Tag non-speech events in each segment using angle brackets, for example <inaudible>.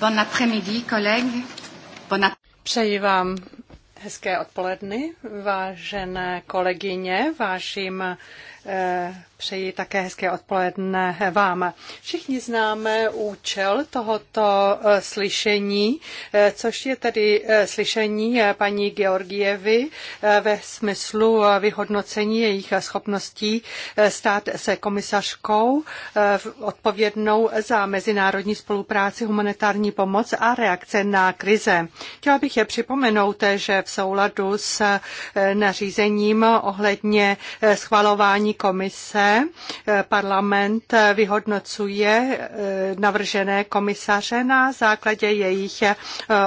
Bon après-midi, collègues. Bon ap- Přeji vám hezké odpoledny, vážené kolegyně, vážím Přeji také hezké odpoledne vám. Všichni známe účel tohoto eh, slyšení, eh, což je tedy eh, slyšení paní Georgievy ve smyslu vyhodnocení jejich schopností stát se komisařkou odpovědnou za mezinárodní spolupráci, humanitární pomoc a reakce na krize. Chtěla bych je připomenout, že v souladu s nařízením ohledně schvalování sdělení komise eh, parlament eh, vyhodnocuje eh, navržené komisaře na základě jejich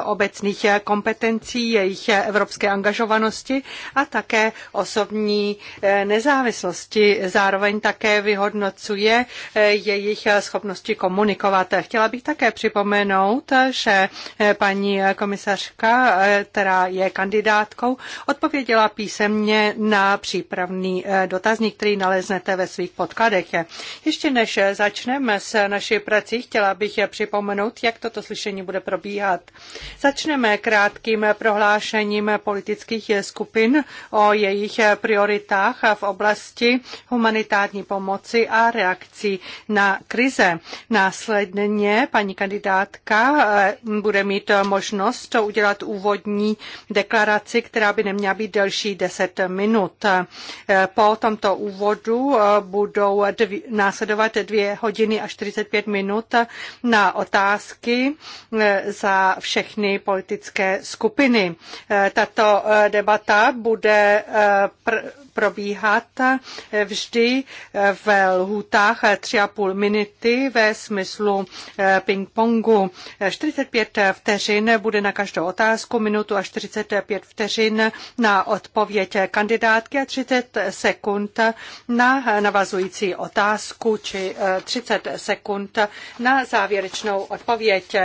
obecných kompetencí, jejich evropské angažovanosti a také osobní nezávislosti. Zároveň také vyhodnocuje jejich schopnosti komunikovat. Chtěla bych také připomenout, že paní komisařka, která je kandidátkou, odpověděla písemně na přípravný dotazník, který jej naleznete ve svých podkladech. Ještě než začneme s naší prací, chtěla bych připomenout, jak toto slyšení bude probíhat. Začneme krátkým prohlášením politických skupin o jejich prioritách v oblasti humanitární pomoci a reakcí na krize. Následně paní kandidátka eh, bude mít možnost udělat úvodní deklaraci, která by neměla být delší 10 minut. Eh, po tomto úvodu úvodu eh, budou dvě, následovat dvě hodiny a 45 minut na otázky eh, za všechny politické skupiny. Eh, tato debata bude probíhat eh, vždy eh, v lhůtách 3,5 eh, minuty ve smyslu ping-pongu. 45 vteřin bude na každou otázku, minutu a 45 vteřin na odpověď kandidátky a 30 sekund na navazující otázku či 30 sekund na závěrečnou odpověď.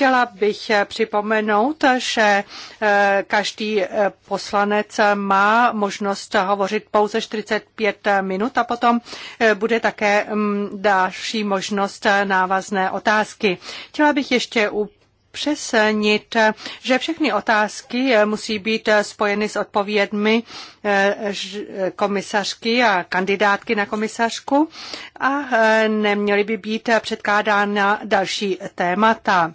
Chtěla bych připomenout, že eh, každý eh, poslanec má možnost hovořit pouze 45 minut a potom eh, bude také mm, další možnost návazné otázky. Chtěla bych ještě upřesnit, že všechny otázky musí být spojeny s odpovědmi komisařky a kandidátky na komisařku a neměly by být předkládána další témata.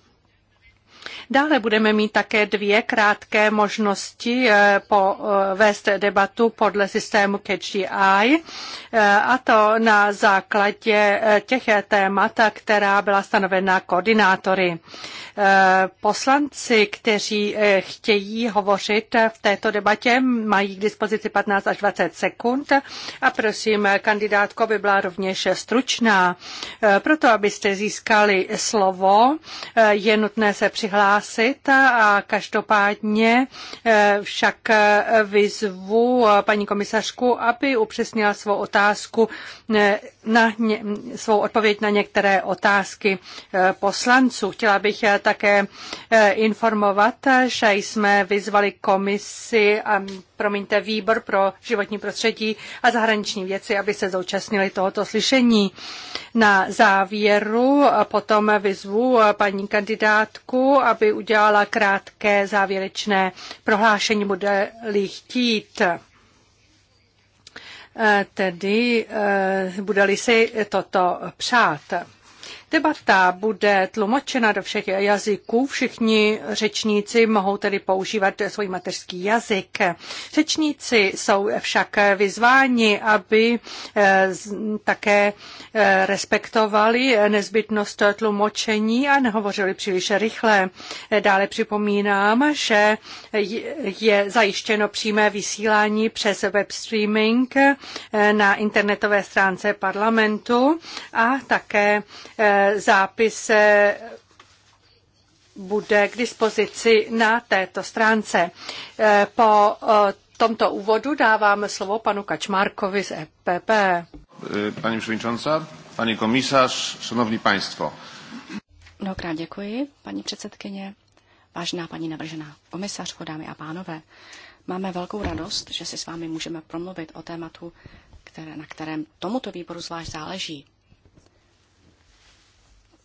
Dále budeme mít také dvě krátké možnosti eh, po, eh, vést debatu podle systému Catch the Eye, eh, a to na základě těch témat, která byla stanovena koordinátory. Poslanci, kteří chtějí hovořit v této debatě, mají k dispozici 15 až 20 sekund a prosím kandidátko, by byla rovněž stručná. Proto, abyste získali slovo, je nutné se přihlásit přihlásit a každopádně eh, však eh, vyzvu eh, paní komisařku, aby upřesnila svou otázku na ně, svou odpověď na některé otázky poslanců. Chtěla bych také informovat, že jsme vyzvali komisi a promiňte, výbor pro životní prostředí a zahraniční věci, aby se zúčastnili tohoto slyšení. Na závěru potom vyzvu paní kandidátku, aby udělala krátké závěrečné prohlášení, bude-li chtít. E, tedy e, bude-li si toto přát. Debata bude tlumočena do všech jazyků. Všichni řečníci mohou tedy používat svůj mateřský jazyk. Řečníci jsou však vyzváni, aby eh, také eh, respektovali nezbytnost tlumočení a nehovořili příliš rychle. Dále připomínám, že je zajištěno přímé vysílání přes web streaming eh, na internetové stránce parlamentu a také Zápis bude k dispozici na této stránce. E, po e, tomto úvodu dávám slovo panu Kačmárkovi z EPP. E, Pani předsedkyně, paní komisař, šanovní państwo. Mnohokrát děkuji, paní předsedkyně, Vážná paní navržená komisařko, dámy a pánové. Máme velkou radost, že si s vámi můžeme promluvit o tématu, které, na kterém tomuto výboru zvlášť záleží.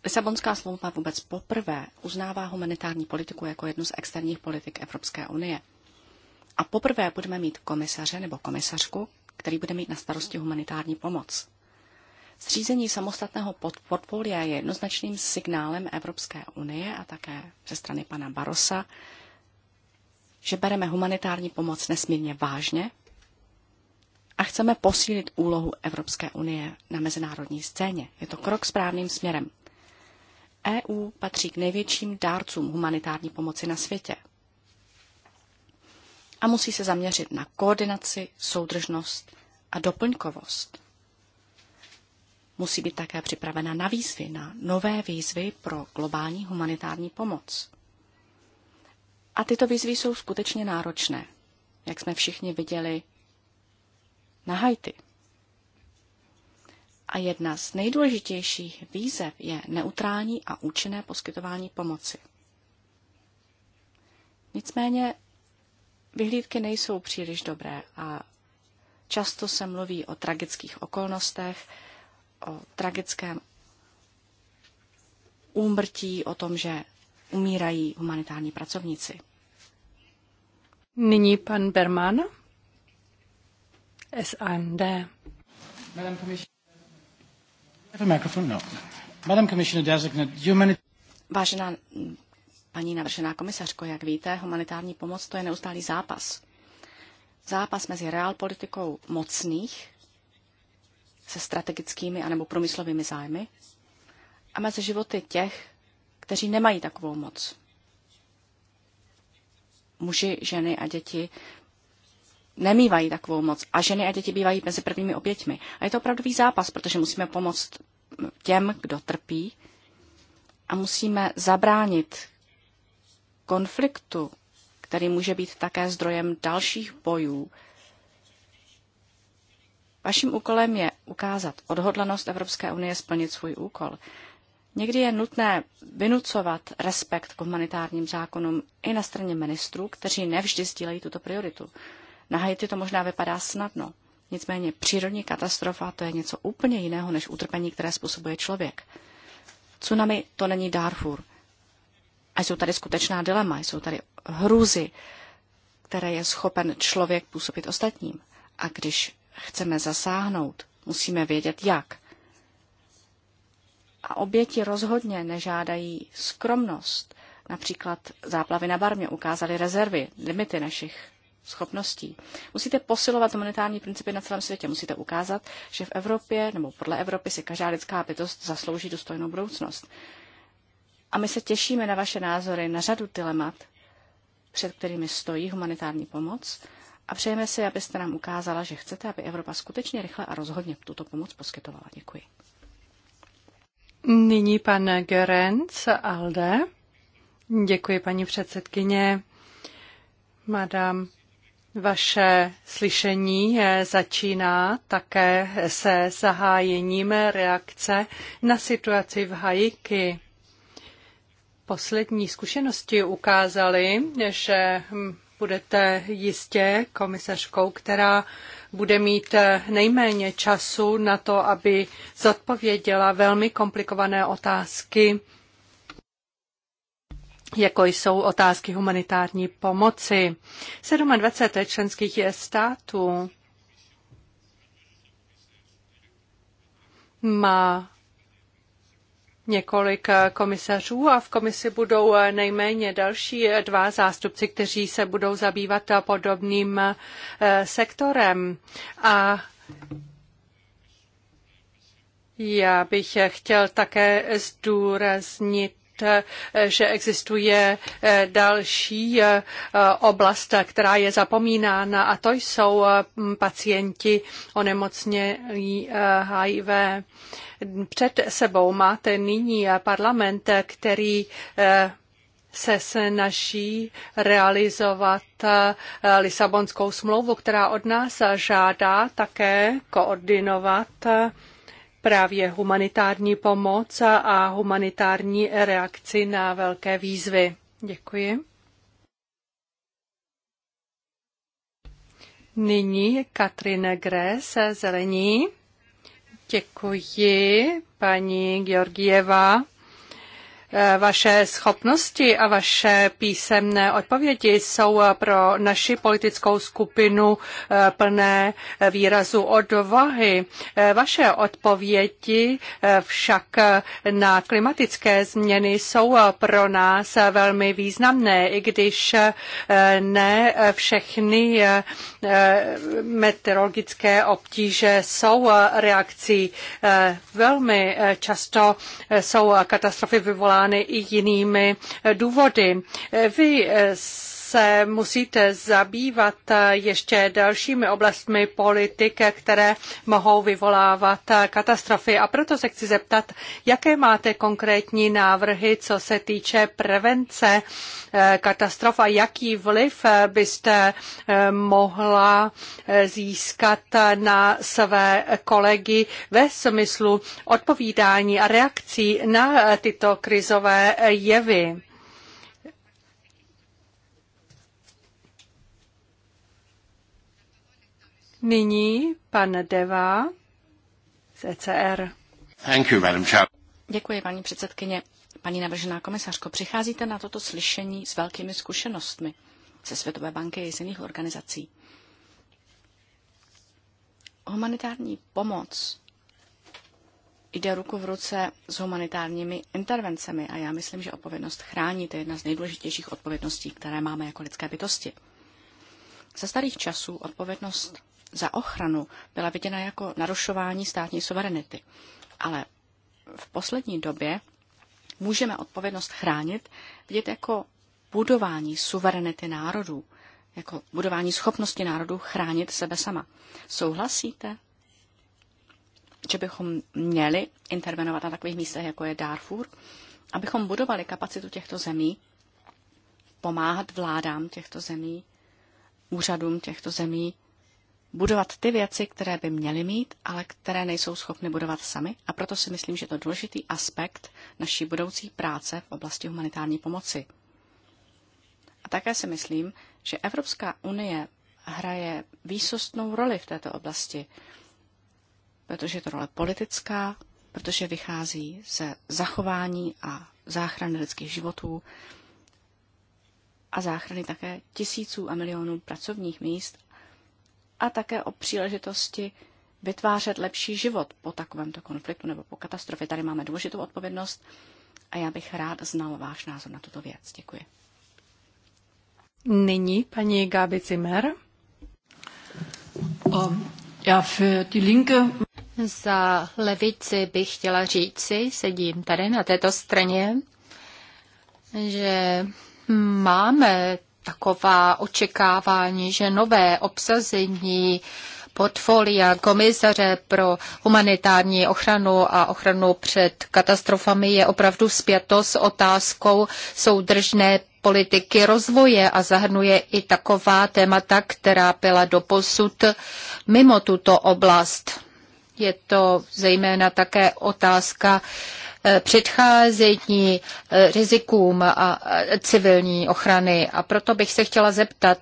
Lisabonská smlouva vůbec poprvé uznává humanitární politiku jako jednu z externích politik Evropské unie. A poprvé budeme mít komisaře nebo komisařku, který bude mít na starosti humanitární pomoc. Zřízení samostatného portfolia je jednoznačným signálem Evropské unie a také ze strany pana Barosa, že bereme humanitární pomoc nesmírně vážně a chceme posílit úlohu Evropské unie na mezinárodní scéně. Je to krok správným směrem. EU patří k největším dárcům humanitární pomoci na světě a musí se zaměřit na koordinaci, soudržnost a doplňkovost. Musí být také připravena na výzvy, na nové výzvy pro globální humanitární pomoc. A tyto výzvy jsou skutečně náročné, jak jsme všichni viděli na Haiti a jedna z nejdůležitějších výzev je neutrální a účinné poskytování pomoci. Nicméně vyhlídky nejsou příliš dobré a často se mluví o tragických okolnostech, o tragickém úmrtí, o tom, že umírají humanitární pracovníci. Nyní pan Berman, SAND. No. Vážená paní navržená komisařko, jak víte, humanitární pomoc to je neustálý zápas. Zápas mezi reálpolitikou mocných se strategickými anebo průmyslovými zájmy a mezi životy těch, kteří nemají takovou moc. Muži, ženy a děti nemývají takovou moc a ženy a děti bývají mezi prvními oběťmi. A je to opravdový zápas, protože musíme pomoct těm, kdo trpí a musíme zabránit konfliktu, který může být také zdrojem dalších bojů. Vaším úkolem je ukázat odhodlanost Evropské unie splnit svůj úkol. Někdy je nutné vynucovat respekt k humanitárním zákonům i na straně ministrů, kteří nevždy sdílejí tuto prioritu. Na Haiti to možná vypadá snadno. Nicméně přírodní katastrofa to je něco úplně jiného než utrpení, které způsobuje člověk. Tsunami to není Darfur. A jsou tady skutečná dilema, jsou tady hrůzy, které je schopen člověk působit ostatním. A když chceme zasáhnout, musíme vědět jak. A oběti rozhodně nežádají skromnost. Například záplavy na Barmě ukázaly rezervy, limity našich schopností. Musíte posilovat humanitární principy na celém světě. Musíte ukázat, že v Evropě nebo podle Evropy si každá lidská bytost zaslouží důstojnou budoucnost. A my se těšíme na vaše názory na řadu dilemat, před kterými stojí humanitární pomoc a přejeme si, abyste nám ukázala, že chcete, aby Evropa skutečně rychle a rozhodně tuto pomoc poskytovala. Děkuji. Nyní pan Gerenc Alde. Děkuji, paní předsedkyně. Madame vaše slyšení začíná také se zahájením reakce na situaci v Haiti. Poslední zkušenosti ukázaly, že budete jistě komisařkou, která bude mít nejméně času na to, aby zodpověděla velmi komplikované otázky jako jsou otázky humanitární pomoci. 27 členských států má několik komisařů a v komisi budou nejméně další dva zástupci, kteří se budou zabývat podobným eh, sektorem. A já bych chtěl také zdůraznit Eh, že existuje eh, další eh, oblast, která je zapomínána a to jsou pacienti onemocnění HIV. Před sebou máte nyní parlament, který se snaží realizovat Lisabonskou smlouvu, která od nás žádá také koordinovat právě humanitární pomoc a humanitární reakci na velké výzvy. Děkuji. Nyní Katrin Gres, Zelení. Děkuji, paní Georgieva. Vaše schopnosti a vaše písemné odpovědi jsou pro naši politickou skupinu eh, plné výrazu odvahy. Eh, vaše odpovědi eh, však na klimatické změny jsou pro nás velmi významné, i když ne všechny meteorologické obtíže jsou reakcí. Velmi často jsou katastrofy vyvolány motivovány i jinými důvody. Vy se musíte zabývat ještě dalšími oblastmi politik, které mohou vyvolávat katastrofy. A proto se chci zeptat, jaké máte konkrétní návrhy, co se týče prevence eh, katastrof a jaký vliv byste eh, mohla eh, získat na své kolegy ve smyslu odpovídání a reakcí na tyto krizové jevy. Nyní pan Deva z ECR. Thank you, Madam Děkuji, paní předsedkyně. Paní navržená komisařko, přicházíte na toto slyšení s velkými zkušenostmi ze Světové banky i z jiných organizací. Humanitární pomoc jde ruku v ruce s humanitárními intervencemi a já myslím, že odpovědnost to je jedna z nejdůležitějších odpovědností, které máme jako lidské bytosti. Za starých časů odpovědnost za ochranu byla viděna jako narušování státní suverenity. Ale v poslední době můžeme odpovědnost chránit vidět jako budování suverenity národů, jako budování schopnosti národů chránit sebe sama. Souhlasíte, že bychom měli intervenovat na takových místech, jako je Darfur, abychom budovali kapacitu těchto zemí, pomáhat vládám těchto zemí, úřadům těchto zemí, budovat ty věci, které by měly mít, ale které nejsou schopny budovat sami. A proto si myslím, že to je důležitý aspekt naší budoucí práce v oblasti humanitární pomoci. A také si myslím, že Evropská unie hraje výsostnou roli v této oblasti, protože je to role politická, protože vychází ze zachování a záchrany lidských životů a záchrany také tisíců a milionů pracovních míst a také o příležitosti vytvářet lepší život po takovémto konfliktu nebo po katastrofě. Tady máme důležitou odpovědnost a já bych rád znal váš názor na tuto věc. Děkuji. Nyní paní Gabi Zimmer. Um, já für die Linke za levici bych chtěla říci, sedím tady na této straně, že máme taková očekávání, že nové obsazení portfolia komisaře pro humanitární ochranu a ochranu před katastrofami je opravdu spjato s otázkou soudržné politiky rozvoje a zahrnuje i taková témata, která byla doposud mimo tuto oblast. Je to zejména také otázka Eh, předcházení eh, rizikům a civilní ochrany. A proto bych se chtěla zeptat,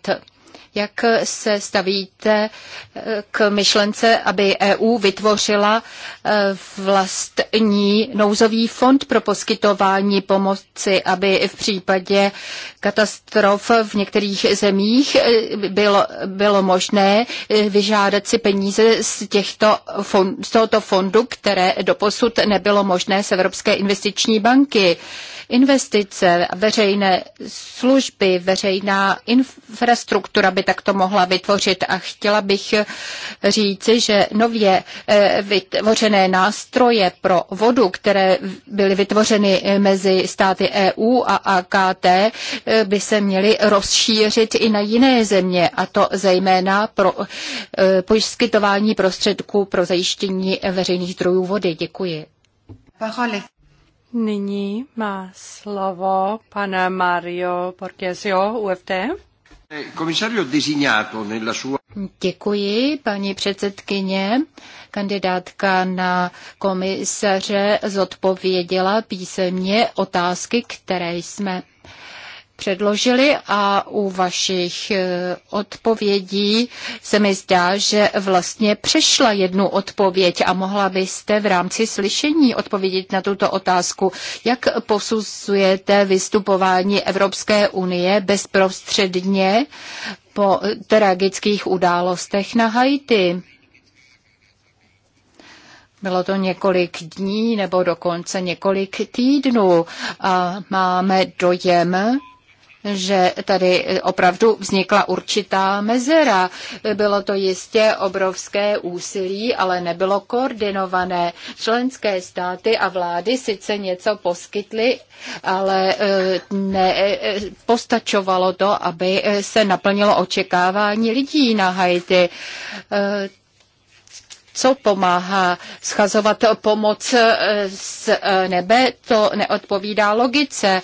jak se stavíte eh, k myšlence, aby EU vytvořila eh, vlastní nouzový fond pro poskytování pomoci, aby v případě katastrof v některých zemích eh, bylo, bylo možné vyžádat si peníze z, těchto fond, z tohoto fondu, které doposud nebylo možné z Evropské investiční banky. Investice, veřejné služby, veřejná infrastruktura by takto mohla vytvořit. A chtěla bych říci, že nově eh, vytvořené nástroje pro vodu, které byly vytvořeny eh, mezi státy EU a AKT, eh, by se měly rozšířit i na jiné země, a to zejména pro poskytování prostředků pro zajištění veřejných zdrojů vody. Děkuji. Nyní má slovo pana Mario Borgesio, UFT. Děkuji, paní předsedkyně. Kandidátka na komisaře zodpověděla písemně otázky, které jsme předložili a u vašich eh, odpovědí se mi zdá, že vlastně přešla jednu odpověď a mohla byste v rámci slyšení odpovědět na tuto otázku. Jak posuzujete vystupování Evropské unie bezprostředně po tragických událostech na Haiti? Bylo to několik dní nebo dokonce několik týdnů a máme dojem, že tady opravdu vznikla určitá mezera. Bylo to jistě obrovské úsilí, ale nebylo koordinované. Členské státy a vlády sice něco poskytly, ale e, ne, e, postačovalo to, aby e, se naplnilo očekávání lidí na Haiti co pomáhá schazovat pomoc z nebe, to neodpovídá logice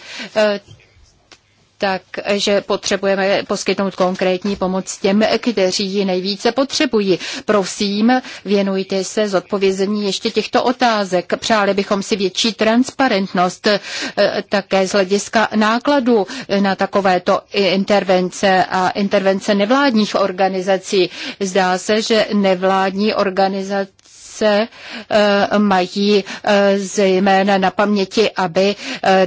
takže potřebujeme poskytnout konkrétní pomoc těm, kteří ji nejvíce potřebují. Prosím, věnujte se zodpovězení ještě těchto otázek. Přáli bychom si větší transparentnost eh, také z hlediska nákladu na takovéto intervence a intervence nevládních organizací. Zdá se, že nevládní organizace se eh, mají eh, zejména na paměti, aby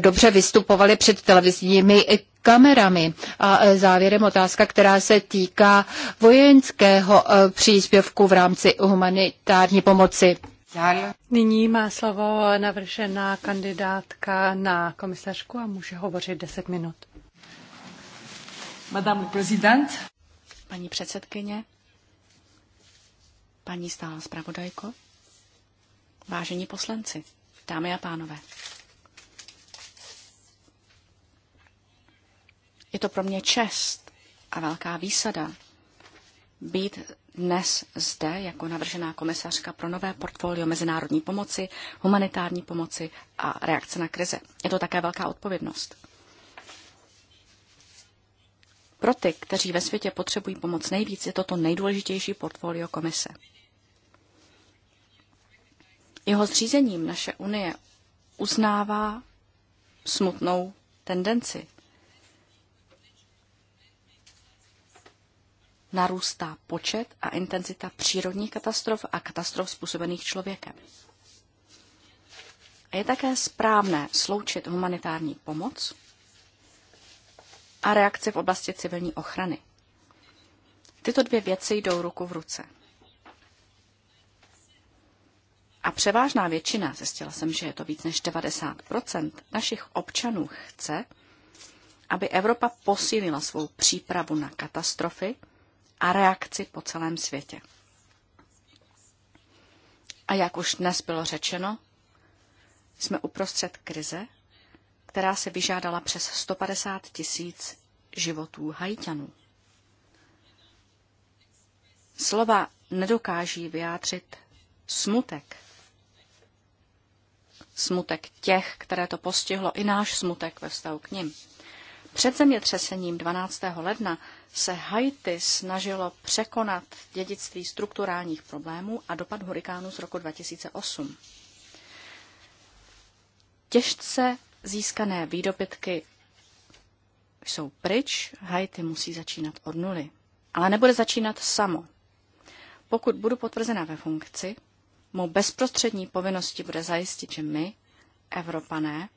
dobře vystupovali před televizními kamerami. A e, závěrem otázka, která se týká vojenského e, příspěvku v rámci humanitární pomoci. Nyní má slovo navržená kandidátka na komisařku a může hovořit 10 minut. Madame prezident. Paní předsedkyně, paní stála zpravodajko, vážení poslanci, dámy a pánové. Je to pro mě čest a velká výsada být dnes zde jako navržená komisařka pro nové portfolio mezinárodní pomoci, humanitární pomoci a reakce na krize. Je to také velká odpovědnost. Pro ty, kteří ve světě potřebují pomoc nejvíc, je to nejdůležitější portfolio komise. Jeho zřízením naše unie uznává smutnou tendenci, narůstá počet a intenzita přírodních katastrof a katastrof způsobených člověkem. A je také správné sloučit humanitární pomoc a reakce v oblasti civilní ochrany. Tyto dvě věci jdou ruku v ruce. A převážná většina, zjistila jsem, že je to víc než 90 našich občanů chce, aby Evropa posílila svou přípravu na katastrofy a reakci po celém světě. A jak už dnes bylo řečeno, jsme uprostřed krize, která se vyžádala přes 150 tisíc životů hajťanů. Slova nedokáží vyjádřit smutek. Smutek těch, které to postihlo, i náš smutek ve vztahu k nim. Před zemětřesením 12. ledna se Haiti snažilo překonat dědictví strukturálních problémů a dopad hurikánu z roku 2008. Těžce získané výdobytky jsou pryč, Haiti musí začínat od nuly. Ale nebude začínat samo. Pokud budu potvrzena ve funkci, mou bezprostřední povinnosti bude zajistit, že my, Evropané,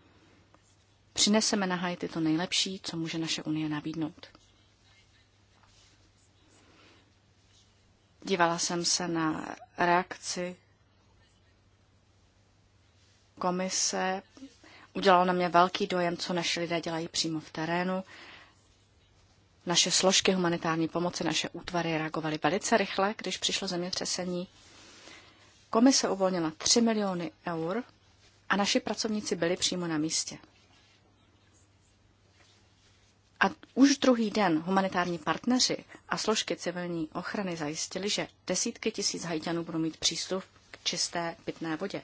Přineseme na Haiti to nejlepší, co může naše Unie nabídnout. Dívala jsem se na reakci komise. Udělalo na mě velký dojem, co naše lidé dělají přímo v terénu. Naše složky humanitární pomoci, naše útvary reagovaly velice rychle, když přišlo zemětřesení. Komise uvolnila 3 miliony eur a naši pracovníci byli přímo na místě. A už druhý den humanitární partneři a složky civilní ochrany zajistili, že desítky tisíc Haitianů budou mít přístup k čisté pitné vodě.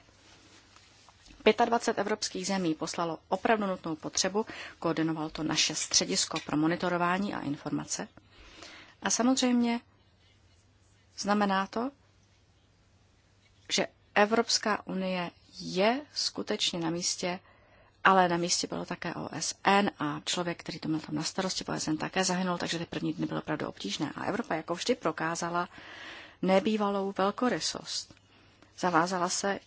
25 evropských zemí poslalo opravdu nutnou potřebu, koordinoval to naše středisko pro monitorování a informace. A samozřejmě znamená to, že Evropská unie je skutečně na místě ale na místě bylo také OSN a člověk, který to měl tam na starosti, OSN také zahynul, takže ty první dny byly opravdu obtížné. A Evropa jako vždy prokázala nebývalou velkorysost. Zavázala se,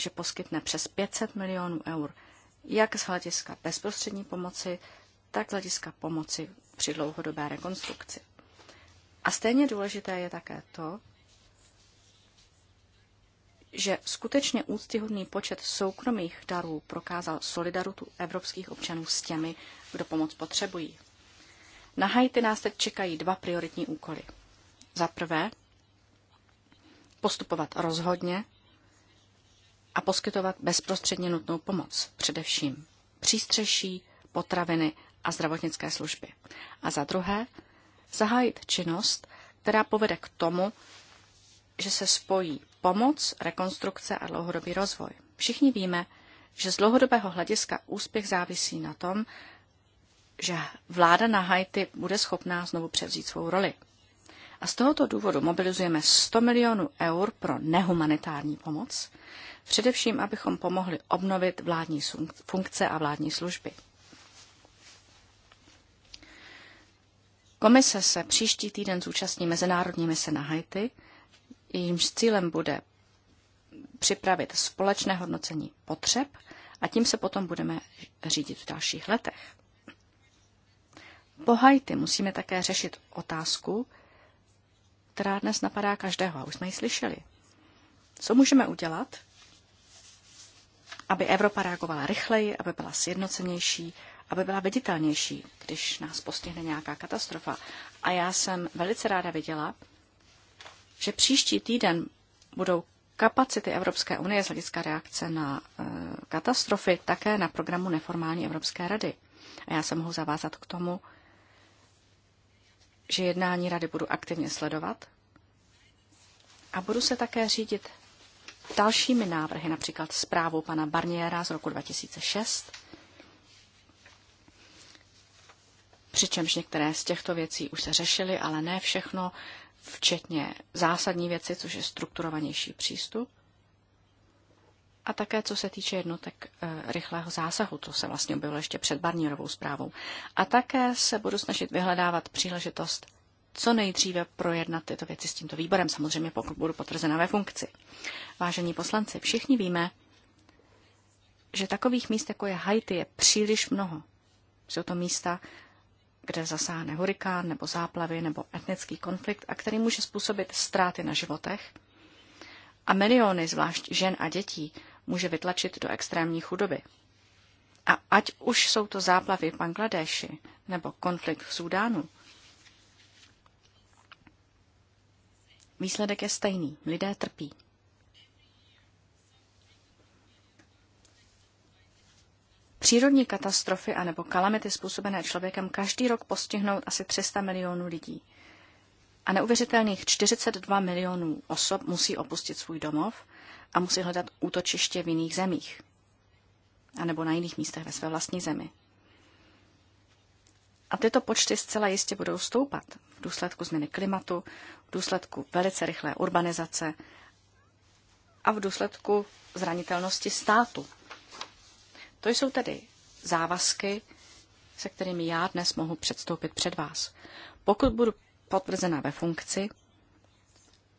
že poskytne přes 500 milionů eur, jak z hlediska bezprostřední pomoci, tak z hlediska pomoci při dlouhodobé rekonstrukci. A stejně důležité je také to, že skutečně úctyhodný počet soukromých darů prokázal solidaritu evropských občanů s těmi, kdo pomoc potřebují. Na Haiti nás teď čekají dva prioritní úkoly. Za prvé, postupovat rozhodně a poskytovat bezprostředně nutnou pomoc, především přístřeší, potraviny a zdravotnické služby. A za druhé, zahájit činnost, která povede k tomu, že se spojí pomoc, rekonstrukce a dlouhodobý rozvoj. Všichni víme, že z dlouhodobého hlediska úspěch závisí na tom, že vláda na Haiti bude schopná znovu převzít svou roli. A z tohoto důvodu mobilizujeme 100 milionů eur pro nehumanitární pomoc, především abychom pomohli obnovit vládní funkce a vládní služby. Komise se příští týden zúčastní mezinárodní mise na Haiti – jejímž cílem bude připravit společné hodnocení potřeb a tím se potom budeme řídit v dalších letech. Po Haiti musíme také řešit otázku, která dnes napadá každého, a už jsme ji slyšeli. Co můžeme udělat, aby Evropa reagovala rychleji, aby byla sjednocenější, aby byla viditelnější, když nás postihne nějaká katastrofa. A já jsem velice ráda viděla, že příští týden budou kapacity Evropské unie z hlediska reakce na eh, katastrofy také na programu Neformální Evropské rady. A já se mohu zavázat k tomu, že jednání rady budu aktivně sledovat a budu se také řídit dalšími návrhy, například zprávou pana Barniera z roku 2006, přičemž některé z těchto věcí už se řešily, ale ne všechno včetně zásadní věci, což je strukturovanější přístup, a také co se týče jednotek eh, rychlého zásahu, to se vlastně objevilo ještě před Barnierovou zprávou. A také se budu snažit vyhledávat příležitost co nejdříve projednat tyto věci s tímto výborem, samozřejmě pokud budu potvrzena ve funkci. Vážení poslanci, všichni víme, že takových míst, jako je Haiti, je příliš mnoho. Jsou to místa, kde zasáhne hurikán nebo záplavy nebo etnický konflikt a který může způsobit ztráty na životech a miliony zvlášť žen a dětí může vytlačit do extrémní chudoby. A ať už jsou to záplavy v Bangladeši nebo konflikt v Súdánu, výsledek je stejný. Lidé trpí. Přírodní katastrofy anebo kalamity způsobené člověkem každý rok postihnou asi 300 milionů lidí. A neuvěřitelných 42 milionů osob musí opustit svůj domov a musí hledat útočiště v jiných zemích a nebo na jiných místech ve své vlastní zemi. A tyto počty zcela jistě budou stoupat v důsledku změny klimatu, v důsledku velice rychlé urbanizace a v důsledku zranitelnosti státu to jsou tedy závazky, se kterými já dnes mohu předstoupit před vás. Pokud budu potvrzena ve funkci,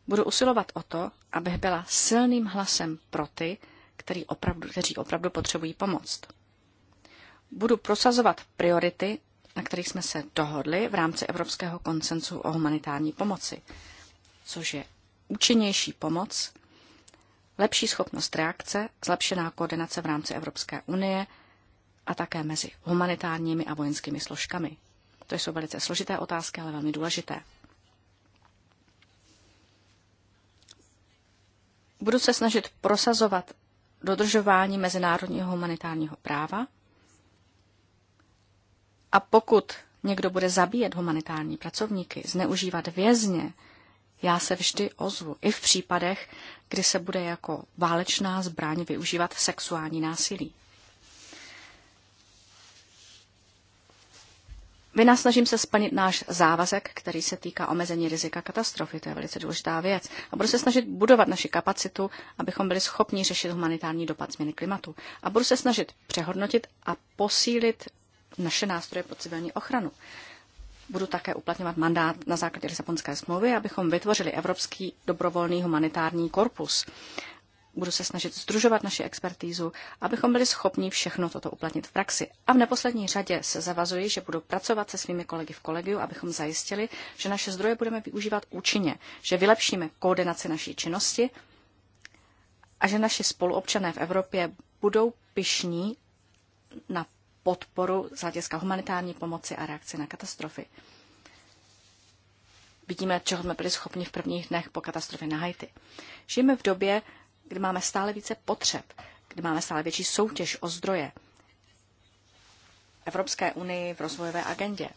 budu usilovat o to, abych byla silným hlasem pro ty, který opravdu, kteří opravdu potřebují pomoc. Budu prosazovat priority, na kterých jsme se dohodli v rámci Evropského koncensu o humanitární pomoci, což je účinnější pomoc, lepší schopnost reakce, zlepšená koordinace v rámci Evropské unie a také mezi humanitárními a vojenskými složkami. To jsou velice složité otázky, ale velmi důležité. Budu se snažit prosazovat dodržování mezinárodního humanitárního práva a pokud někdo bude zabíjet humanitární pracovníky, zneužívat vězně, já se vždy ozvu, i v případech, kdy se bude jako válečná zbraň využívat sexuální násilí. Vynasnažím se splnit náš závazek, který se týká omezení rizika katastrofy. To je velice důležitá věc. A budu se snažit budovat naši kapacitu, abychom byli schopni řešit humanitární dopad změny klimatu. A budu se snažit přehodnotit a posílit naše nástroje pro civilní ochranu budu také uplatňovat mandát na základě Lisabonské smlouvy, abychom vytvořili Evropský dobrovolný humanitární korpus. Budu se snažit združovat naši expertízu, abychom byli schopni všechno toto uplatnit v praxi. A v neposlední řadě se zavazuji, že budu pracovat se svými kolegy v kolegiu, abychom zajistili, že naše zdroje budeme využívat účinně, že vylepšíme koordinaci naší činnosti a že naši spoluobčané v Evropě budou pišní na podporu z hlediska humanitární pomoci a reakce na katastrofy. Vidíme, čeho jsme byli schopni v prvních dnech po katastrofě na Haiti. Žijeme v době, kdy máme stále více potřeb, kdy máme stále větší soutěž o zdroje. Evropské unii v rozvojové agendě.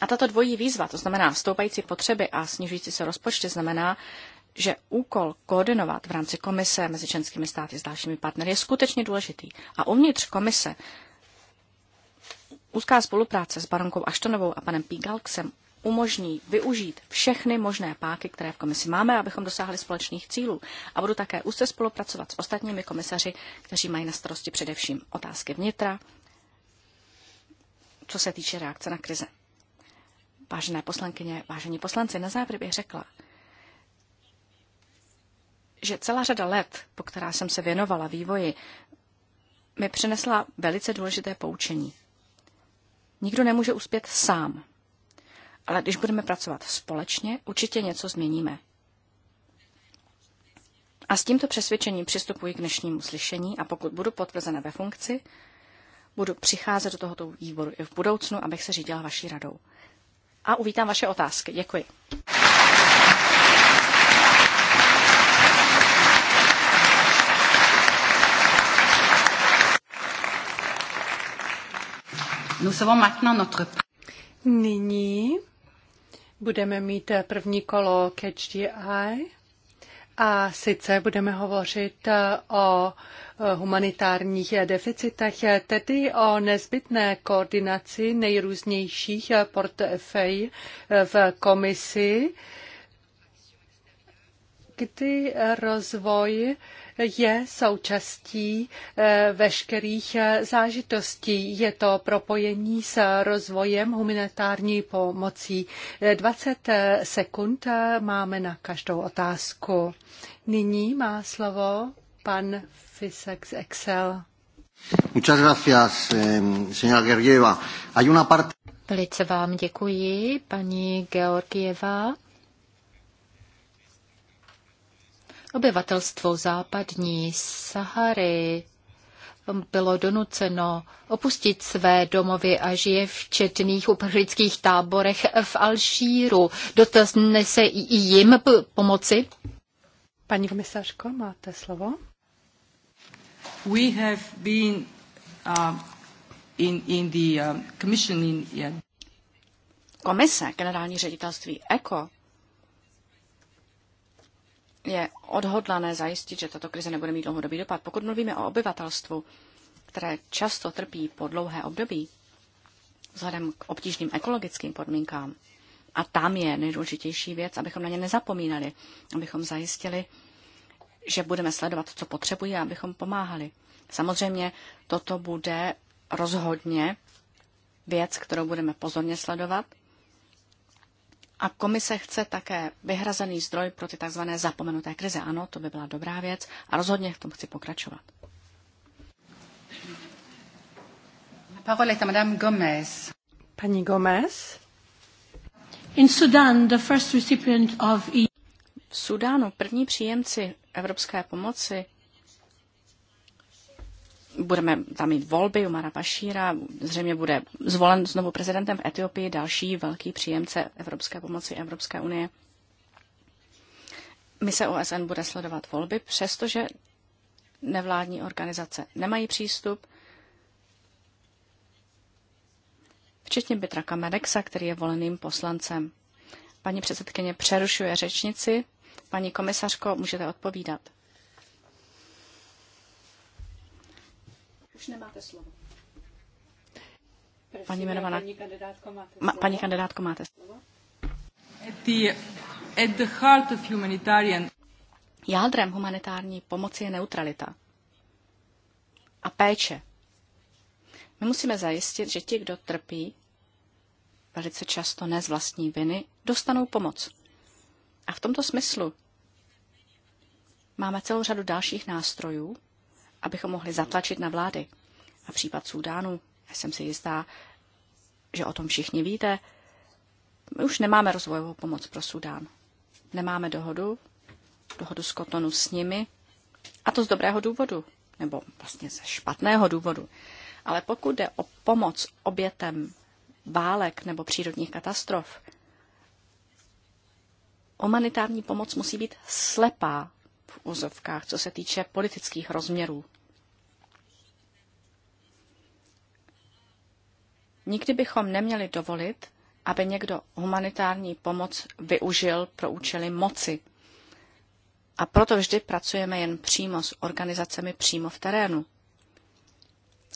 A tato dvojí výzva, to znamená stoupající potřeby a snižující se rozpočty, znamená, že úkol koordinovat v rámci komise mezi členskými státy s dalšími partnery je skutečně důležitý. A uvnitř komise Úzká spolupráce s baronkou Aštonovou a panem Pígalksem umožní využít všechny možné páky, které v komisi máme, abychom dosáhli společných cílů. A budu také úzce spolupracovat s ostatními komisaři, kteří mají na starosti především otázky vnitra, co se týče reakce na krize. Vážené poslankyně, vážení poslanci, na závěr bych řekla, že celá řada let, po která jsem se věnovala vývoji, mi přinesla velice důležité poučení. Nikdo nemůže uspět sám. Ale když budeme pracovat společně, určitě něco změníme. A s tímto přesvědčením přistupuji k dnešnímu slyšení a pokud budu potvrzena ve funkci, budu přicházet do tohoto výboru i v budoucnu, abych se řídila vaší radou. A uvítám vaše otázky. Děkuji. Nous avons maintenant notre... Nyní budeme mít první kolo Catch the Eye. A sice budeme hovořit eh, o eh, humanitárních deficitech, tedy o nezbytné koordinaci nejrůznějších portfej eh, v komisi, kdy rozvoj je součástí eh, veškerých eh, zážitostí. Je to propojení s rozvojem humanitární pomocí. 20 eh, sekund máme na každou otázku. Nyní má slovo pan Fisex Excel. Muchas gracias, señora Georgieva. Hay una parte... Velice vám děkuji, paní Georgieva. Obyvatelstvo západní Sahary bylo donuceno opustit své domovy a žije v četných uprchlických táborech v Alžíru. Dotaz nese i jim pomoci? Paní komisařko, máte slovo. We have been uh, in, in the uh, commission in, yeah. Komise, generální ředitelství ECO, je odhodlané zajistit, že tato krize nebude mít dlouhodobý dopad. Pokud mluvíme o obyvatelstvu, které často trpí po dlouhé období, vzhledem k obtížným ekologickým podmínkám, a tam je nejdůležitější věc, abychom na ně nezapomínali, abychom zajistili, že budeme sledovat, co potřebují, abychom pomáhali. Samozřejmě toto bude rozhodně věc, kterou budeme pozorně sledovat a komise chce také vyhrazený zdroj pro ty tzv. zapomenuté krize. Ano, to by byla dobrá věc a rozhodně v tom chci pokračovat. Paní Gomez. In Sudan, the first recipient of... E v Sudánu první příjemci evropské pomoci budeme tam mít volby Umara Bašíra, zřejmě bude zvolen znovu prezidentem v Etiopii, další velký příjemce evropské pomoci Evropské unie. Mise OSN bude sledovat volby, přestože nevládní organizace nemají přístup, včetně Bitra Kamedexa, který je voleným poslancem. Paní předsedkyně přerušuje řečnici. Paní komisařko, můžete odpovídat. Už nemáte slovo. Prosím, paní jmenovaná. Paní kandidátko, máte slovo. Jádrem humanitární pomoci je neutralita a péče. My musíme zajistit, že ti, kdo trpí, velice často ne z vlastní viny, dostanou pomoc. A v tomto smyslu máme celou řadu dalších nástrojů, abychom mohli zatlačit na vlády. A případ Súdánu, já jsem si jistá, že o tom všichni víte, my už nemáme rozvojovou pomoc pro Súdán. Nemáme dohodu, dohodu z Kotonu s nimi, a to z dobrého důvodu, nebo vlastně ze špatného důvodu. Ale pokud jde o pomoc obětem válek nebo přírodních katastrof, humanitární pomoc musí být slepá v úzovkách, co se týče politických rozměrů. Nikdy bychom neměli dovolit, aby někdo humanitární pomoc využil pro účely moci. A proto vždy pracujeme jen přímo s organizacemi přímo v terénu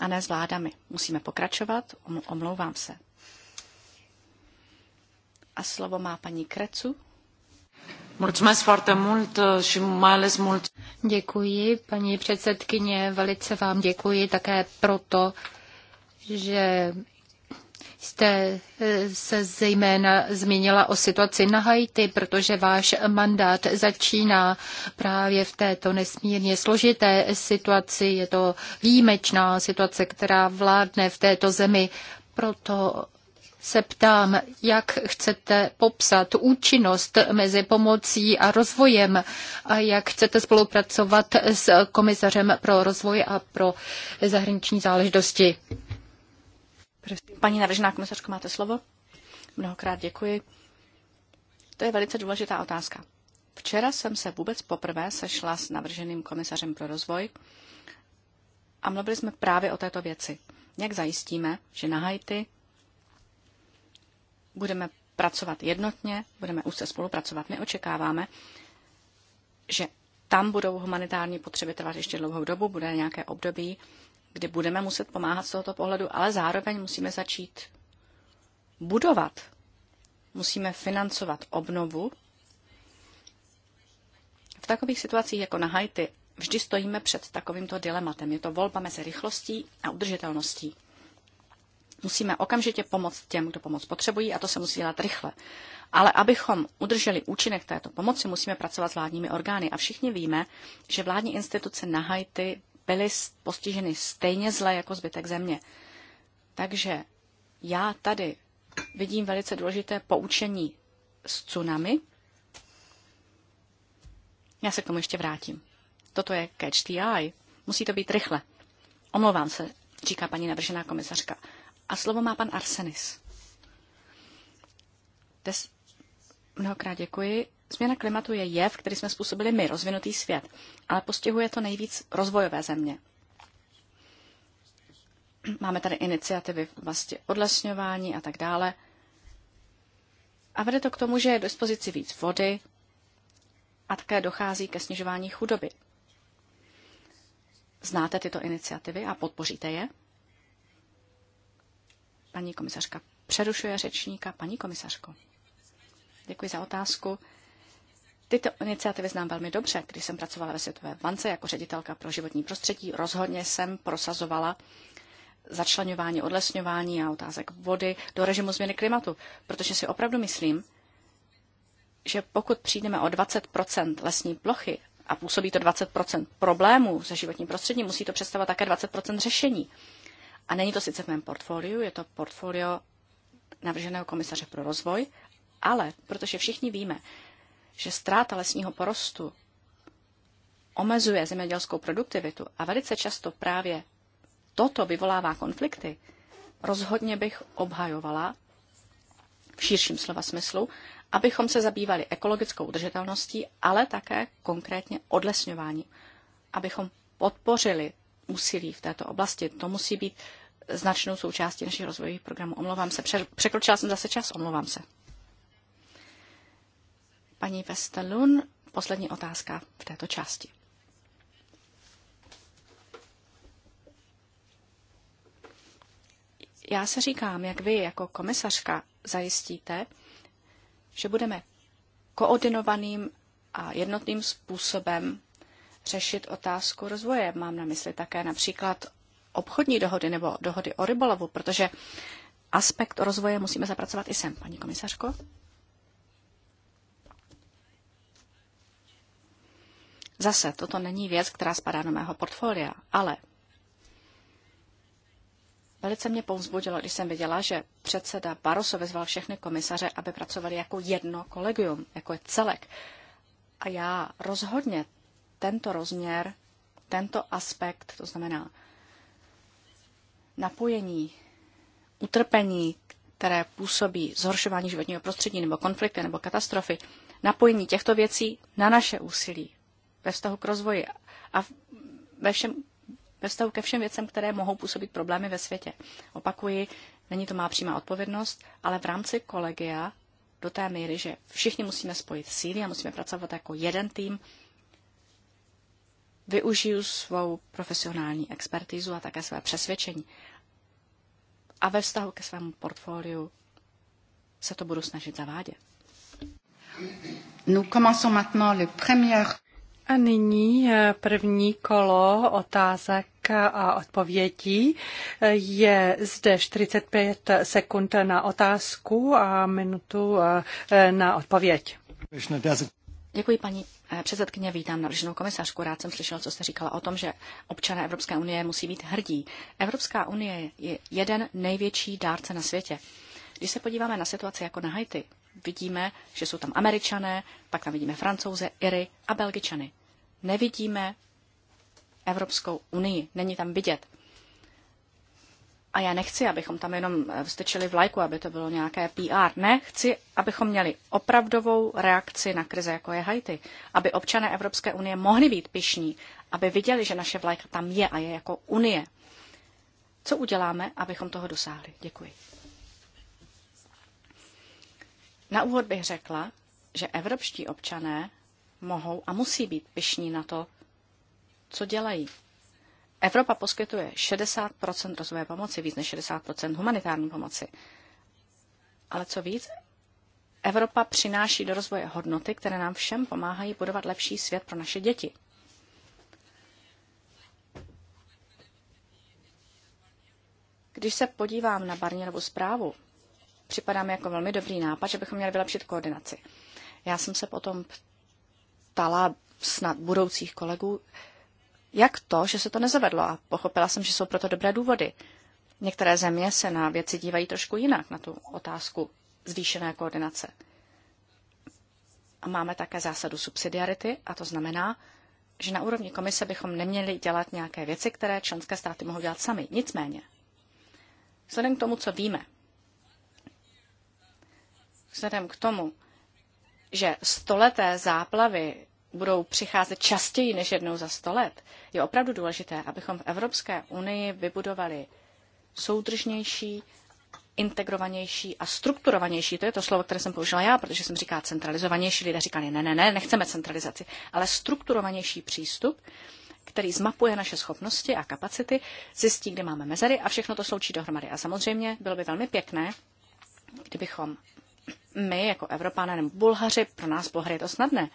a ne s vládami. Musíme pokračovat, omlouvám se. A slovo má paní Krecu. Uh, děkuji, paní předsedkyně, velice vám děkuji také proto, že jste eh, se zejména zmínila o situaci na Haiti, protože váš mandát začíná právě v této nesmírně složité situaci. Je to výjimečná situace, která vládne v této zemi. Proto se ptám, jak chcete popsat účinnost mezi pomocí a rozvojem a jak chcete spolupracovat s komisařem pro rozvoj a pro zahraniční záležitosti. Paní navržená komisařko, máte slovo? Mnohokrát děkuji. To je velice důležitá otázka. Včera jsem se vůbec poprvé sešla s navrženým komisařem pro rozvoj a mluvili jsme právě o této věci. Jak zajistíme, že na Haiti budeme pracovat jednotně, budeme úzce spolupracovat. My očekáváme, že tam budou humanitární potřeby trvat ještě dlouhou dobu, bude nějaké období, kdy budeme muset pomáhat z tohoto pohledu, ale zároveň musíme začít budovat. Musíme financovat obnovu. V takových situacích jako na Haiti vždy stojíme před takovýmto dilematem. Je to volba mezi rychlostí a udržitelností. Musíme okamžitě pomoct těm, kdo pomoc potřebují, a to se musí dělat rychle. Ale abychom udrželi účinek této pomoci, musíme pracovat s vládními orgány. A všichni víme, že vládní instituce na Haiti byly postiženy stejně zle jako zbytek země. Takže já tady vidím velice důležité poučení s tsunami. Já se k tomu ještě vrátím. Toto je catch the eye. Musí to být rychle. Omlouvám se, říká paní navržená komisařka. A slovo má pan Arsenis. Des... Mnohokrát děkuji. Změna klimatu je jev, který jsme způsobili my, rozvinutý svět, ale postihuje to nejvíc rozvojové země. Máme tady iniciativy v oblasti odlesňování a tak dále. A vede to k tomu, že je dispozici víc vody a také dochází ke snižování chudoby. Znáte tyto iniciativy a podpoříte je? Paní komisařka přerušuje řečníka. Paní komisařko, děkuji za otázku. Tyto iniciativy znám velmi dobře. Když jsem pracovala ve Světové bance jako ředitelka pro životní prostředí, rozhodně jsem prosazovala začlenování odlesňování a otázek vody do režimu změny klimatu, protože si opravdu myslím, že pokud přijdeme o 20 lesní plochy a působí to 20 problémů se životním prostředím, musí to představovat také 20 řešení. A není to sice v mém portfoliu, je to portfolio navrženého komisaře pro rozvoj, ale protože všichni víme, že ztráta lesního porostu omezuje zemědělskou produktivitu a velice často právě toto vyvolává konflikty, rozhodně bych obhajovala v širším slova smyslu, abychom se zabývali ekologickou udržitelností, ale také konkrétně odlesňováním, abychom podpořili úsilí v této oblasti. To musí být značnou součástí našich rozvojových programů. Omlouvám se, překročila jsem zase čas, omlouvám se. Paní Vestelun, poslední otázka v této části. Já se říkám, jak vy jako komisařka zajistíte, že budeme koordinovaným a jednotným způsobem řešit otázku rozvoje. Mám na mysli také například obchodní dohody nebo dohody o rybolovu, protože aspekt rozvoje musíme zapracovat i sem, paní komisařko. Zase, toto není věc, která spadá do mého portfolia, ale velice mě povzbudilo, když jsem viděla, že předseda Barroso vyzval všechny komisaře, aby pracovali jako jedno kolegium, jako je celek. A já rozhodně tento rozměr, tento aspekt, to znamená napojení, utrpení, které působí zhoršování životního prostředí nebo konflikty nebo katastrofy, napojení těchto věcí na naše úsilí, ve vztahu k rozvoji a ve, všem, ve vztahu ke všem věcem, které mohou působit problémy ve světě. Opakuji, není to má přímá odpovědnost, ale v rámci kolegia do té míry, že všichni musíme spojit síly a musíme pracovat jako jeden tým. Využiju svou profesionální expertizu a také své přesvědčení. A ve vztahu ke svému portfoliu se to budu snažit zavádět. Nous commençons maintenant le premier a nyní eh, první kolo otázek a odpovědí. Je zde 45 sekund na otázku a minutu eh, na odpověď. Děkuji, paní eh, předsedkyně, vítám navrženou komisařku. Rád jsem slyšel, co jste říkala o tom, že občané Evropské unie musí být hrdí. Evropská unie je jeden největší dárce na světě. Když se podíváme na situaci jako na Haiti, vidíme, že jsou tam američané, pak tam vidíme francouze, iry a belgičany nevidíme Evropskou unii. Není tam vidět. A já nechci, abychom tam jenom eh, v lajku, aby to bylo nějaké PR. Ne, chci, abychom měli opravdovou reakci na krize, jako je Haiti. Aby občané Evropské unie mohli být pišní, aby viděli, že naše vlajka tam je a je jako unie. Co uděláme, abychom toho dosáhli? Děkuji. Na úvod bych řekla, že evropští občané mohou a musí být pyšní na to, co dělají. Evropa poskytuje 60 rozvojové pomoci, víc než 60 humanitární pomoci. Ale co víc, Evropa přináší do rozvoje hodnoty, které nám všem pomáhají budovat lepší svět pro naše děti. Když se podívám na Barnierovu zprávu, připadá mi jako velmi dobrý nápad, že bychom měli vylepšit koordinaci. Já jsem se potom ptala snad budoucích kolegů, jak to, že se to nezavedlo. A pochopila jsem, že jsou proto dobré důvody. Některé země se na věci dívají trošku jinak, na tu otázku zvýšené koordinace. A máme také zásadu subsidiarity, a to znamená, že na úrovni komise bychom neměli dělat nějaké věci, které členské státy mohou dělat sami. Nicméně, vzhledem k tomu, co víme, vzhledem k tomu, že stoleté záplavy budou přicházet častěji než jednou za sto let, je opravdu důležité, abychom v Evropské unii vybudovali soudržnější, integrovanější a strukturovanější. To je to slovo, které jsem použila já, protože jsem říká centralizovanější. Lidé říkali, ne, ne, ne, nechceme centralizaci, ale strukturovanější přístup, který zmapuje naše schopnosti a kapacity, zjistí, kde máme mezery a všechno to sloučí dohromady. A samozřejmě bylo by velmi pěkné, kdybychom my jako Evropané nebo Bulhaři, pro nás Bulhary je to snadné,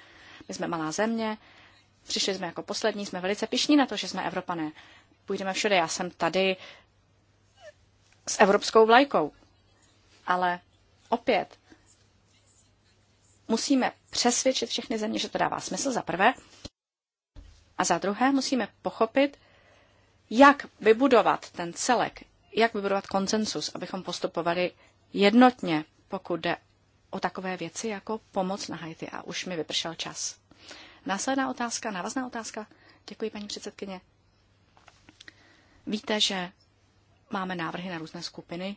my jsme malá země, přišli jsme jako poslední, jsme velice pišní na to, že jsme Evropané. Půjdeme všude, já jsem tady s evropskou vlajkou. Ale opět, musíme přesvědčit všechny země, že to dává smysl za prvé. A za druhé musíme pochopit, jak vybudovat ten celek, jak vybudovat konsensus, abychom postupovali jednotně, pokud jde o takové věci jako pomoc na Haiti a už mi vypršel čas. Následná otázka, návazná otázka. Děkuji, paní předsedkyně. Víte, že máme návrhy na různé skupiny.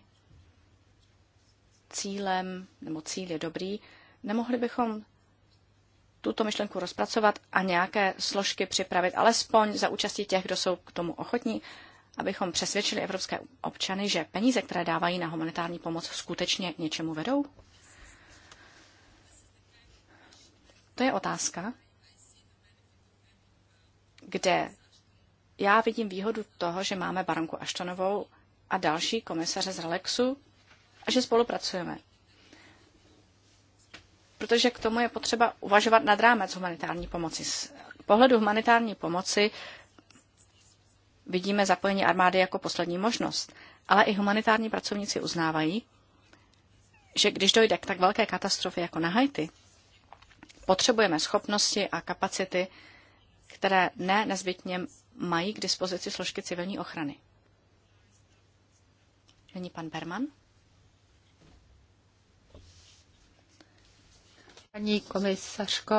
Cílem, nebo cíl je dobrý. Nemohli bychom tuto myšlenku rozpracovat a nějaké složky připravit, alespoň za účastí těch, kdo jsou k tomu ochotní, abychom přesvědčili evropské občany, že peníze, které dávají na humanitární pomoc, skutečně k něčemu vedou? To je otázka, kde já vidím výhodu toho, že máme Baronku Aštonovou a další komisaře z Relexu a že spolupracujeme. Protože k tomu je potřeba uvažovat nad rámec humanitární pomoci. Z pohledu humanitární pomoci vidíme zapojení armády jako poslední možnost, ale i humanitární pracovníci uznávají, že když dojde k tak velké katastrofě jako na Haiti, Potřebujeme schopnosti a kapacity, které ne nezbytně mají k dispozici složky civilní ochrany. Není pan Berman? Paní komisařko,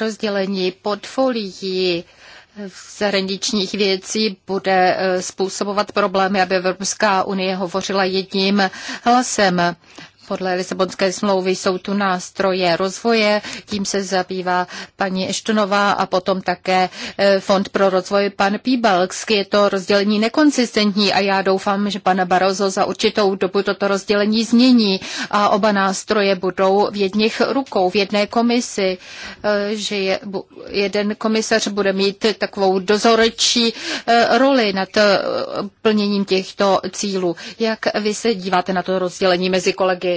rozdělení portfolií zahraničních věcí bude eh, způsobovat problémy, aby Evropská unie hovořila jedním hlasem. Podle Lisabonské smlouvy jsou tu nástroje rozvoje, tím se zabývá paní Eštonová a potom také e, Fond pro rozvoj pan Píbalsk. Je to rozdělení nekonsistentní a já doufám, že pan Barozo za určitou dobu toto rozdělení změní a oba nástroje budou v jedných rukou, v jedné komisi, e, že je, jeden komisař bude mít takovou dozorčí e, roli nad plněním těchto cílů. Jak vy se díváte na to rozdělení mezi kolegy?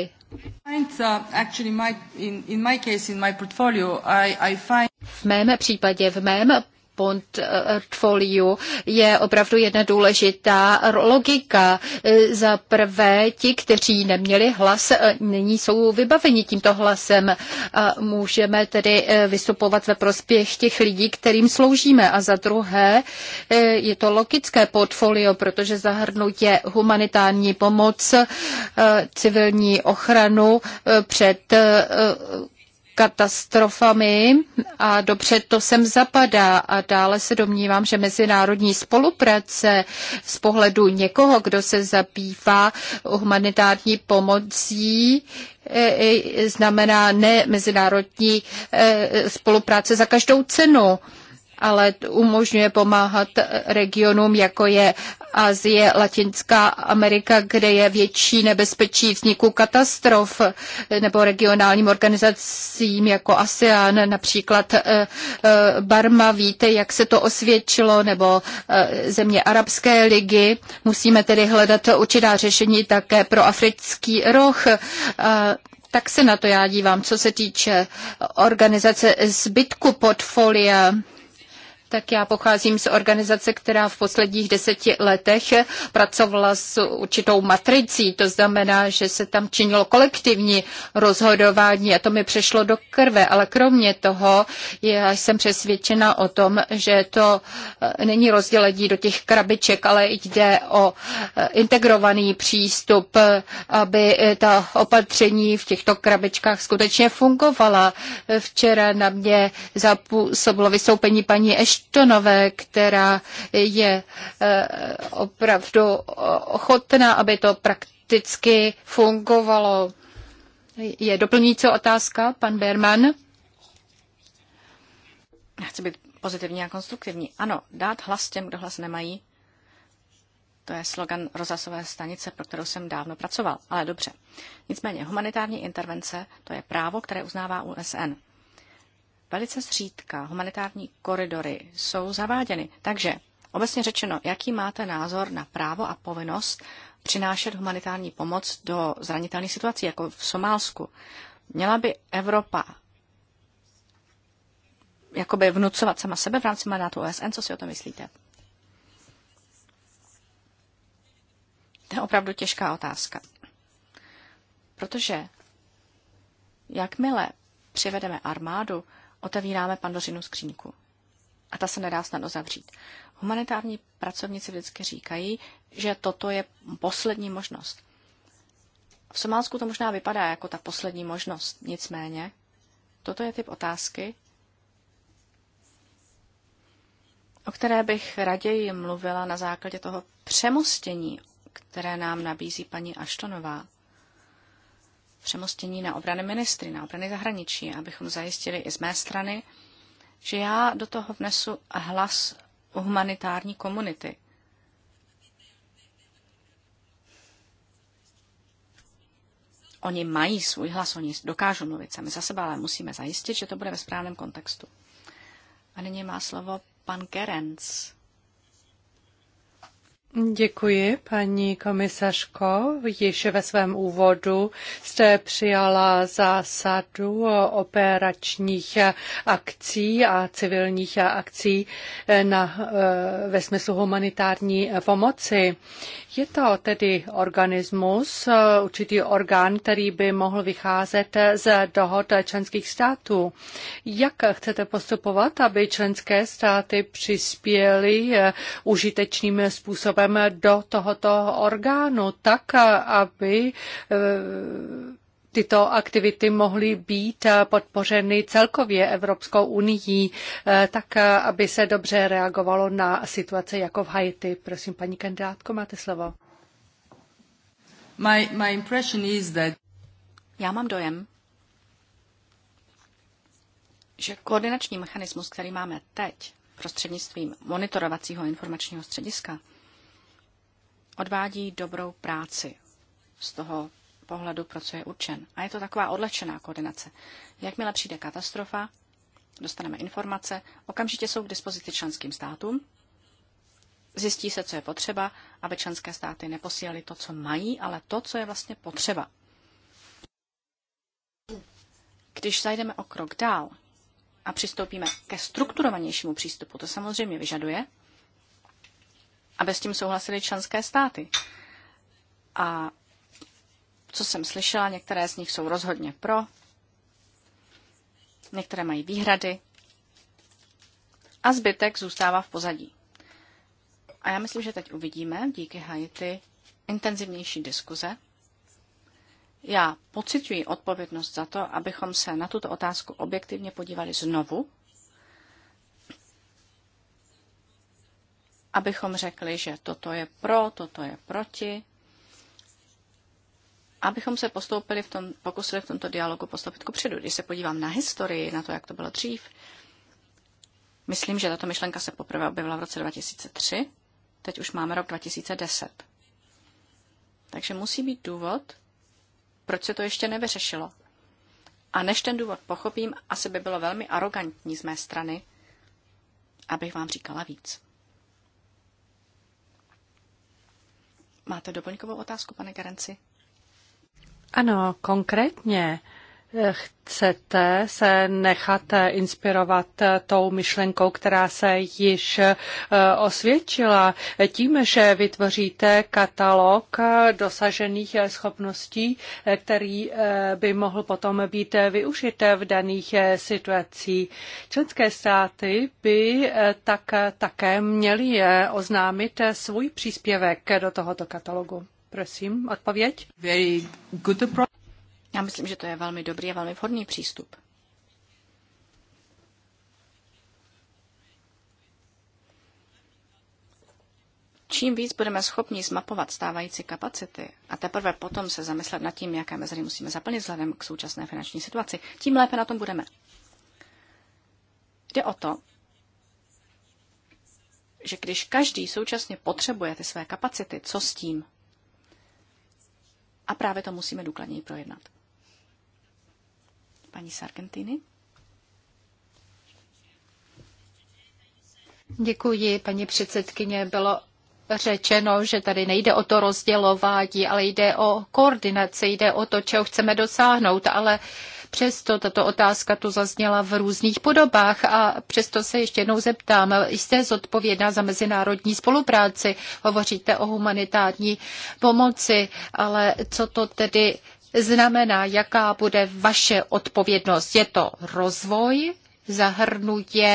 V mém případě, v mém portfoliu je opravdu jedna důležitá logika. Za prvé, ti, kteří neměli hlas, nyní jsou vybaveni tímto hlasem. A můžeme tedy eh, vystupovat ve prospěch těch lidí, kterým sloužíme. A za druhé, eh, je to logické portfolio, protože je humanitární pomoc, eh, civilní ochranu před katastrofami a dobře to sem zapadá. A dále se domnívám, že mezinárodní spolupráce z pohledu někoho, kdo se zabývá humanitární pomocí, e, e, znamená ne mezinárodní e, spolupráce za každou cenu ale umožňuje pomáhat regionům, jako je Asie, Latinská Amerika, kde je větší nebezpečí vzniku katastrof, nebo regionálním organizacím jako ASEAN, například eh, eh, Barma, víte, jak se to osvědčilo, nebo eh, země Arabské ligy. Musíme tedy hledat určitá řešení také pro africký roh. Tak se na to já dívám, co se týče organizace zbytku portfolia tak já pocházím z organizace, která v posledních deseti letech pracovala s určitou matricí. To znamená, že se tam činilo kolektivní rozhodování a to mi přešlo do krve. Ale kromě toho já jsem přesvědčena o tom, že to eh, není rozdělení do těch krabiček, ale jde o eh, integrovaný přístup, eh, aby ta opatření v těchto krabičkách skutečně fungovala. Včera na mě zapůsobilo vystoupení paní Ešt Eštonové, která je eh, opravdu ochotná, aby to prakticky fungovalo. Je doplňující otázka, pan Berman? Chci být pozitivní a konstruktivní. Ano, dát hlas těm, kdo hlas nemají, to je slogan rozhlasové stanice, pro kterou jsem dávno pracoval, ale dobře. Nicméně humanitární intervence, to je právo, které uznává USN velice zřídka humanitární koridory jsou zaváděny. Takže obecně řečeno, jaký máte názor na právo a povinnost přinášet humanitární pomoc do zranitelných situací, jako v Somálsku? Měla by Evropa jakoby vnucovat sama sebe v rámci mandátu OSN? Co si o to myslíte? To je opravdu těžká otázka. Protože jakmile přivedeme armádu, otevíráme pandořinu skříňku. A ta se nedá snadno zavřít. Humanitární pracovníci vždycky říkají, že toto je poslední možnost. V Somálsku to možná vypadá jako ta poslední možnost, nicméně toto je typ otázky, o které bych raději mluvila na základě toho přemostění, které nám nabízí paní Aštonová přemostění na obrany ministry, na obrany zahraničí, abychom zajistili i z mé strany, že já do toho vnesu hlas humanitární komunity. Oni mají svůj hlas, oni dokážou mluvit sami za sebe, ale musíme zajistit, že to bude ve správném kontextu. A nyní má slovo pan Gerenc Děkuji, paní komisařko. Již ve svém úvodu jste přijala zásadu operačních akcí a civilních akcí na, eh, ve smyslu humanitární pomoci. Je to tedy organismus, eh, určitý orgán, který by mohl vycházet z dohod členských států. Jak chcete postupovat, aby členské státy přispěly eh, užitečným způsobem vstupem do tohoto orgánu, tak aby eh, tyto aktivity mohly být podpořeny celkově Evropskou unii, eh, tak aby se dobře reagovalo na situace jako v Haiti. Prosím, paní kandidátko, máte slovo. My, my impression is that... Já mám dojem, že koordinační mechanismus, který máme teď, prostřednictvím monitorovacího informačního střediska, odvádí dobrou práci z toho pohledu, pro co je určen. A je to taková odlečená koordinace. Jakmile přijde katastrofa, dostaneme informace, okamžitě jsou k dispozici členským státům, zjistí se, co je potřeba, aby členské státy neposílali to, co mají, ale to, co je vlastně potřeba. Když zajdeme o krok dál a přistoupíme ke strukturovanějšímu přístupu, to samozřejmě vyžaduje, aby s tím souhlasili členské státy. A co jsem slyšela, některé z nich jsou rozhodně pro, některé mají výhrady a zbytek zůstává v pozadí. A já myslím, že teď uvidíme díky Haiti intenzivnější diskuze. Já pocituji odpovědnost za to, abychom se na tuto otázku objektivně podívali znovu abychom řekli, že toto je pro, toto je proti, abychom se postoupili v tom, pokusili v tomto dialogu postoupit ku předu. Když se podívám na historii, na to, jak to bylo dřív, myslím, že tato myšlenka se poprvé objevila v roce 2003, teď už máme rok 2010. Takže musí být důvod, proč se to ještě nevyřešilo. A než ten důvod pochopím, asi by bylo velmi arrogantní z mé strany, abych vám říkala víc. Máte doplňkovou otázku, pane garanci? Ano, konkrétně chcete se nechat inspirovat tou myšlenkou, která se již eh, osvědčila tím, že vytvoříte katalog dosažených schopností, který eh, by mohl potom být využit v daných eh, situacích. Členské státy by tak také měly oznámit svůj příspěvek do tohoto katalogu. Prosím, odpověď. Very good approach. Já myslím, že to je velmi dobrý a velmi vhodný přístup. Čím víc budeme schopni zmapovat stávající kapacity a teprve potom se zamyslet nad tím, jaké mezery musíme zaplnit vzhledem k současné finanční situaci, tím lépe na tom budeme. Jde o to, že když každý současně potřebuje ty své kapacity, co s tím? A právě to musíme důkladněji projednat. Paní Argentiny. Děkuji, paní předsedkyně. Bylo řečeno, že tady nejde o to rozdělování, ale jde o koordinaci, jde o to, čeho chceme dosáhnout, ale Přesto tato otázka tu zazněla v různých podobách a přesto se ještě jednou zeptám. Jste zodpovědná za mezinárodní spolupráci, hovoříte o humanitární pomoci, ale co to tedy znamená, jaká bude vaše odpovědnost. Je to rozvoj, zahrnutě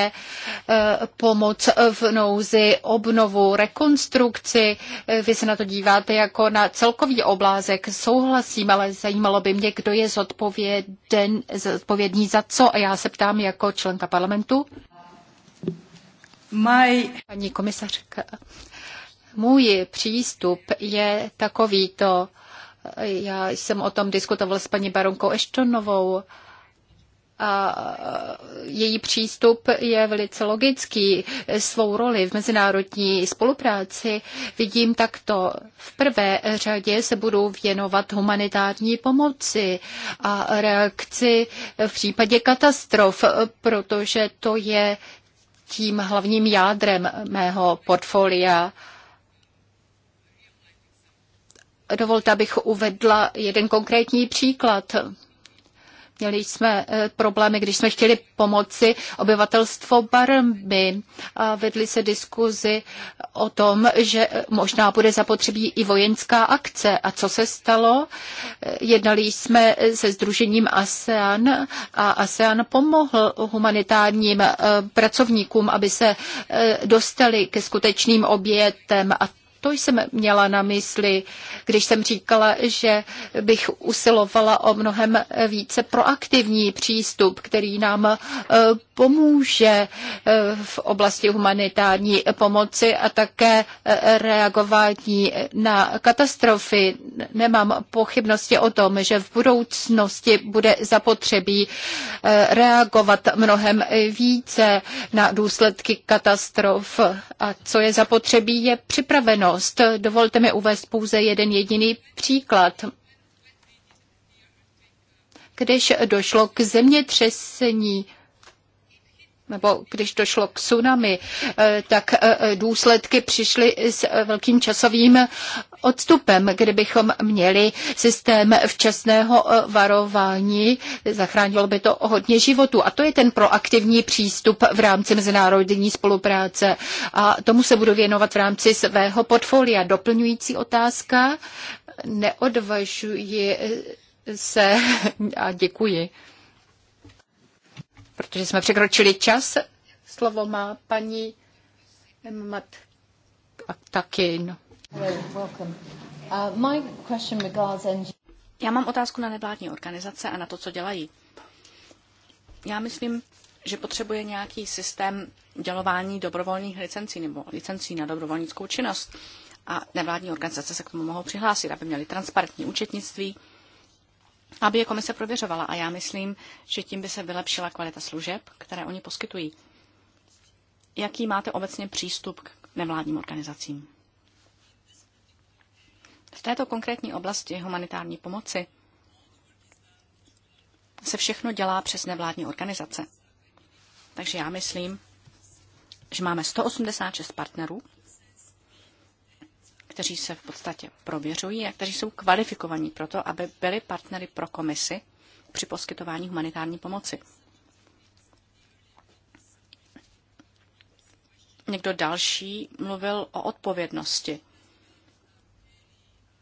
eh, pomoc v nouzi, obnovu, rekonstrukci. Eh, vy se na to díváte jako na celkový oblázek. Souhlasím, ale zajímalo by mě, kdo je zodpověden, zodpovědný za co. A já se ptám jako členka parlamentu. My... Paní komisařka, můj přístup je takovýto. Já jsem o tom diskutoval s paní baronkou Eštonovou a její přístup je velice logický. Svou roli v mezinárodní spolupráci vidím takto. V prvé řadě se budou věnovat humanitární pomoci a reakci v případě katastrof, protože to je tím hlavním jádrem mého portfolia. Dovolte, abych uvedla jeden konkrétní příklad. Měli jsme e, problémy, když jsme chtěli pomoci obyvatelstvo Barmy. A vedly se diskuzi o tom, že e, možná bude zapotřebí i vojenská akce. A co se stalo? E, jednali jsme se Združením ASEAN a ASEAN pomohl humanitárním pracovníkům, aby se dostali ke skutečným obětem. A to jsem měla na mysli, když jsem říkala, že bych usilovala o mnohem více proaktivní přístup, který nám eh, pomůže eh, v oblasti humanitární pomoci a také eh, reagování na katastrofy. Nemám pochybnosti o tom, že v budoucnosti bude zapotřebí eh, reagovat mnohem více na důsledky katastrof. A co je zapotřebí, je připravenost. Dovolte mi uvést pouze jeden jediný příklad když došlo k zemětřesení nebo když došlo k tsunami, eh, tak eh, eh, důsledky přišly s velkým časovým odstupem. Kdybychom měli systém včasného varování, zachránilo by to hodně životu. A to je ten proaktivní přístup v rámci mezinárodní spolupráce. A tomu se budu věnovat v rámci svého portfolia. Doplňující otázka. Neodvažuji se <laughs> a děkuji protože jsme překročili čas. Slovo má paní Mat Takin. Uh, Já mám otázku na nevládní organizace a na to, co dělají. Já myslím, že potřebuje nějaký systém dělování dobrovolných licencí nebo licencí na dobrovolnickou činnost. A nevládní organizace se k tomu mohou přihlásit, aby měly transparentní účetnictví, aby je komise prověřovala. A já myslím, že tím by se vylepšila kvalita služeb, které oni poskytují. Jaký máte obecně přístup k nevládním organizacím? V této konkrétní oblasti humanitární pomoci se všechno dělá přes nevládní organizace. Takže já myslím, že máme 186 partnerů, kteří se v podstatě prověřují a kteří jsou kvalifikovaní pro to, aby byli partnery pro komisi při poskytování humanitární pomoci. Někdo další mluvil o odpovědnosti.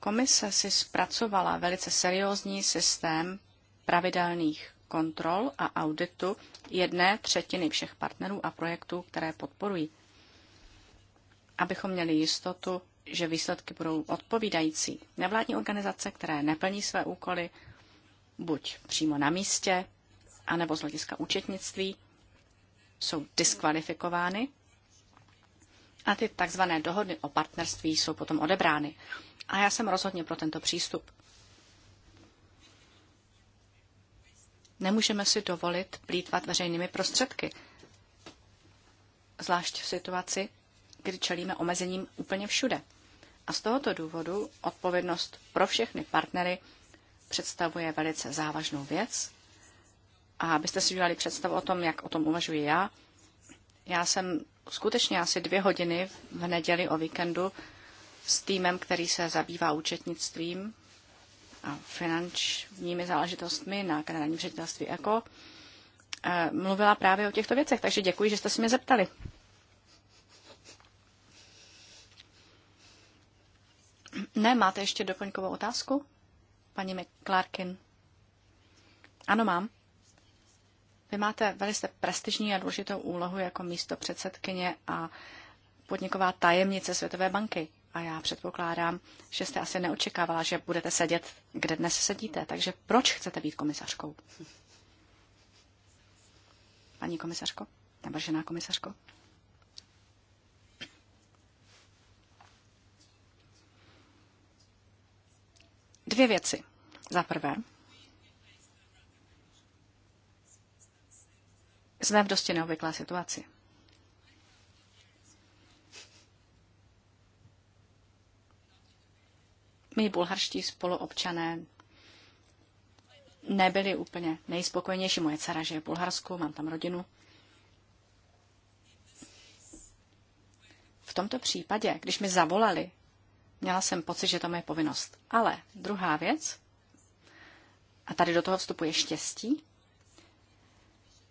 Komise si zpracovala velice seriózní systém pravidelných kontrol a auditu jedné třetiny všech partnerů a projektů, které podporují. Abychom měli jistotu, že výsledky budou odpovídající. Nevládní organizace, které neplní své úkoly, buď přímo na místě, anebo z hlediska účetnictví, jsou diskvalifikovány a ty takzvané dohody o partnerství jsou potom odebrány. A já jsem rozhodně pro tento přístup. Nemůžeme si dovolit plítvat veřejnými prostředky, zvlášť v situaci, kdy čelíme omezením úplně všude. A z tohoto důvodu odpovědnost pro všechny partnery představuje velice závažnou věc. A abyste si udělali představu o tom, jak o tom uvažuji já, já jsem skutečně asi dvě hodiny v neděli o víkendu s týmem, který se zabývá účetnictvím a finančními záležitostmi na generálním ředitelství ECO, e, mluvila právě o těchto věcech, takže děkuji, že jste si mě zeptali. Ne, máte ještě doplňkovou otázku? Paní McClarkin. Ano, mám. Vy máte velice prestižní a důležitou úlohu jako místo předsedkyně a podniková tajemnice Světové banky. A já předpokládám, že jste asi neočekávala, že budete sedět, kde dnes sedíte. Takže proč chcete být komisařkou? Paní komisařko? žená komisařko? Dvě věci. Za prvé, jsme v dosti neobvyklé situaci. My bulharští spoluobčané nebyli úplně nejspokojnější. Moje dcera žije v Bulharsku, mám tam rodinu. V tomto případě, když mi zavolali, Měla jsem pocit, že to je povinnost. Ale druhá věc, a tady do toho vstupuje štěstí,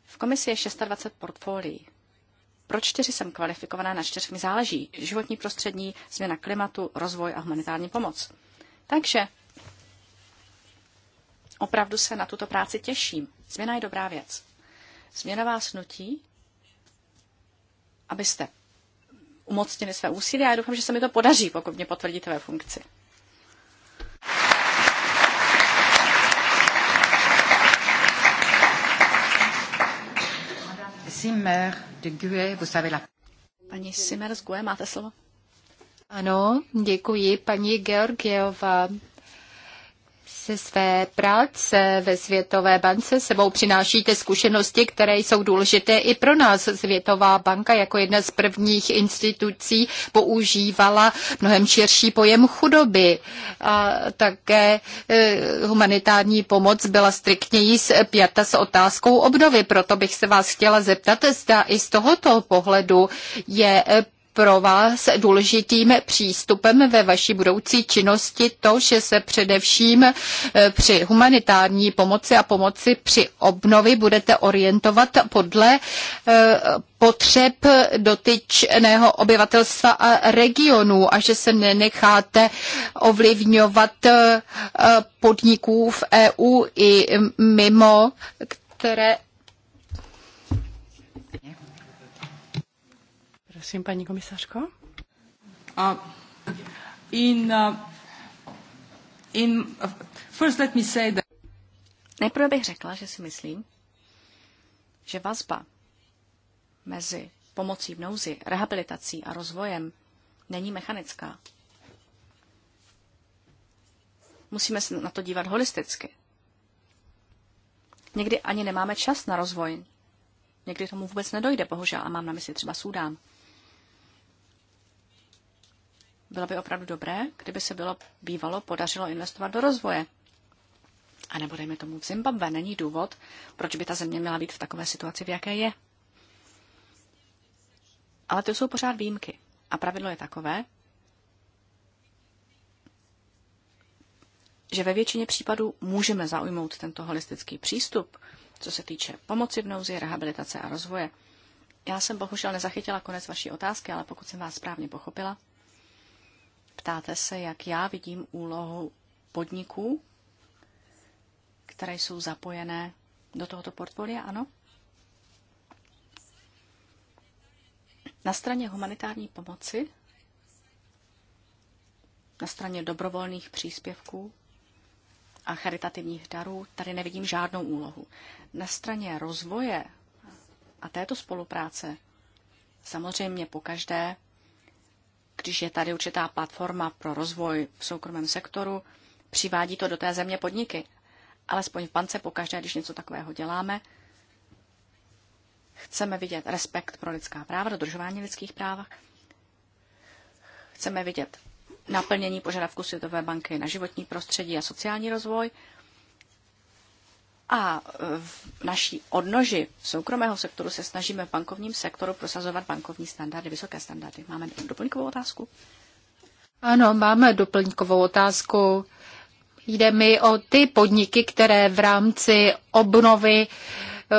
v komisi je 26 portfolií. Pro čtyři jsem kvalifikovaná, na čtyř mi záleží. Životní prostředí, změna klimatu, rozvoj a humanitární pomoc. Takže opravdu se na tuto práci těším. Změna je dobrá věc. Změna vás nutí, abyste umocnili své úsilí a já doufám, že se mi to podaří, pokud mě potvrdíte ve funkci. Paní Simmer z Gue, máte slovo? Ano, děkuji. Paní Georgieva, se své práce ve Světové bance sebou přinášíte zkušenosti, které jsou důležité i pro nás. Světová banka jako jedna z prvních institucí používala mnohem širší pojem chudoby a také e, humanitární pomoc byla striktněji zpěta s otázkou obnovy. Proto bych se vás chtěla zeptat, zda i z tohoto pohledu je pro vás důležitým přístupem ve vaší budoucí činnosti to, že se především e, při humanitární pomoci a pomoci při obnovy budete orientovat podle e, potřeb dotyčného obyvatelstva a regionů a že se nenecháte ovlivňovat e, podniků v EU i mimo, které Prosím, paní komisařko. Uh, in, uh, in, uh, first let me say that... Nejprve bych řekla, že si myslím, že vazba mezi pomocí v nouzi, rehabilitací a rozvojem není mechanická. Musíme se na to dívat holisticky. Někdy ani nemáme čas na rozvoj. Někdy tomu vůbec nedojde, bohužel, a mám na mysli třeba Súdán. Bylo by opravdu dobré, kdyby se bylo bývalo podařilo investovat do rozvoje. A nebo dejme tomu v Zimbabwe není důvod, proč by ta země měla být v takové situaci, v jaké je. Ale to jsou pořád výjimky. A pravidlo je takové, že ve většině případů můžeme zaujmout tento holistický přístup, co se týče pomoci v nouzi, rehabilitace a rozvoje. Já jsem bohužel nezachytila konec vaší otázky, ale pokud jsem vás správně pochopila, Ptáte se, jak já vidím úlohu podniků, které jsou zapojené do tohoto portfolia, ano? Na straně humanitární pomoci, na straně dobrovolných příspěvků a charitativních darů, tady nevidím žádnou úlohu. Na straně rozvoje a této spolupráce samozřejmě po každé když je tady určitá platforma pro rozvoj v soukromém sektoru, přivádí to do té země podniky. Alespoň v bance pokaždé, když něco takového děláme, chceme vidět respekt pro lidská práva, dodržování lidských práv, chceme vidět naplnění požadavku Světové banky na životní prostředí a sociální rozvoj a e, v naší odnoži soukromého sektoru se snažíme v bankovním sektoru prosazovat bankovní standardy, vysoké standardy. Máme doplňkovou otázku? Ano, máme doplňkovou otázku. Jde mi o ty podniky, které v rámci obnovy e,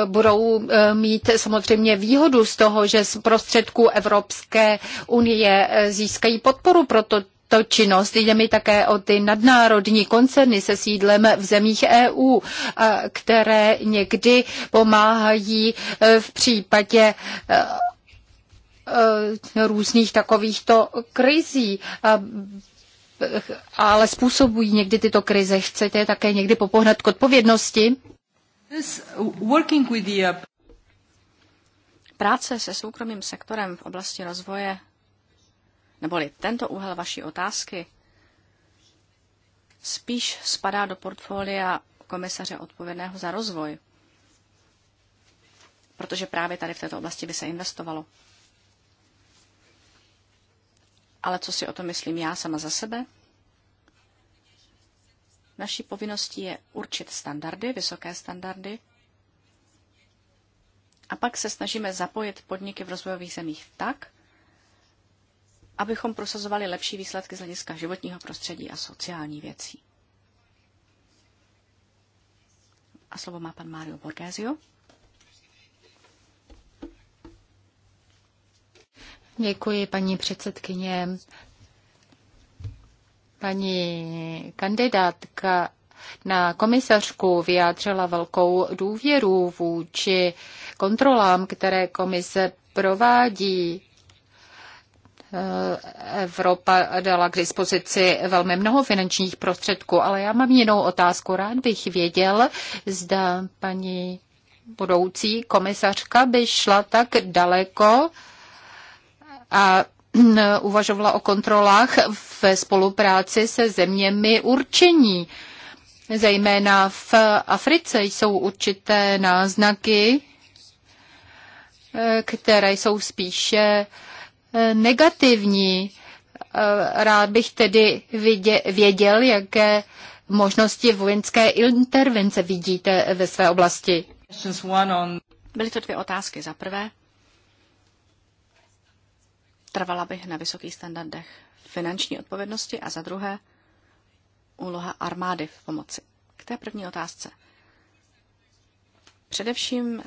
budou e, mít samozřejmě výhodu z toho, že z prostředků Evropské unie získají podporu. pro to tuto činnost. Jde mi také o ty nadnárodní koncerny se sídlem v zemích EU, které někdy pomáhají e, v případě e, e, různých takovýchto krizí, ale způsobují někdy tyto krize. Chcete také někdy popohnat k odpovědnosti? Uh, Práce se soukromým sektorem v oblasti rozvoje neboli tento úhel vaší otázky spíš spadá do portfolia komisaře odpovědného za rozvoj, protože právě tady v této oblasti by se investovalo. Ale co si o tom myslím já sama za sebe? Naší povinností je určit standardy, vysoké standardy, a pak se snažíme zapojit podniky v rozvojových zemích tak, abychom prosazovali lepší výsledky z hlediska životního prostředí a sociální věcí. A slovo má pan Mario Borgesio. Děkuji, paní předsedkyně. Paní kandidátka na komisařku vyjádřila velkou důvěru vůči kontrolám, které komise provádí Evropa dala k dispozici velmi mnoho finančních prostředků, ale já mám jinou otázku. Rád bych věděl, zda paní budoucí komisařka by šla tak daleko a <clears throat> uvažovala o kontrolách ve spolupráci se zeměmi určení. Zejména v Africe jsou určité náznaky, eh, které jsou spíše uh, Eh, negativní. Eh, rád bych tedy věděl, jaké možnosti vojenské intervence vidíte ve své oblasti. Byly to dvě otázky. Za prvé, trvala bych na vysokých standardech finanční odpovědnosti a za druhé, úloha armády v pomoci. K té první otázce. Především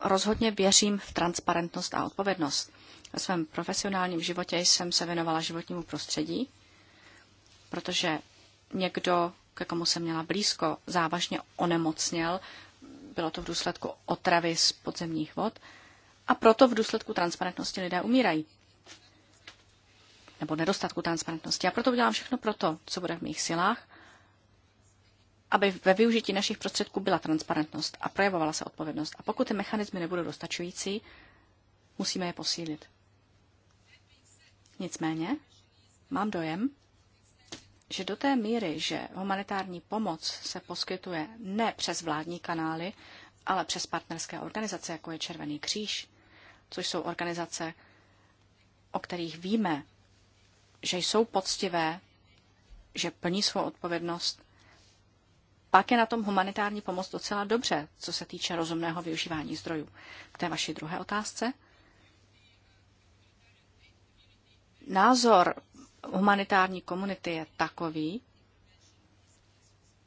rozhodně věřím v transparentnost a odpovědnost. Ve svém profesionálním životě jsem se věnovala životnímu prostředí, protože někdo, ke komu jsem měla blízko, závažně onemocněl. Bylo to v důsledku otravy z podzemních vod a proto v důsledku transparentnosti lidé umírají. Nebo nedostatku transparentnosti. A proto udělám všechno pro to, co bude v mých silách, aby ve využití našich prostředků byla transparentnost a projevovala se odpovědnost. A pokud ty mechanismy nebudou dostačující, musíme je posílit. Nicméně mám dojem, že do té míry, že humanitární pomoc se poskytuje ne přes vládní kanály, ale přes partnerské organizace, jako je Červený kříž, což jsou organizace, o kterých víme, že jsou poctivé, že plní svou odpovědnost, pak je na tom humanitární pomoc docela dobře, co se týče rozumného využívání zdrojů. K té vaší druhé otázce. názor humanitární komunity je takový,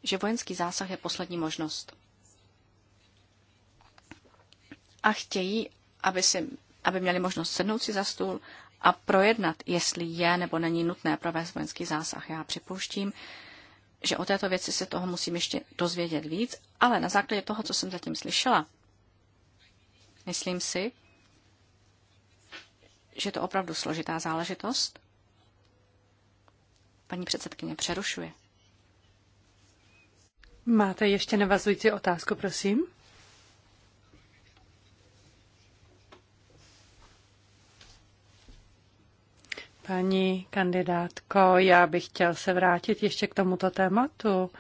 že vojenský zásah je poslední možnost. A chtějí, aby, si, aby měli možnost sednout si za stůl a projednat, jestli je nebo není nutné provést vojenský zásah. Já připouštím, že o této věci se toho musím ještě dozvědět víc, ale na základě toho, co jsem zatím slyšela, myslím si, že je to opravdu složitá záležitost? Paní předsedkyně přerušuje. Máte ještě navazující otázku, prosím? Paní kandidátko, já bych chtěl se vrátit ještě k tomuto tématu.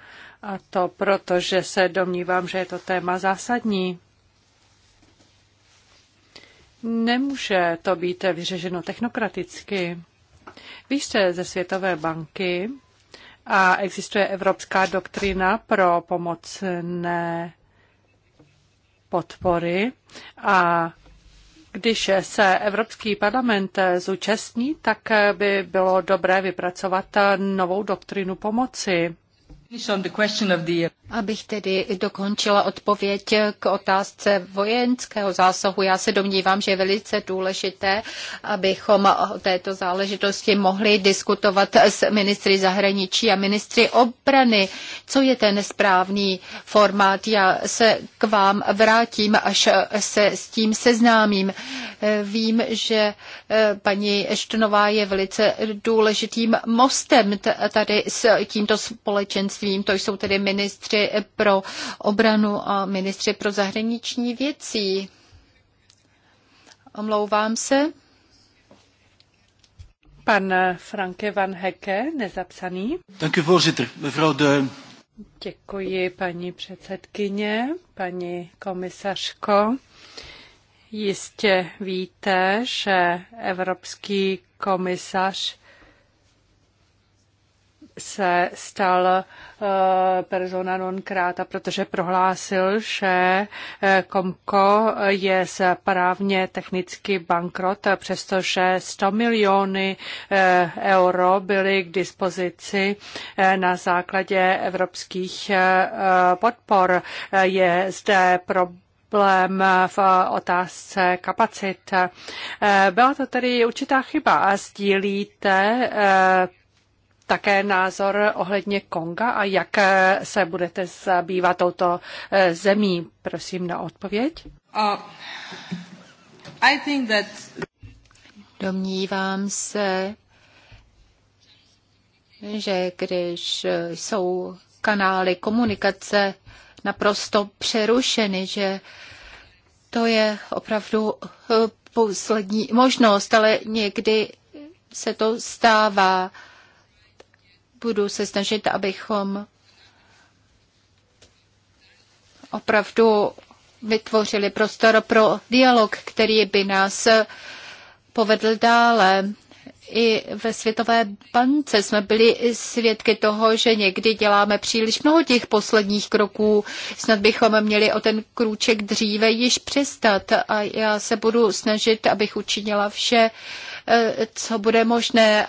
A to proto, že se domnívám, že je to téma zásadní. Nemůže to být vyřešeno technokraticky. Víš, že ze Světové banky a existuje evropská doktrina pro pomocné podpory a když se Evropský parlament zúčastní, tak by bylo dobré vypracovat novou doktrinu pomoci. Abych tedy dokončila odpověď k otázce vojenského zásahu. Já se domnívám, že je velice důležité, abychom o této záležitosti mohli diskutovat s ministry zahraničí a ministry obrany. Co je ten správný formát? Já se k vám vrátím, až se s tím seznámím. Vím, že eh, paní Eštonová je velice důležitým mostem tady s tímto společenstvím předsednictvím. To jsou tedy ministři pro obranu a ministři pro zahraniční věcí. Omlouvám se. Pan Franke van Hecke, nezapsaný. voorzitter. Mevrouw de... Děkuji, paní předsedkyně, paní komisařko. Jistě víte, že Evropský komisař se stal eh, persona non grata, protože prohlásil, že Komko eh, je správně technicky bankrot, přestože 100 miliony eh, euro byly k dispozici na základě evropských podpor. Je zde problém problém v otázce kapacit. Byla to tedy určitá chyba a sdílíte také názor ohledně Konga a jak se budete zabývat touto eh, zemí? Prosím na odpověď. Uh, I think that... Domnívám se, že když jsou kanály komunikace naprosto přerušeny, že to je opravdu eh, poslední možnost, ale někdy se to stává. Budu se snažit, abychom opravdu vytvořili prostor pro dialog, který by nás povedl dále. I ve Světové bance jsme byli svědky toho, že někdy děláme příliš mnoho těch posledních kroků. Snad bychom měli o ten krůček dříve již přestat a já se budu snažit, abych učinila vše, eh, co bude možné,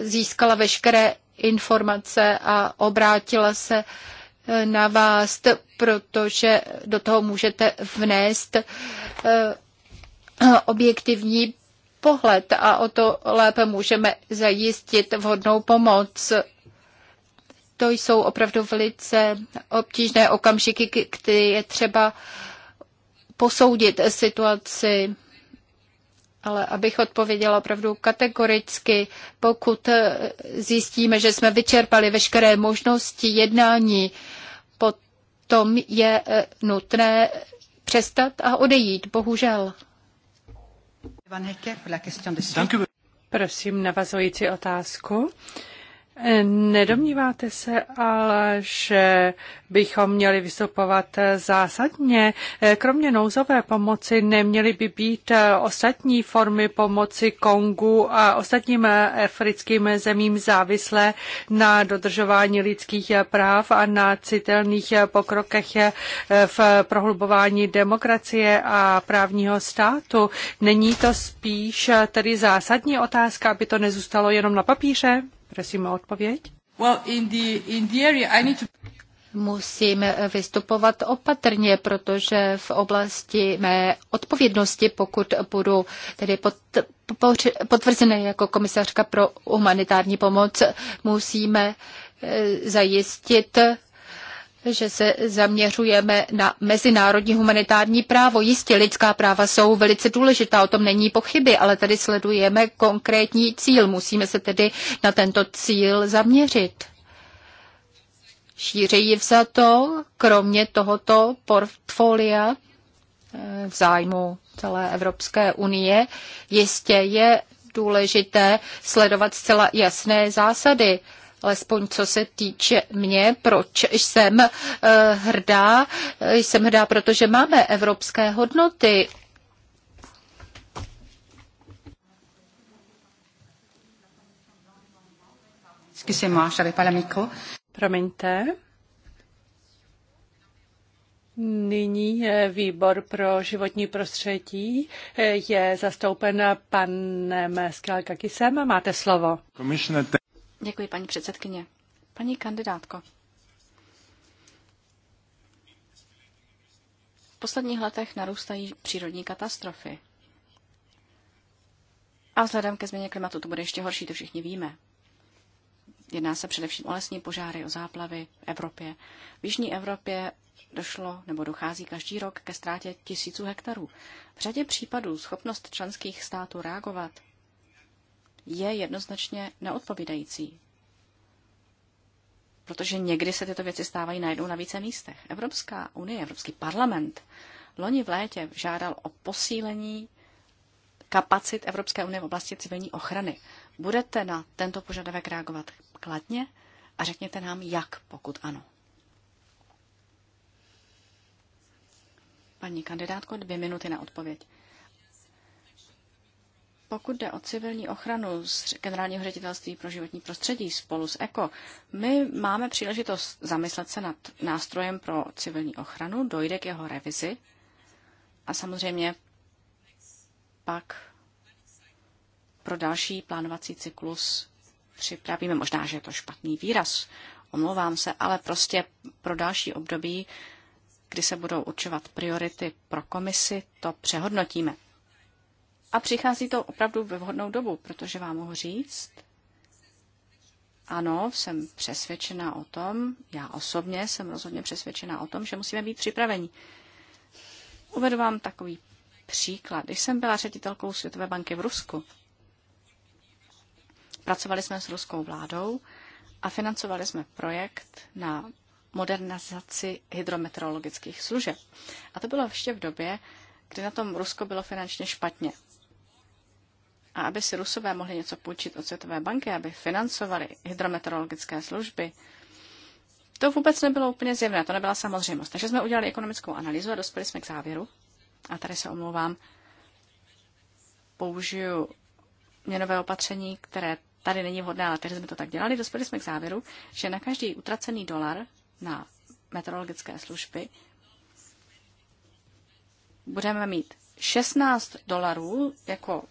získala veškeré informace a obrátila se eh, na vás, protože do toho můžete vnést eh, objektivní pohled a o to lépe můžeme zajistit vhodnou pomoc. To jsou opravdu velice obtížné okamžiky, kdy je třeba posoudit situaci ale abych odpověděla opravdu kategoricky, pokud eh, zjistíme, že jsme vyčerpali veškeré možnosti jednání, potom je eh, nutné přestat a odejít, bohužel. Prosím, navazující otázku. Nedomníváte se ale, že bychom měli vystupovat zásadně? Kromě nouzové pomoci neměly by být ostatní formy pomoci Kongu a ostatním africkým zemím závislé na dodržování lidských práv a na citelných pokrokech v prohlubování demokracie a právního státu. Není to spíš tedy zásadní otázka, aby to nezůstalo jenom na papíře? prosím o odpověď. Well, in the, in the area I need to... Musím vystupovat opatrně, protože v oblasti mé odpovědnosti, pokud budu tedy pod, potvrzené jako komisařka pro humanitární pomoc, musíme eh, zajistit že se zaměřujeme na mezinárodní humanitární právo. Jistě lidská práva jsou velice důležitá, o tom není pochyby, ale tady sledujeme konkrétní cíl. Musíme se tedy na tento cíl zaměřit. Šířeji to, kromě tohoto portfolia eh, v zájmu celé Evropské unie, jistě je důležité sledovat zcela jasné zásady alespoň co se týče mě, proč jsem eh, hrdá. Jsem hrdá, protože máme evropské hodnoty. Promiňte. Nyní eh, výbor pro životní prostředí eh, je zastoupen panem Skalkakisem. Máte slovo. Komisionete... Děkuji, paní předsedkyně. Paní kandidátko, v posledních letech narůstají přírodní katastrofy. A vzhledem ke změně klimatu to bude ještě horší, to všichni víme. Jedná se především o lesní požáry, o záplavy v Evropě. V Jižní Evropě došlo nebo dochází každý rok ke ztrátě tisíců hektarů. V řadě případů schopnost členských států reagovat je jednoznačně neodpovídající. Protože někdy se tyto věci stávají najednou na více místech. Evropská unie, Evropský parlament loni v létě žádal o posílení kapacit Evropské unie v oblasti civilní ochrany. Budete na tento požadavek reagovat kladně a řekněte nám, jak, pokud ano. Paní kandidátko, dvě minuty na odpověď. Pokud jde o civilní ochranu z Generálního ředitelství pro životní prostředí spolu s ECO, my máme příležitost zamyslet se nad nástrojem pro civilní ochranu, dojde k jeho revizi a samozřejmě pak pro další plánovací cyklus připravíme, možná, že je to špatný výraz, omlouvám se, ale prostě pro další období, kdy se budou určovat priority pro komisi, to přehodnotíme. A přichází to opravdu ve vhodnou dobu, protože vám mohu říct, ano, jsem přesvědčená o tom, já osobně jsem rozhodně přesvědčená o tom, že musíme být připraveni. Uvedu vám takový příklad. Když jsem byla ředitelkou Světové banky v Rusku, pracovali jsme s ruskou vládou a financovali jsme projekt na modernizaci hydrometeorologických služeb. A to bylo ještě v době, kdy na tom Rusko bylo finančně špatně. A aby si Rusové mohli něco půjčit od Světové banky, aby financovali hydrometeorologické služby, to vůbec nebylo úplně zjevné, to nebyla samozřejmost. Takže jsme udělali ekonomickou analýzu a dospěli jsme k závěru. A tady se omlouvám, použiju měnové opatření, které tady není vhodné, ale tehdy jsme to tak dělali. Dospěli jsme k závěru, že na každý utracený dolar na meteorologické služby budeme mít 16 dolarů jako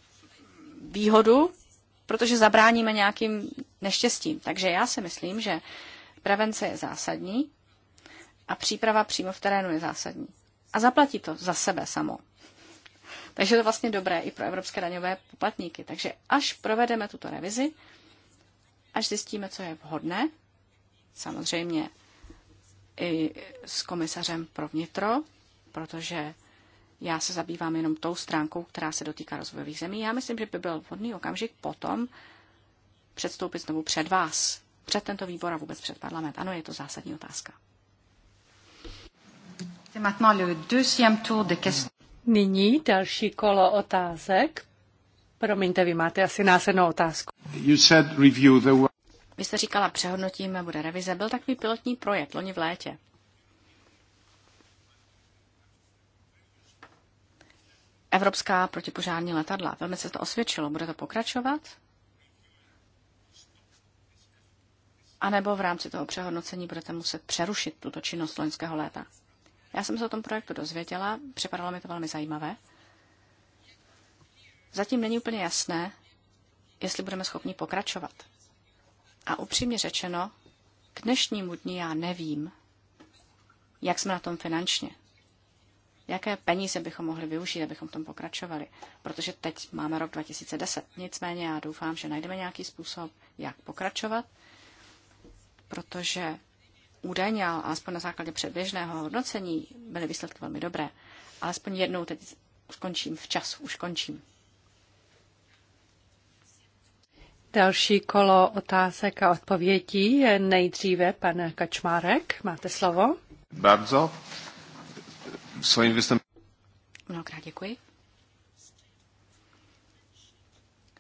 výhodu, protože zabráníme nějakým neštěstím. Takže já si myslím, že prevence je zásadní a příprava přímo v terénu je zásadní. A zaplatí to za sebe samo. Takže to vlastně dobré i pro evropské daňové poplatníky. Takže až provedeme tuto revizi, až zjistíme, co je vhodné, samozřejmě i s komisařem pro vnitro, protože já se zabývám jenom tou stránkou, která se dotýká rozvojových zemí. Já myslím, že by byl vhodný okamžik potom předstoupit znovu před vás, před tento výbor a vůbec před parlament. Ano, je to zásadní otázka. Nyní další kolo otázek. Promiňte, vy máte asi následnou otázku. You said review the... Vy jste říkala, přehodnotíme, bude revize. Byl takový pilotní projekt loni v létě. evropská protipožární letadla. Velmi se to osvědčilo. Bude to pokračovat? A nebo v rámci toho přehodnocení budete muset přerušit tuto činnost loňského léta? Já jsem se o tom projektu dozvěděla, připadalo mi to velmi zajímavé. Zatím není úplně jasné, jestli budeme schopni pokračovat. A upřímně řečeno, k dnešnímu dní já nevím, jak jsme na tom finančně jaké peníze bychom mohli využít, abychom tom pokračovali. Protože teď máme rok 2010. Nicméně já doufám, že najdeme nějaký způsob, jak pokračovat, protože údajně, alespoň na základě předběžného hodnocení, byly výsledky velmi dobré. Alespoň jednou teď skončím včas, už končím. Další kolo otázek a odpovědí je nejdříve pan Kačmárek. Máte slovo. Bardzo svým vystoupením. Mnohokrát děkuji.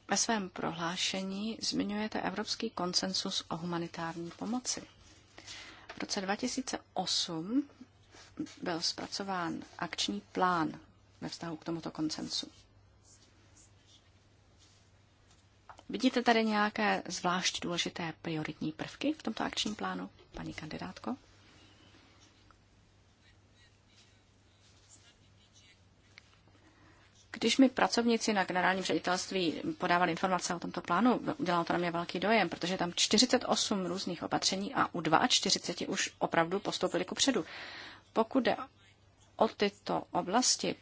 Ve svém prohlášení zmiňujete Evropský konsensus o humanitární pomoci. V roce 2008 byl zpracován akční plán ve vztahu k tomuto koncensu. Vidíte tady nějaké zvlášť důležité prioritní prvky v tomto akčním plánu, paní kandidátko? Když mi pracovníci na generálním ředitelství podávali informace o tomto plánu, udělalo to na mě velký dojem, protože tam 48 různých opatření a u 42 už opravdu postoupili ku předu. Pokud jde o tyto oblasti,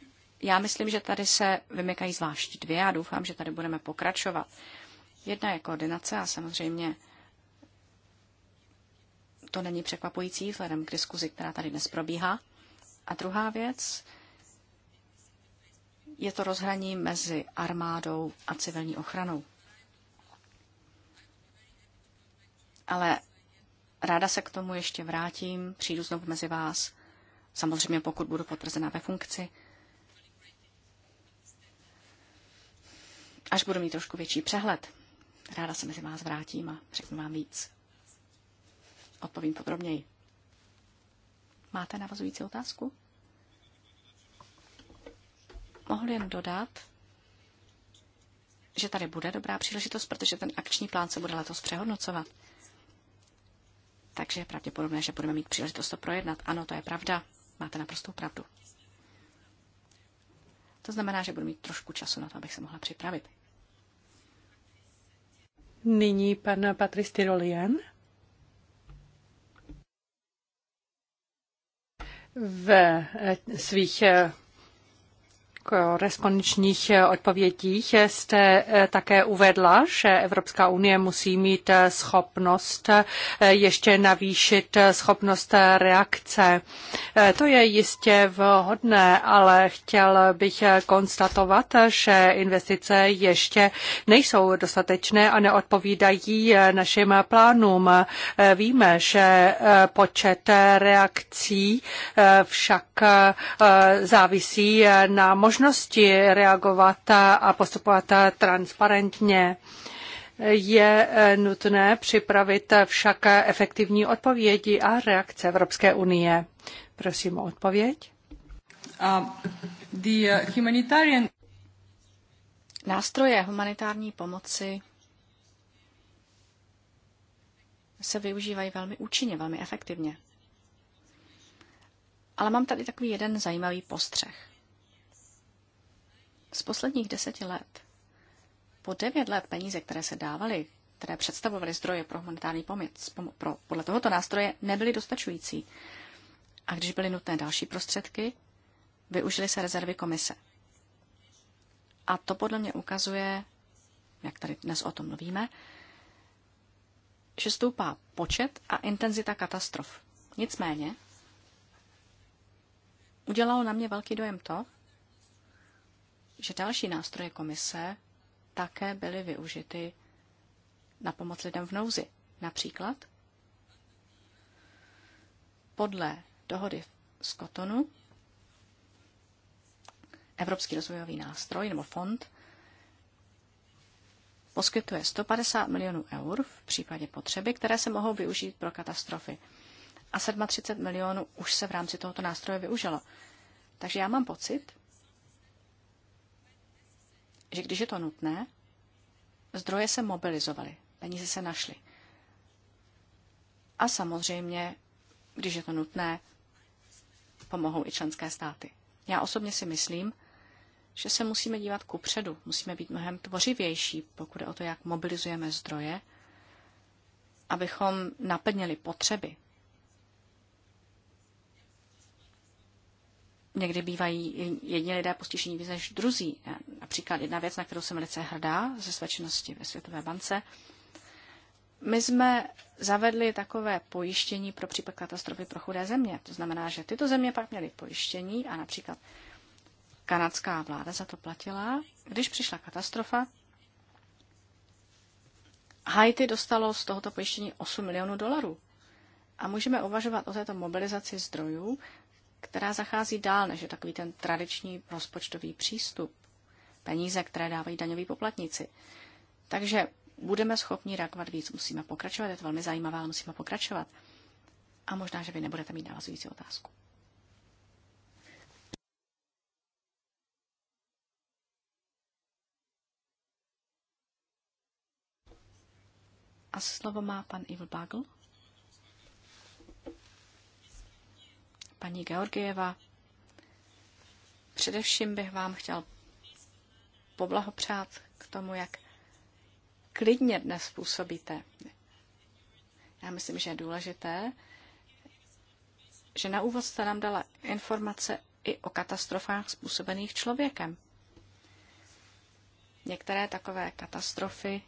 já myslím, že tady se vymykají zvlášť dvě a doufám, že tady budeme pokračovat. Jedna je koordinace a samozřejmě to není překvapující vzhledem k diskuzi, která tady dnes probíhá. A druhá věc je to rozhraní mezi armádou a civilní ochranou. Ale ráda se k tomu ještě vrátím, přijdu znovu mezi vás, samozřejmě pokud budu potvrzená ve funkci. Až budu mít trošku větší přehled, ráda se mezi vás vrátím a řeknu vám víc. Odpovím podrobněji. Máte navazující otázku? mohl jen dodat, že tady bude dobrá příležitost, protože ten akční plán se bude letos přehodnocovat. Takže je pravděpodobné, že budeme mít příležitost to projednat. Ano, to je pravda. Máte naprostou pravdu. To znamená, že budu mít trošku času na to, abych se mohla připravit. Nyní pan Patrice Tyrolien. V eh, svých eh, korespondenčních eh, eh, odpovědích eh, jste také uvedla, že Evropská unie musí mít schopnost ještě navýšit schopnost reakce. To je jistě vhodné, ale chtěl bych konstatovat, že investice ještě nejsou dostatečné a neodpovídají našim plánům. Víme, že počet reakcí však závisí na možnosti možnosti reagovat a postupovat transparentně. Je eh, nutné připravit však efektivní odpovědi a reakce Evropské unie. Prosím o odpověď. the eh, humanitarian... Nástroje humanitární pomoci se využívají velmi účinně, velmi efektivně. Ale mám tady takový jeden zajímavý postřeh. Z posledních deseti let po devět let peníze, které se dávaly, které představovaly zdroje pro humanitární pomoc, pro, podle tohoto nástroje nebyly dostačující. A když byly nutné další prostředky, využily se rezervy komise. A to podle mě ukazuje, jak tady dnes o tom mluvíme, že stoupá počet a intenzita katastrof. Nicméně, udělalo na mě velký dojem to, že další nástroje komise také byly využity na pomoc lidem v nouzi. Například podle dohody z Kotonu Evropský rozvojový nástroj nebo fond poskytuje 150 milionů eur v případě potřeby, které se mohou využít pro katastrofy. A 37 milionů už se v rámci tohoto nástroje využilo. Takže já mám pocit, že když je to nutné, zdroje se mobilizovaly, peníze se našly. A samozřejmě, když je to nutné, pomohou i členské státy. Já osobně si myslím, že se musíme dívat ku předu, musíme být mnohem tvořivější, pokud je o to, jak mobilizujeme zdroje, abychom naplnili potřeby, někdy bývají jedni lidé postižení víc než druzí. Například jedna věc, na kterou jsem velice hrdá ze své činnosti ve Světové bance. My jsme zavedli takové pojištění pro případ katastrofy pro chudé země. To znamená, že tyto země pak měly pojištění a například kanadská vláda za to platila. Když přišla katastrofa, Haiti dostalo z tohoto pojištění 8 milionů dolarů. A můžeme uvažovat o této mobilizaci zdrojů, která zachází dál než je takový ten tradiční rozpočtový přístup. Peníze, které dávají daňoví poplatníci. Takže budeme schopni reagovat víc. Musíme pokračovat, je to velmi zajímavé, ale musíme pokračovat. A možná, že vy nebudete mít navazující otázku. A slovo má pan Ivl Bagl. Paní Georgieva, především bych vám chtěl poblahopřát k tomu, jak klidně dnes působíte. Já myslím, že je důležité, že na úvod jste nám dala informace i o katastrofách způsobených člověkem. Některé takové katastrofy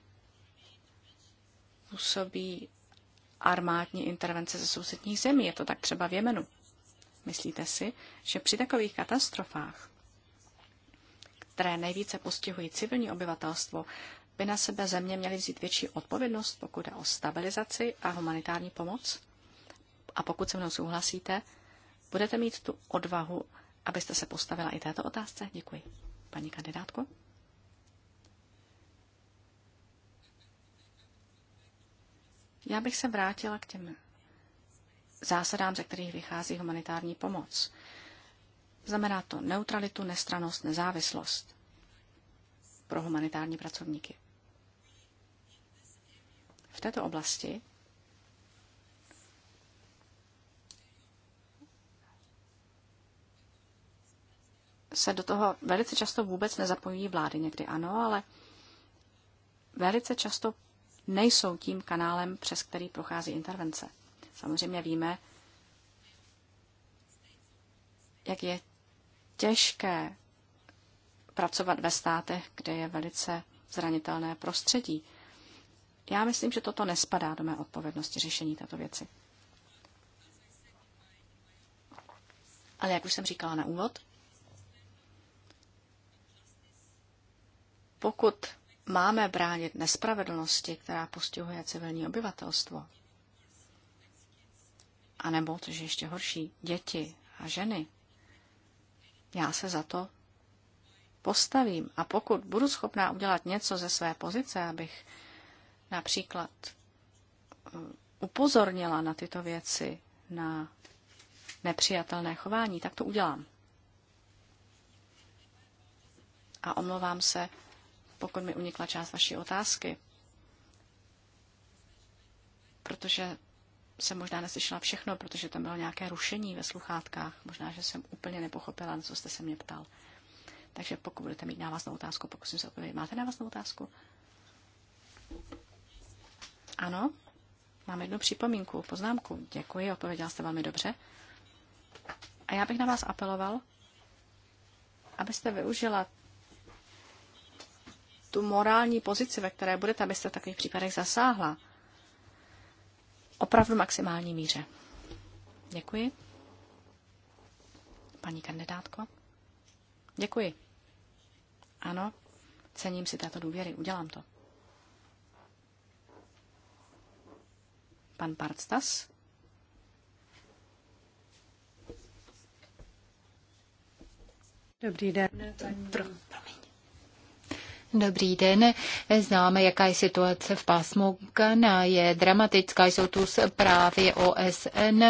působí armádní intervence ze sousedních zemí. Je to tak třeba v Jemenu. Myslíte si, že při takových katastrofách, které nejvíce postihují civilní obyvatelstvo, by na sebe země měly vzít větší odpovědnost, pokud jde o stabilizaci a humanitární pomoc? A pokud se mnou souhlasíte, budete mít tu odvahu, abyste se postavila i této otázce? Děkuji. Paní kandidátko? Já bych se vrátila k těm zásadám, ze kterých vychází humanitární pomoc. Znamená to neutralitu, nestranost, nezávislost pro humanitární pracovníky. V této oblasti se do toho velice často vůbec nezapojí vlády, někdy ano, ale velice často nejsou tím kanálem, přes který prochází intervence. Samozřejmě víme, jak je těžké pracovat ve státech, kde je velice zranitelné prostředí. Já myslím, že toto nespadá do mé odpovědnosti řešení této věci. Ale jak už jsem říkala na úvod, pokud máme bránit nespravedlnosti, která postihuje civilní obyvatelstvo, a nebo, což je ještě horší, děti a ženy. Já se za to postavím a pokud budu schopná udělat něco ze své pozice, abych například eh, upozornila na tyto věci, na nepřijatelné chování, tak to udělám. A omlouvám se, pokud mi unikla část vaší otázky, protože jsem možná neslyšela všechno, protože tam bylo nějaké rušení ve sluchátkách. Možná, že jsem úplně nepochopila, na co jste se mě ptal. Takže pokud budete mít návaznou otázku, pokusím se odpovědět. Máte návaznou otázku? Ano, mám jednu připomínku, poznámku. Děkuji, odpověděla jste velmi dobře. A já bych na vás apeloval, abyste využila tu morální pozici, ve které budete, abyste v takových případech zasáhla opravdu maximální míře. Děkuji. Paní kandidátko. Děkuji. Ano, cením si této důvěry, udělám to. Pan Partstas. Dobrý den, pro, Pro, Dobrý den. Známe, jaká je situace v pásmu Ghana. Je dramatická. Jsou tu zprávy OSN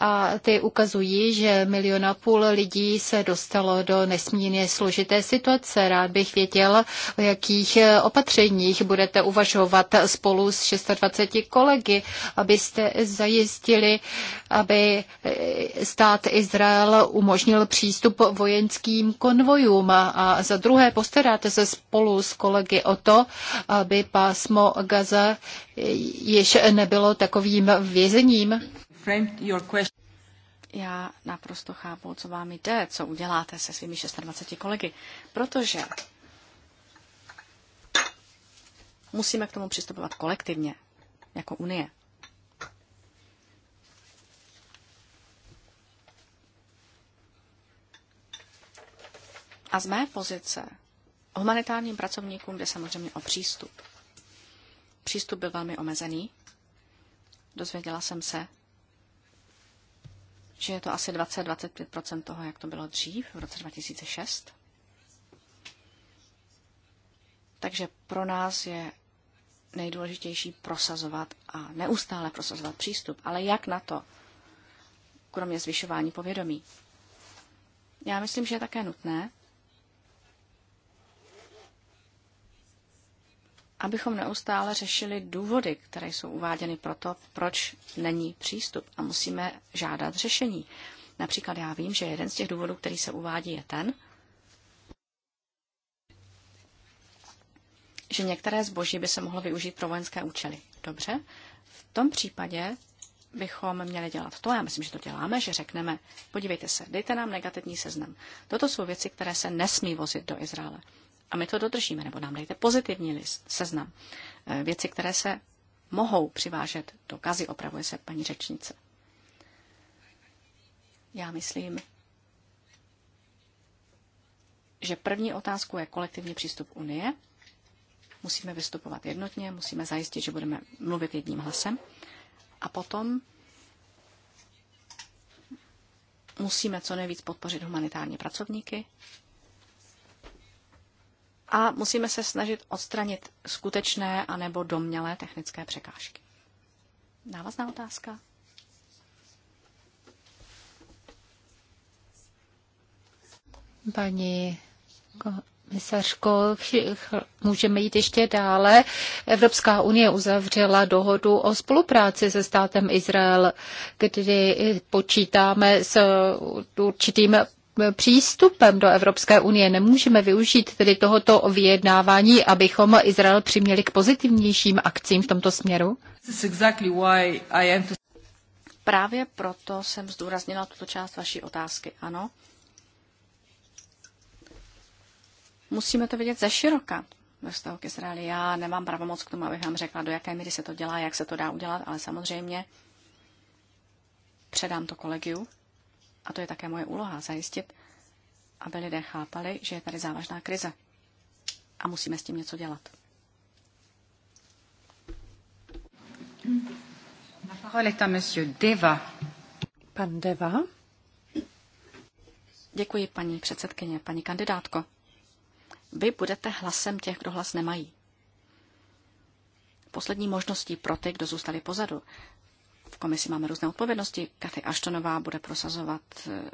a ty ukazují, že milion a půl lidí se dostalo do nesmírně složité situace. Rád bych věděl, o jakých opatřeních budete uvažovat spolu s 26 kolegy, abyste zajistili, aby stát Izrael umožnil přístup vojenským konvojům a za druhé postaráte se spolu s kolegy o to, aby pásmo Gaza již nebylo takovým vězením? framed your question. Já naprosto chápu, co vám jde, co uděláte se svými 26 kolegy, protože musíme k tomu přistupovat kolektivně, jako Unie. A z mé pozice humanitárním pracovníkům jde samozřejmě o přístup. Přístup byl velmi omezený. Dozvěděla jsem se, že je to asi 20-25 toho, jak to bylo dřív, v roce 2006. Takže pro nás je nejdůležitější prosazovat a neustále prosazovat přístup. Ale jak na to, kromě zvyšování povědomí? Já myslím, že je také nutné, abychom neustále řešili důvody, které jsou uváděny pro to, proč není přístup a musíme žádat řešení. Například já vím, že jeden z těch důvodů, který se uvádí, je ten, že některé zboží by se mohlo využít pro vojenské účely. Dobře, v tom případě bychom měli dělat to, já myslím, že to děláme, že řekneme, podívejte se, dejte nám negativní seznam. Toto jsou věci, které se nesmí vozit do Izraele. A my to dodržíme, nebo nám dejte pozitivní list, seznam. Eh, věci, které se mohou přivážet do kazy, opravuje se paní řečnice. Já myslím, že první otázku je kolektivní přístup Unie. Musíme vystupovat jednotně, musíme zajistit, že budeme mluvit jedním hlasem. A potom musíme co nejvíc podpořit humanitární pracovníky, a musíme se snažit odstranit skutečné anebo domnělé technické překážky. Návazná otázka? Paní Komisařko, můžeme jít ještě dále. Evropská unie uzavřela dohodu o spolupráci se státem Izrael, kdy počítáme s určitým přístupem do Evropské unie. Nemůžeme využít tedy tohoto vyjednávání, abychom Izrael přiměli k pozitivnějším akcím v tomto směru? Právě proto jsem zdůraznila tuto část vaší otázky. Ano. Musíme to vidět ze široka ve vztahu k Izraeli. Já nemám pravomoc k tomu, abych vám řekla, do jaké míry se to dělá, jak se to dá udělat, ale samozřejmě předám to kolegiu a to je také moje úloha, zajistit, aby lidé chápali, že je tady závažná krize a musíme s tím něco dělat. Deva. Pan Deva. Děkuji, paní předsedkyně, paní kandidátko. Vy budete hlasem těch, kdo hlas nemají. Poslední možností pro ty, kdo zůstali pozadu, komisi máme různé odpovědnosti. Kathy Ashtonová bude prosazovat eh,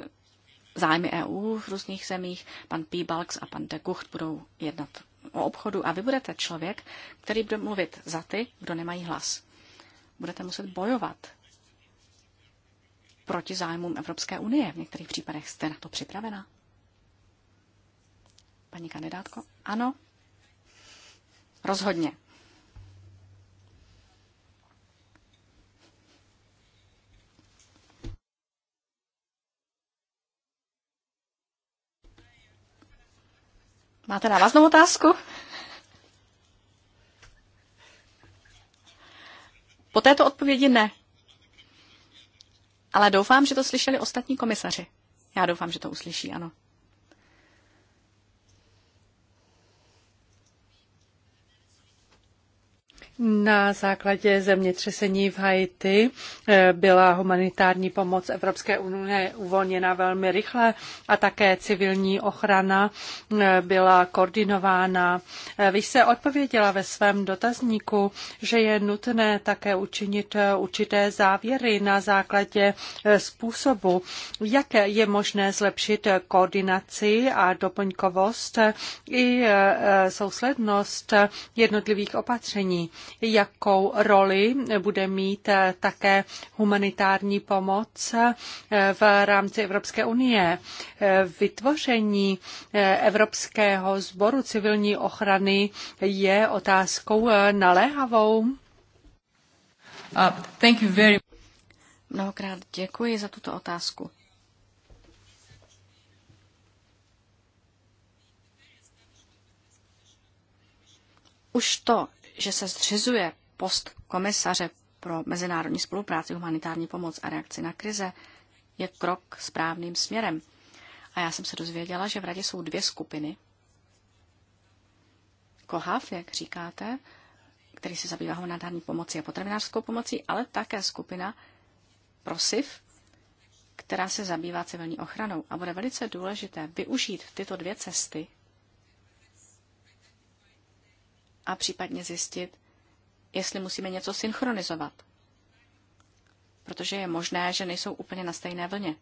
zájmy EU v různých zemích, pan P. Balks a pan de Gucht budou jednat o obchodu a vy budete člověk, který bude mluvit za ty, kdo nemají hlas. Budete muset bojovat proti zájmům Evropské unie. V některých případech jste na to připravena? Paní kandidátko? Ano? Rozhodně. Máte návaznou otázku? Po této odpovědi ne. Ale doufám, že to slyšeli ostatní komisaři. Já doufám, že to uslyší, ano. Na základě zemětřesení v Haiti eh, byla humanitární pomoc Evropské unie uvolněna velmi rychle a také civilní ochrana eh, byla koordinována. Eh, Vy jste odpověděla ve svém dotazníku, že je nutné také učinit určité závěry na základě způsobu, jak je možné zlepšit koordinaci a doplňkovost i souslednost jednotlivých opatření jakou roli bude mít eh, také humanitární pomoc eh, v rámci Evropské unie. Eh, vytvoření Evropského sboru civilní ochrany je otázkou naléhavou. Uh, thank you very Mnohokrát děkuji za tuto otázku. Už to, že se zřizuje post komisaře pro mezinárodní spolupráci, humanitární pomoc a reakci na krize, je krok správným směrem. A já jsem se dozvěděla, že v radě jsou dvě skupiny. Kohav, jak říkáte, který se zabývá humanitární pomocí a potravinářskou pomocí, ale také skupina Prosiv, která se zabývá civilní ochranou. A bude velice důležité využít tyto dvě cesty a případně zjistit, jestli musíme něco synchronizovat. Protože je možné, že nejsou úplně na stejné vlně.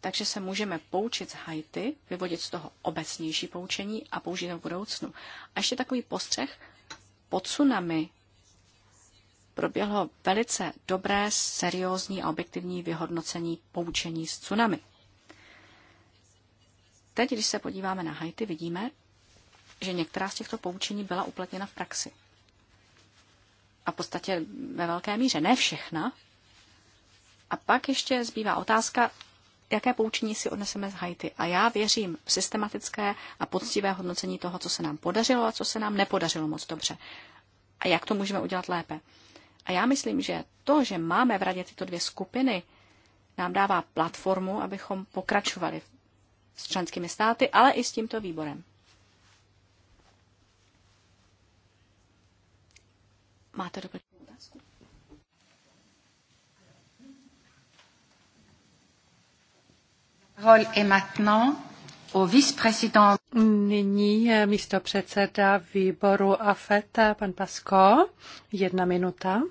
Takže se můžeme poučit z Haiti, vyvodit z toho obecnější poučení a použít ho v budoucnu. A ještě takový postřeh. Po tsunami proběhlo velice dobré, seriózní a objektivní vyhodnocení poučení z tsunami. Teď, když se podíváme na Haiti, vidíme, že některá z těchto poučení byla uplatněna v praxi. A v podstatě ve velké míře, ne všechna. A pak ještě zbývá otázka, jaké poučení si odneseme z Haiti. A já věřím v systematické a poctivé hodnocení toho, co se nám podařilo a co se nám nepodařilo moc dobře. A jak to můžeme udělat lépe. A já myslím, že to, že máme v radě tyto dvě skupiny, nám dává platformu, abychom pokračovali s členskými státy, ale i s tímto výborem. Máte doplňující otázku? Nyní je místo předseda výboru AFET, pan Pasko. Jedna minuta.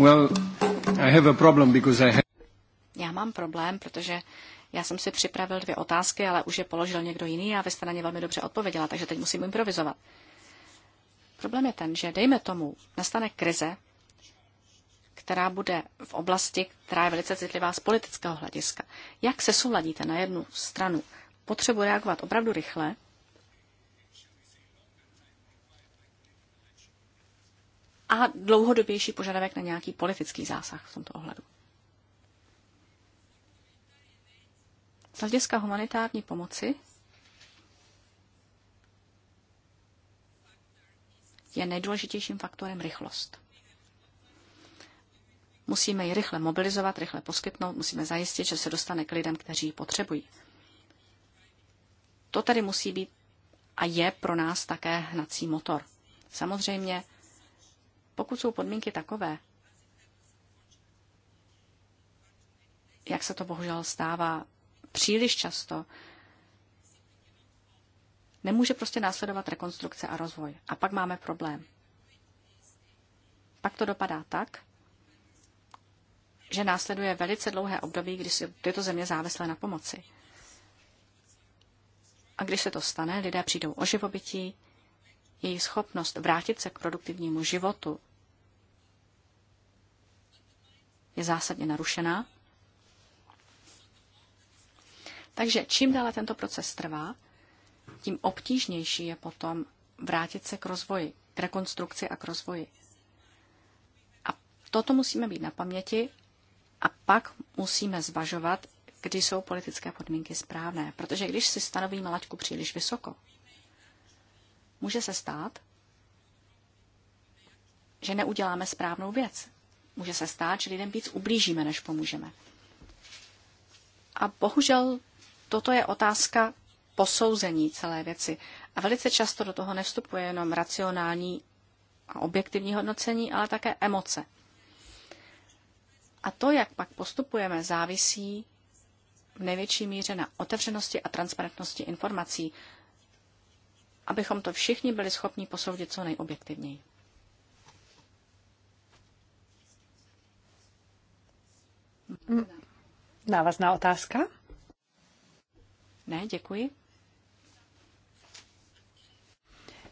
Well, I have a problem because I have... Já mám problém, protože já jsem si připravil dvě otázky, ale už je položil někdo jiný a vy jste na ně velmi dobře odpověděla, takže teď musím improvizovat. Problém je ten, že dejme tomu, nastane krize, která bude v oblasti, která je velice citlivá z politického hlediska. Jak se souladíte na jednu stranu potřebu reagovat opravdu rychle, a dlouhodobější požadavek na nějaký politický zásah v tomto ohledu. Z hlediska humanitární pomoci je nejdůležitějším faktorem rychlost. Musíme ji rychle mobilizovat, rychle poskytnout, musíme zajistit, že se dostane k lidem, kteří ji potřebují. To tedy musí být a je pro nás také hnací motor. Samozřejmě, pokud jsou podmínky takové, jak se to bohužel stává příliš často, nemůže prostě následovat rekonstrukce a rozvoj. A pak máme problém. Pak to dopadá tak, že následuje velice dlouhé období, kdy jsou tyto země závislé na pomoci. A když se to stane, lidé přijdou o živobytí, její schopnost vrátit se k produktivnímu životu je zásadně narušená takže čím déle tento proces trvá, tím obtížnější je potom vrátit se k rozvoji, k rekonstrukci a k rozvoji. A toto musíme být na paměti a pak musíme zvažovat, kdy jsou politické podmínky správné. Protože když si stanovíme laťku příliš vysoko, může se stát, že neuděláme správnou věc. Může se stát, že lidem víc ublížíme, než pomůžeme. A bohužel Toto je otázka posouzení celé věci. A velice často do toho nevstupuje jenom racionální a objektivní hodnocení, ale také emoce. A to, jak pak postupujeme, závisí v největší míře na otevřenosti a transparentnosti informací, abychom to všichni byli schopni posoudit co nejobjektivněji. Návazná otázka? Ne, děkuji.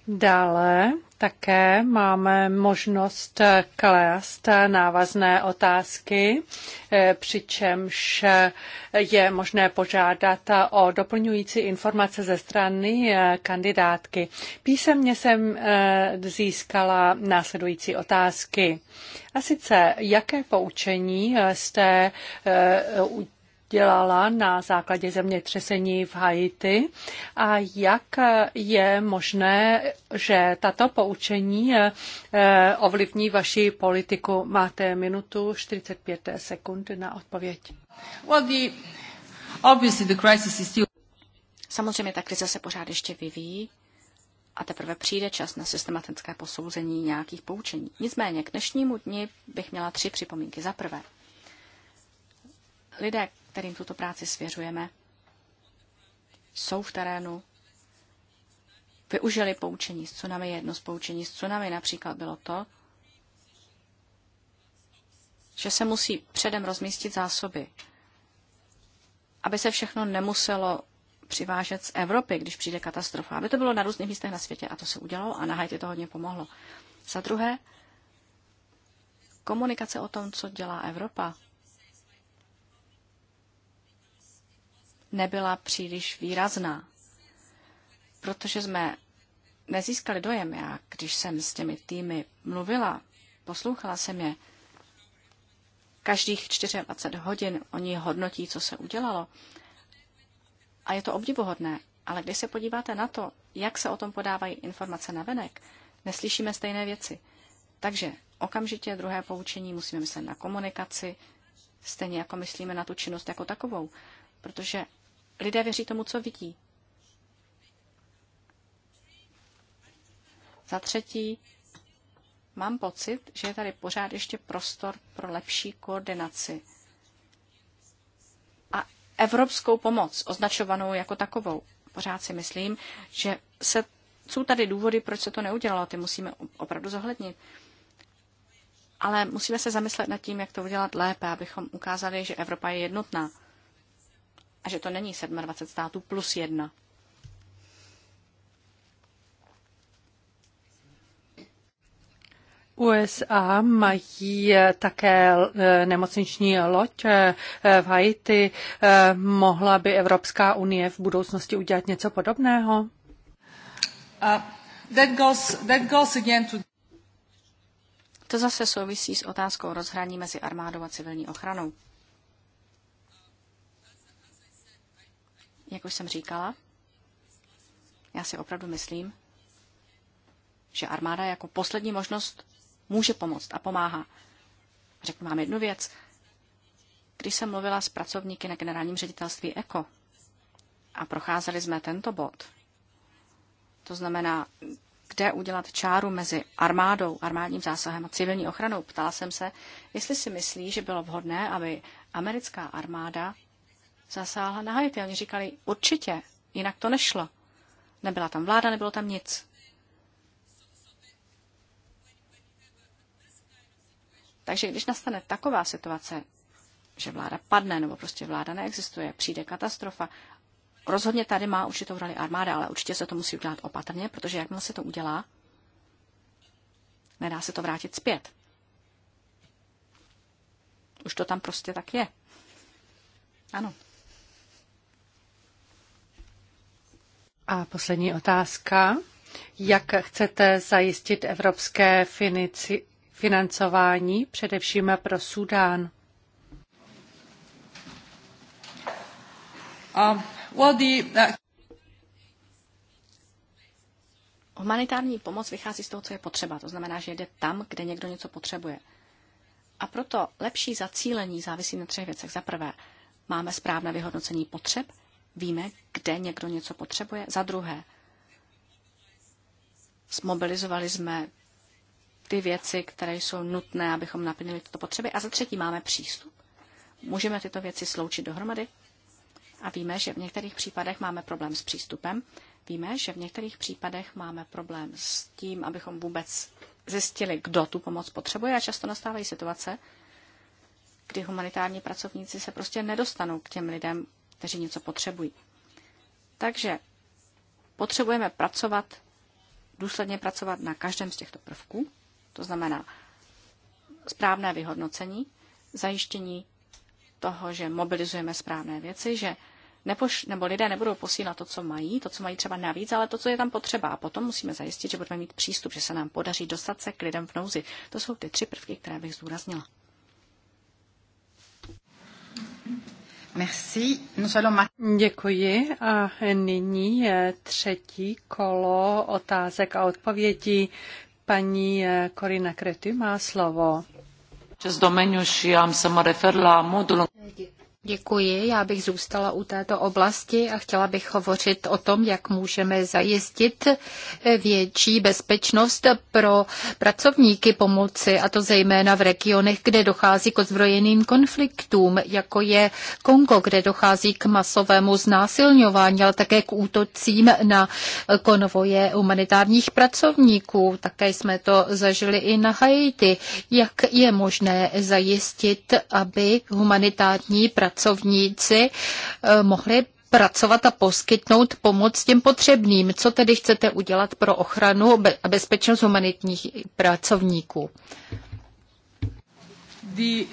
Dále také máme možnost klást návazné otázky, eh, přičemž je možné požádat o doplňující informace ze strany eh, kandidátky. Písemně jsem eh, získala následující otázky. A sice, jaké poučení jste dělala na základě zemětřesení v Haiti a jak je možné, že tato poučení eh, eh, ovlivní vaši politiku. Máte minutu 45 sekund na odpověď. Well, the, obviously the crisis is still... Samozřejmě ta krize se pořád ještě vyvíjí a teprve přijde čas na systematické posouzení nějakých poučení. Nicméně k dnešnímu dni bych měla tři připomínky. Za prvé, Lidé, kterým tuto práci svěřujeme, jsou v terénu, využili poučení s tsunami. Jedno z poučení s tsunami například bylo to, že se musí předem rozmístit zásoby, aby se všechno nemuselo přivážet z Evropy, když přijde katastrofa. Aby to bylo na různých místech na světě a to se udělalo a na Haiti to hodně pomohlo. Za druhé, komunikace o tom, co dělá Evropa, nebyla příliš výrazná. Protože jsme nezískali dojem, já když jsem s těmi týmy mluvila, poslouchala jsem je, každých 24 hodin oni hodnotí, co se udělalo. A je to obdivuhodné, ale když se podíváte na to, jak se o tom podávají informace na venek, neslyšíme stejné věci. Takže okamžitě druhé poučení musíme myslet na komunikaci, stejně jako myslíme na tu činnost jako takovou, protože Lidé věří tomu, co vidí. Za třetí, mám pocit, že je tady pořád ještě prostor pro lepší koordinaci a evropskou pomoc, označovanou jako takovou. Pořád si myslím, že se, jsou tady důvody, proč se to neudělalo, ty musíme opravdu zohlednit. Ale musíme se zamyslet nad tím, jak to udělat lépe, abychom ukázali, že Evropa je jednotná a že to není 27 států plus jedna. USA mají také eh, nemocniční loď eh, v Haiti. Eh, mohla by Evropská unie v budoucnosti udělat něco podobného? Uh, that goes, that goes again to... To zase souvisí s otázkou rozhraní mezi armádou a civilní ochranou. Jak už jsem říkala, já si opravdu myslím, že armáda jako poslední možnost může pomoct a pomáhá. Řeknu vám jednu věc. Když jsem mluvila s pracovníky na generálním ředitelství ECO a procházeli jsme tento bod, to znamená, kde udělat čáru mezi armádou, armádním zásahem a civilní ochranou, ptala jsem se, jestli si myslí, že bylo vhodné, aby americká armáda zasáhla na Haiti. Oni říkali, určitě, jinak to nešlo. Nebyla tam vláda, nebylo tam nic. Takže když nastane taková situace, že vláda padne nebo prostě vláda neexistuje, přijde katastrofa, rozhodně tady má určitou roli armáda, ale určitě se to musí udělat opatrně, protože jakmile se to udělá, nedá se to vrátit zpět. Už to tam prostě tak je. Ano. A poslední otázka. Jak chcete zajistit evropské finici, financování, především pro Sudán? Um, well, the, uh... Humanitární pomoc vychází z toho, co je potřeba. To znamená, že jde tam, kde někdo něco potřebuje. A proto lepší zacílení závisí na třech věcech. Za prvé, máme správné vyhodnocení potřeb – Víme, kde někdo něco potřebuje. Za druhé, smobilizovali jsme ty věci, které jsou nutné, abychom naplnili tyto potřeby. A za třetí máme přístup. Můžeme tyto věci sloučit dohromady a víme, že v některých případech máme problém s přístupem. Víme, že v některých případech máme problém s tím, abychom vůbec zjistili, kdo tu pomoc potřebuje a často nastávají situace, kdy humanitární pracovníci se prostě nedostanou k těm lidem, kteří něco potřebují. Takže potřebujeme pracovat, důsledně pracovat na každém z těchto prvků, to znamená správné vyhodnocení, zajištění toho, že mobilizujeme správné věci, že nepoš, nebo lidé nebudou posílat to, co mají, to, co mají třeba navíc, ale to, co je tam potřeba. A potom musíme zajistit, že budeme mít přístup, že se nám podaří dostat se k lidem v nouzi. To jsou ty tři prvky, které bych zdůraznila. Merci. Nous allons... Děkuji a nyní je třetí kolo otázek a odpovědí. Paní eh, Corina Krety má slovo. modul... Děkuji. Děkuji. Já bych zůstala u této oblasti a chtěla bych hovořit o tom, jak můžeme zajistit větší bezpečnost pro pracovníky pomoci, a to zejména v regionech, kde dochází k ozbrojeným konfliktům, jako je Kongo, kde dochází k masovému znásilňování, ale také k útocím na konvoje humanitárních pracovníků. Také jsme to zažili i na Haiti. Jak je možné zajistit, aby humanitární pracovníky pracovníci eh, mohli pracovat a poskytnout pomoc těm potřebným. Co tedy chcete udělat pro ochranu a bezpečnost humanitních pracovníků? The...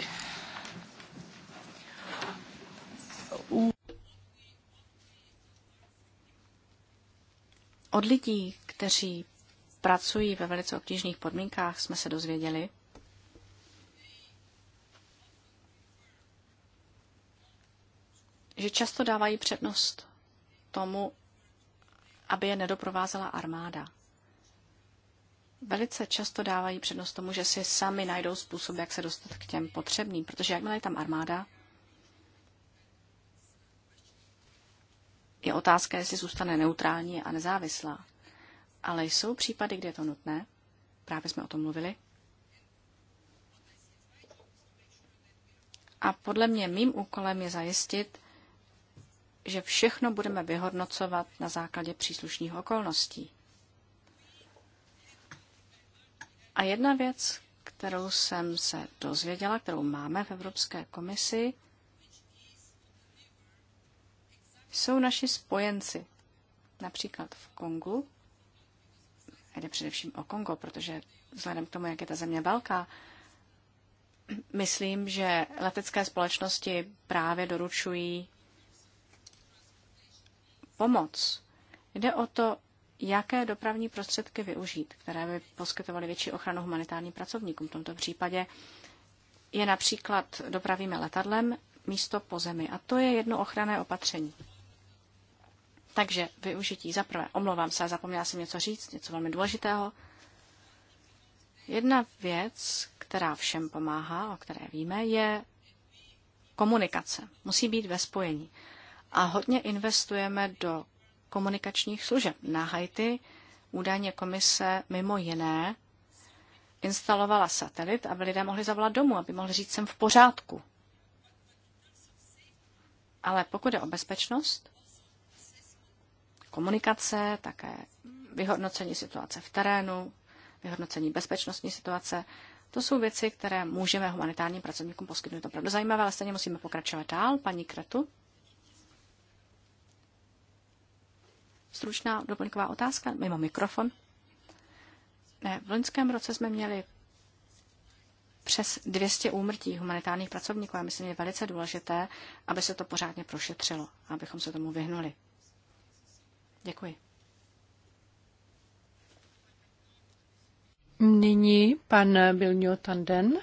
Od lidí, kteří pracují ve velice obtížných podmínkách, jsme se dozvěděli, že často dávají přednost tomu, aby je nedoprovázela armáda. Velice často dávají přednost tomu, že si sami najdou způsob, jak se dostat k těm potřebným, protože jakmile je tam armáda, je otázka, jestli zůstane neutrální a nezávislá. Ale jsou případy, kde je to nutné, právě jsme o tom mluvili, A podle mě mým úkolem je zajistit, že všechno budeme vyhodnocovat na základě příslušných okolností. A jedna věc, kterou jsem se dozvěděla, kterou máme v Evropské komisi, jsou naši spojenci. Například v Kongu, jde především o Kongo, protože vzhledem k tomu, jak je ta země velká, myslím, že letecké společnosti právě doručují pomoc. Jde o to, jaké dopravní prostředky využít, které by poskytovaly větší ochranu humanitárním pracovníkům. V tomto případě je například dopravíme letadlem místo po zemi. A to je jedno ochranné opatření. Takže využití za prvé, omlouvám se, zapomněla jsem něco říct, něco velmi důležitého. Jedna věc, která všem pomáhá, o které víme, je komunikace. Musí být ve spojení a hodně investujeme do komunikačních služeb. Na Haiti údajně komise mimo jiné instalovala satelit, aby lidé mohli zavolat domů, aby mohli říct, jsem v pořádku. Ale pokud je o bezpečnost, komunikace, také vyhodnocení situace v terénu, vyhodnocení bezpečnostní situace, to jsou věci, které můžeme humanitárním pracovníkům poskytnout. Opravdu zajímavé, ale stejně musíme pokračovat dál. Paní Kretu. Stručná doplňková otázka mimo mikrofon. Ne, v loňském roce jsme měli přes 200 úmrtí humanitárních pracovníků a myslím, je velice důležité, aby se to pořádně prošetřilo, abychom se tomu vyhnuli. Děkuji. Nyní pan Bilňo Tanden.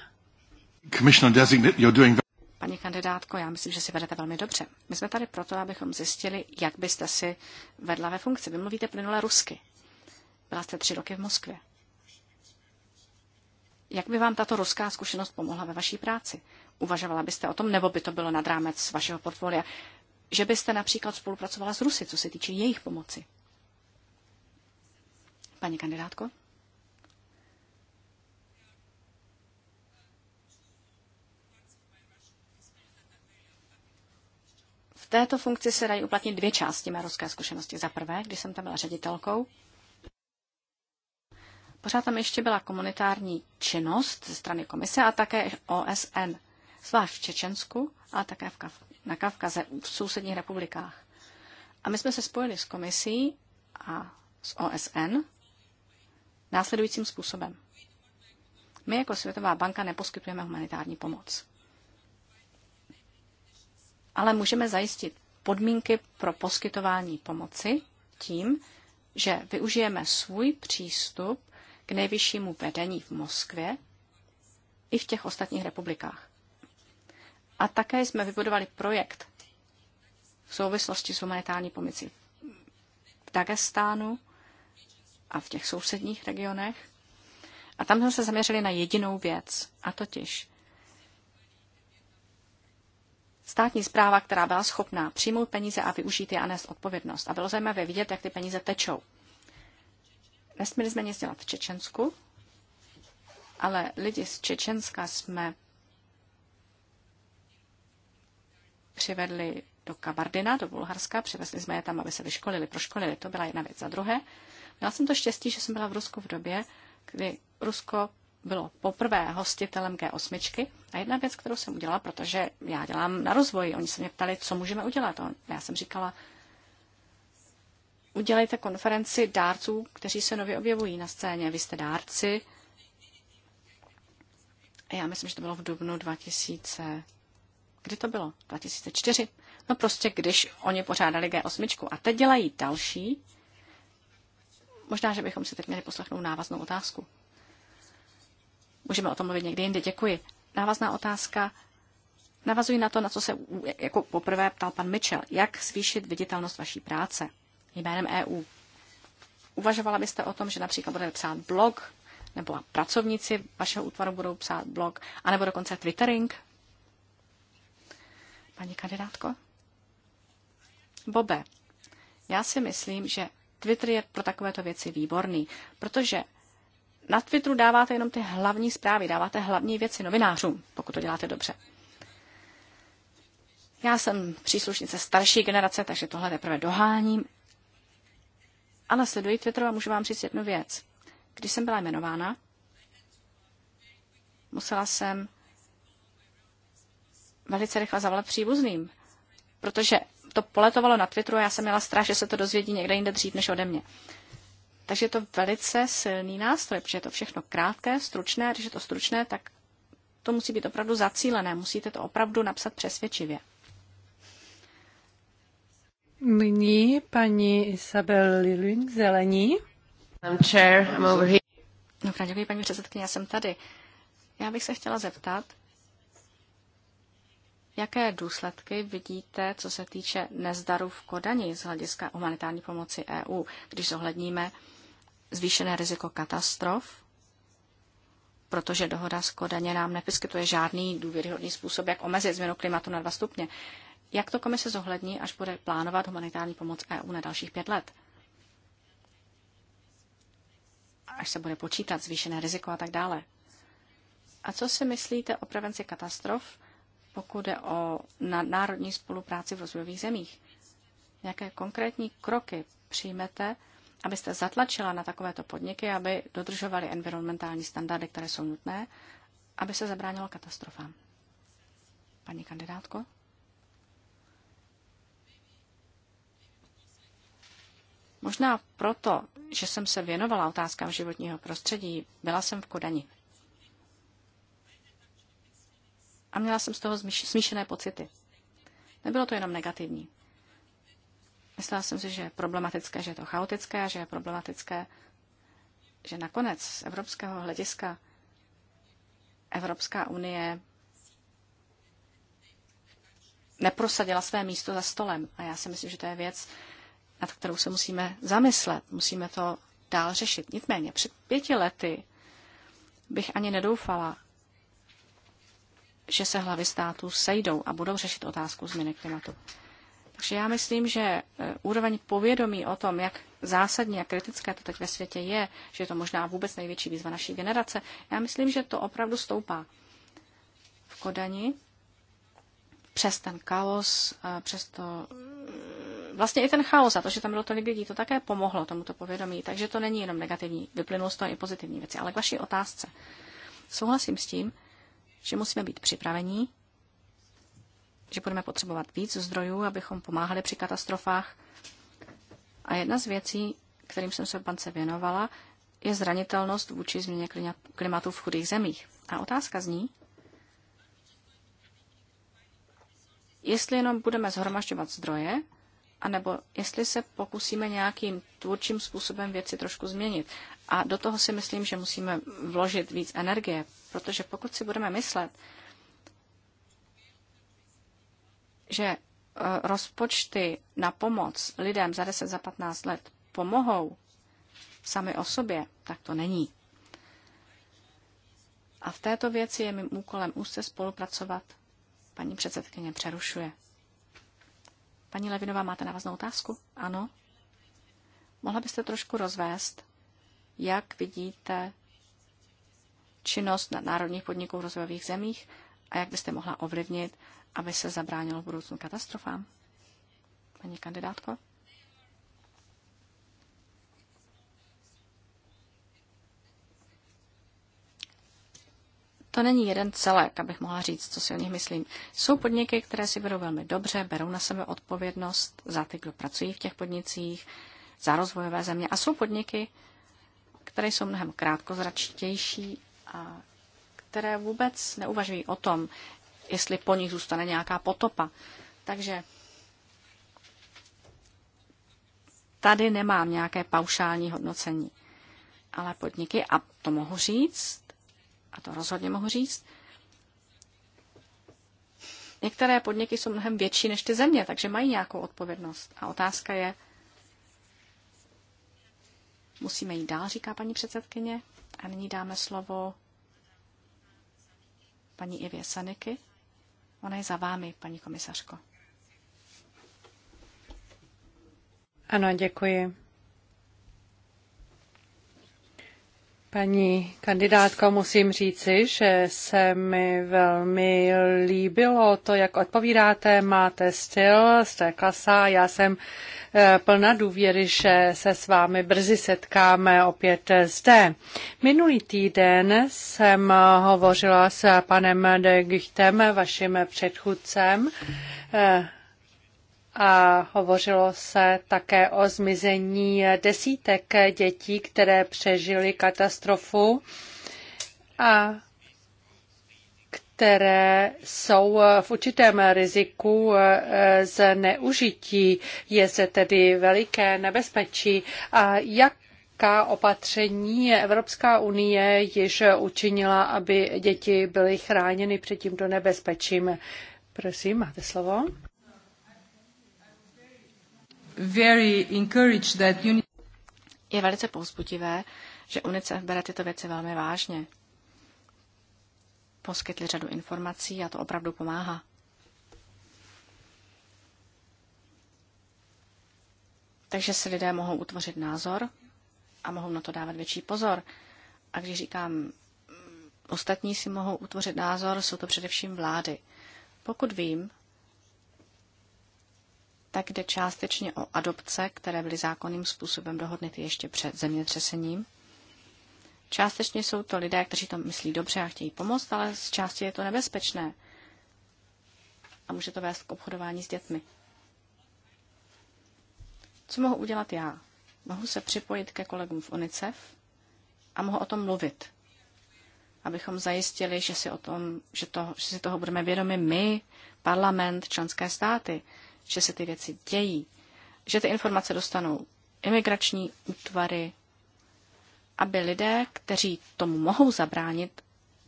Commissioner Designate, you're doing Paní kandidátko, já myslím, že si vedete velmi dobře. My jsme tady proto, abychom zjistili, jak byste si vedla ve funkci. Vy mluvíte plynule rusky. Byla jste tři roky v Moskvě. Jak by vám tato ruská zkušenost pomohla ve vaší práci? Uvažovala byste o tom, nebo by to bylo nad rámec vašeho portfolia, že byste například spolupracovala s Rusy, co se týče jejich pomoci? Paní kandidátko? této funkci se dají uplatnit dvě části mé ruské zkušenosti. Za prvé, když jsem tam byla ředitelkou, pořád tam ještě byla komunitární činnost ze strany komise a také OSN, zvlášť v Čečensku a také v Kav- na Kavkaze, v sousedních republikách. A my jsme se spojili s komisí a s OSN následujícím způsobem. My jako Světová banka neposkytujeme humanitární pomoc ale můžeme zajistit podmínky pro poskytování pomoci tím, že využijeme svůj přístup k nejvyššímu vedení v Moskvě i v těch ostatních republikách. A také jsme vybudovali projekt v souvislosti s humanitární pomocí v Dagestánu a v těch sousedních regionech. A tam jsme se zaměřili na jedinou věc, a totiž státní zpráva, která byla schopná přijmout peníze a využít je a nést odpovědnost. A bylo zajímavé vidět, jak ty peníze tečou. Nesměli jsme nic dělat v Čečensku, ale lidi z Čečenska jsme přivedli do Kabardina, do Bulharska, přivezli jsme je tam, aby se vyškolili, proškolili, to byla jedna věc. Za druhé, měla jsem to štěstí, že jsem byla v Rusku v době, kdy Rusko bylo poprvé hostitelem G8. A jedna věc, kterou jsem udělala, protože já dělám na rozvoji, oni se mě ptali, co můžeme udělat. A já jsem říkala, udělejte konferenci dárců, kteří se nově objevují na scéně. Vy jste dárci. A já myslím, že to bylo v dubnu 2000. Kdy to bylo? 2004? No prostě, když oni pořádali G8. A teď dělají další. Možná, že bychom si teď měli poslechnout návaznou otázku. Můžeme o tom mluvit někdy jindy. Děkuji. Návazná otázka. Navazuji na to, na co se jako poprvé ptal pan Mitchell. Jak zvýšit viditelnost vaší práce jménem EU? Uvažovala byste o tom, že například budete psát blog, nebo pracovníci vašeho útvaru budou psát blog, anebo dokonce twittering? Paní kandidátko? Bobe, já si myslím, že Twitter je pro takovéto věci výborný, protože na Twitteru dáváte jenom ty hlavní zprávy, dáváte hlavní věci novinářům, pokud to děláte dobře. Já jsem příslušnice starší generace, takže tohle teprve doháním. Ale sleduji Twitter a můžu vám říct jednu věc. Když jsem byla jmenována, musela jsem velice rychle zavolat příbuzným, protože to poletovalo na Twitteru a já jsem měla strach, že se to dozvědí někde jinde dřív než ode mě. Takže je to velice silný nástroj, protože je to všechno krátké, stručné, a když je to stručné, tak to musí být opravdu zacílené, musíte to opravdu napsat přesvědčivě. Nyní paní Isabel Lilin, zelení. I'm chair, I'm over here. No, děkuji, paní předsedkyně, já jsem tady. Já bych se chtěla zeptat, jaké důsledky vidíte, co se týče nezdaru v Kodani z hlediska humanitární pomoci EU, když zohledníme, zvýšené riziko katastrof, protože dohoda z Kodaně nám neposkytuje žádný důvěryhodný způsob, jak omezit změnu klimatu na dva stupně. Jak to komise zohlední, až bude plánovat humanitární pomoc EU na dalších pět let? Až se bude počítat zvýšené riziko a tak dále. A co si myslíte o prevenci katastrof, pokud jde o národní spolupráci v rozvojových zemích? Jaké konkrétní kroky přijmete, abyste zatlačila na takovéto podniky, aby dodržovaly environmentální standardy, které jsou nutné, aby se zabránilo katastrofám. Paní kandidátko? Možná proto, že jsem se věnovala otázkám životního prostředí, byla jsem v Kodani. A měla jsem z toho smíšené pocity. Nebylo to jenom negativní. Myslela jsem si, že je problematické, že je to chaotické, že je problematické, že nakonec z evropského hlediska Evropská unie neprosadila své místo za stolem. A já si myslím, že to je věc, nad kterou se musíme zamyslet. Musíme to dál řešit. Nicméně před pěti lety bych ani nedoufala, že se hlavy států sejdou a budou řešit otázku změny klimatu. Takže já myslím, že e, úroveň povědomí o tom, jak zásadní a kritické to teď ve světě je, že je to možná vůbec největší výzva naší generace, já myslím, že to opravdu stoupá. V Kodani přes ten chaos, e, přes to e, vlastně i ten chaos a to, že tam bylo tolik lidí, to také pomohlo tomuto povědomí, takže to není jenom negativní, vyplynulo z toho i pozitivní věci. Ale k vaší otázce. Souhlasím s tím, že musíme být připravení že budeme potřebovat víc zdrojů, abychom pomáhali při katastrofách. A jedna z věcí, kterým jsem se v bance věnovala, je zranitelnost vůči změně klimatu v chudých zemích. A otázka zní, jestli jenom budeme zhromažďovat zdroje, anebo jestli se pokusíme nějakým tvůrčím způsobem věci trošku změnit. A do toho si myslím, že musíme vložit víc energie, protože pokud si budeme myslet, že e, rozpočty na pomoc lidem za 10, za 15 let pomohou sami o sobě, tak to není. A v této věci je mým úkolem úzce spolupracovat. Paní předsedkyně přerušuje. Paní Levinová, máte návaznou otázku? Ano. Mohla byste trošku rozvést, jak vidíte činnost nadnárodních podniků v rozvojových zemích a jak byste mohla ovlivnit, aby se zabránilo v budoucnu katastrofám? Paní kandidátko? To není jeden celek, abych mohla říct, co si o nich myslím. Jsou podniky, které si berou velmi dobře, berou na sebe odpovědnost za ty, kdo pracují v těch podnicích, za rozvojové země. A jsou podniky, které jsou mnohem krátkozračitější a které vůbec neuvažují o tom, jestli po nich zůstane nějaká potopa. Takže tady nemám nějaké paušální hodnocení. Ale podniky, a to mohu říct, a to rozhodně mohu říct, některé podniky jsou mnohem větší než ty země, takže mají nějakou odpovědnost. A otázka je, musíme jít dál, říká paní předsedkyně. A nyní dáme slovo paní Ivě Saniky, Ona je za vámi, paní komisařko. Ano, děkuji. Paní kandidátko, musím říci, že se mi velmi líbilo to, jak odpovídáte, máte styl, jste klasa, já jsem Eh, plna důvěry, že se s vámi brzy setkáme opět zde. Minulý týden jsem hovořila s panem de Guchtem, vaším předchůdcem, eh, a hovořilo se také o zmizení desítek dětí, které přežily katastrofu a které jsou v určitém riziku eh, zneužití. Je se tedy veliké nebezpečí. A jak jaká opatření Evropská unie již učinila, aby děti byly chráněny před tímto nebezpečím. Prosím, máte slovo. Very encouraged that Je velice pouzbudivé, že UNICEF bere tyto věci velmi vážně poskytli řadu informací a to opravdu pomáhá. Takže si lidé mohou utvořit názor a mohou na to dávat větší pozor. A když říkám, mm, ostatní si mohou utvořit názor, jsou to především vlády. Pokud vím, tak jde částečně o adopce, které byly zákonným způsobem dohodnuty ještě před zemětřesením. Částečně jsou to lidé, kteří to myslí dobře a chtějí pomoct, ale z části je to nebezpečné. A může to vést k obchodování s dětmi. Co mohu udělat já? Mohu se připojit ke kolegům v UNICEF a mohu o tom mluvit, abychom zajistili, že si, o tom, že, to, že si toho budeme vědomi my, parlament, členské státy, že se ty věci dějí, že ty informace dostanou imigrační útvary, aby lidé, kteří tomu mohou zabránit,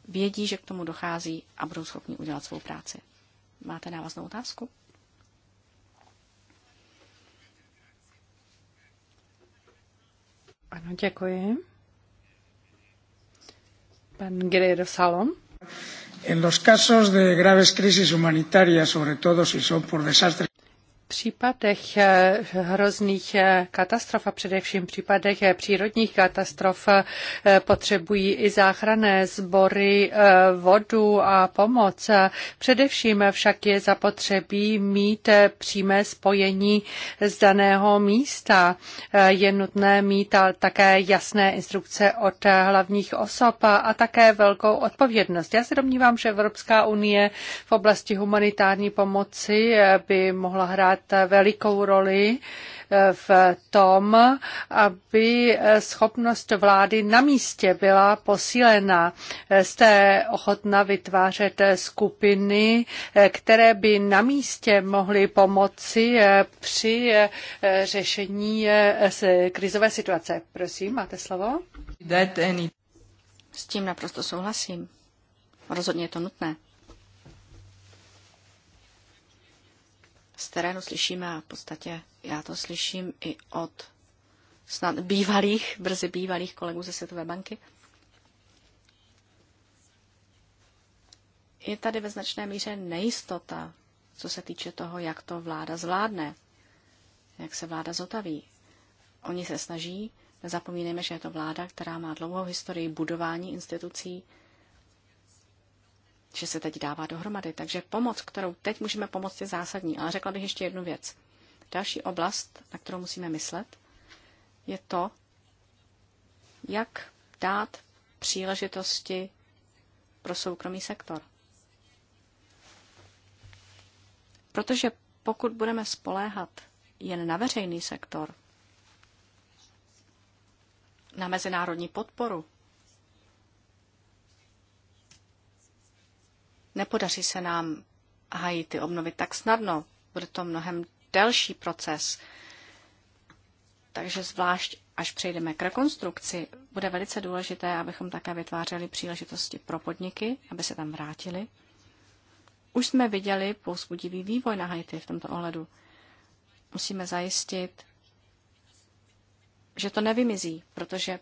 vědí, že k tomu dochází a budou schopni udělat svou práci. Máte návaznou otázku? Ano, děkuji. Pan Guerrero Salom. En los casos de graves crisis humanitarias, sobre todo si son por desastres případech eh, hrozných eh, katastrof a především případech eh, přírodních katastrof potřebují i záchranné sbory vodu a pomoc. Především však je zapotřebí mít přímé spojení z daného místa. Je nutné mít také jasné instrukce od hlavních osob a také velkou odpovědnost. Já se domnívám, že Evropská unie v oblasti humanitární pomoci by mohla hrát hrát velikou roli eh, v tom, aby schopnost vlády na místě byla posílena. Jste ochotna vytvářet skupiny, eh, které by na místě mohly pomoci eh, při řešení krizové situace. Prosím, máte slovo? S tím naprosto souhlasím. Rozhodně je to nutné. z terénu slyšíme a v podstatě já to slyším i od snad bývalých, brzy bývalých kolegů ze Světové banky. Je tady ve značné míře nejistota, co se týče toho, jak to vláda zvládne, jak se vláda zotaví. Oni se snaží, nezapomínejme, že je to vláda, která má dlouhou historii budování institucí, že se teď dává dohromady. Takže pomoc, kterou teď můžeme pomoct, je zásadní. Ale řekla bych ještě jednu věc. Další oblast, na kterou musíme myslet, je to, jak dát příležitosti pro soukromý sektor. Protože pokud budeme spoléhat jen na veřejný sektor, na mezinárodní podporu, Nepodaří se nám Haiti obnovit tak snadno. Bude to mnohem delší proces. Takže zvlášť, až přejdeme k rekonstrukci, bude velice důležité, abychom také vytvářeli příležitosti pro podniky, aby se tam vrátili. Už jsme viděli pouzbudivý vývoj na Haiti v tomto ohledu. Musíme zajistit, že to nevymizí, protože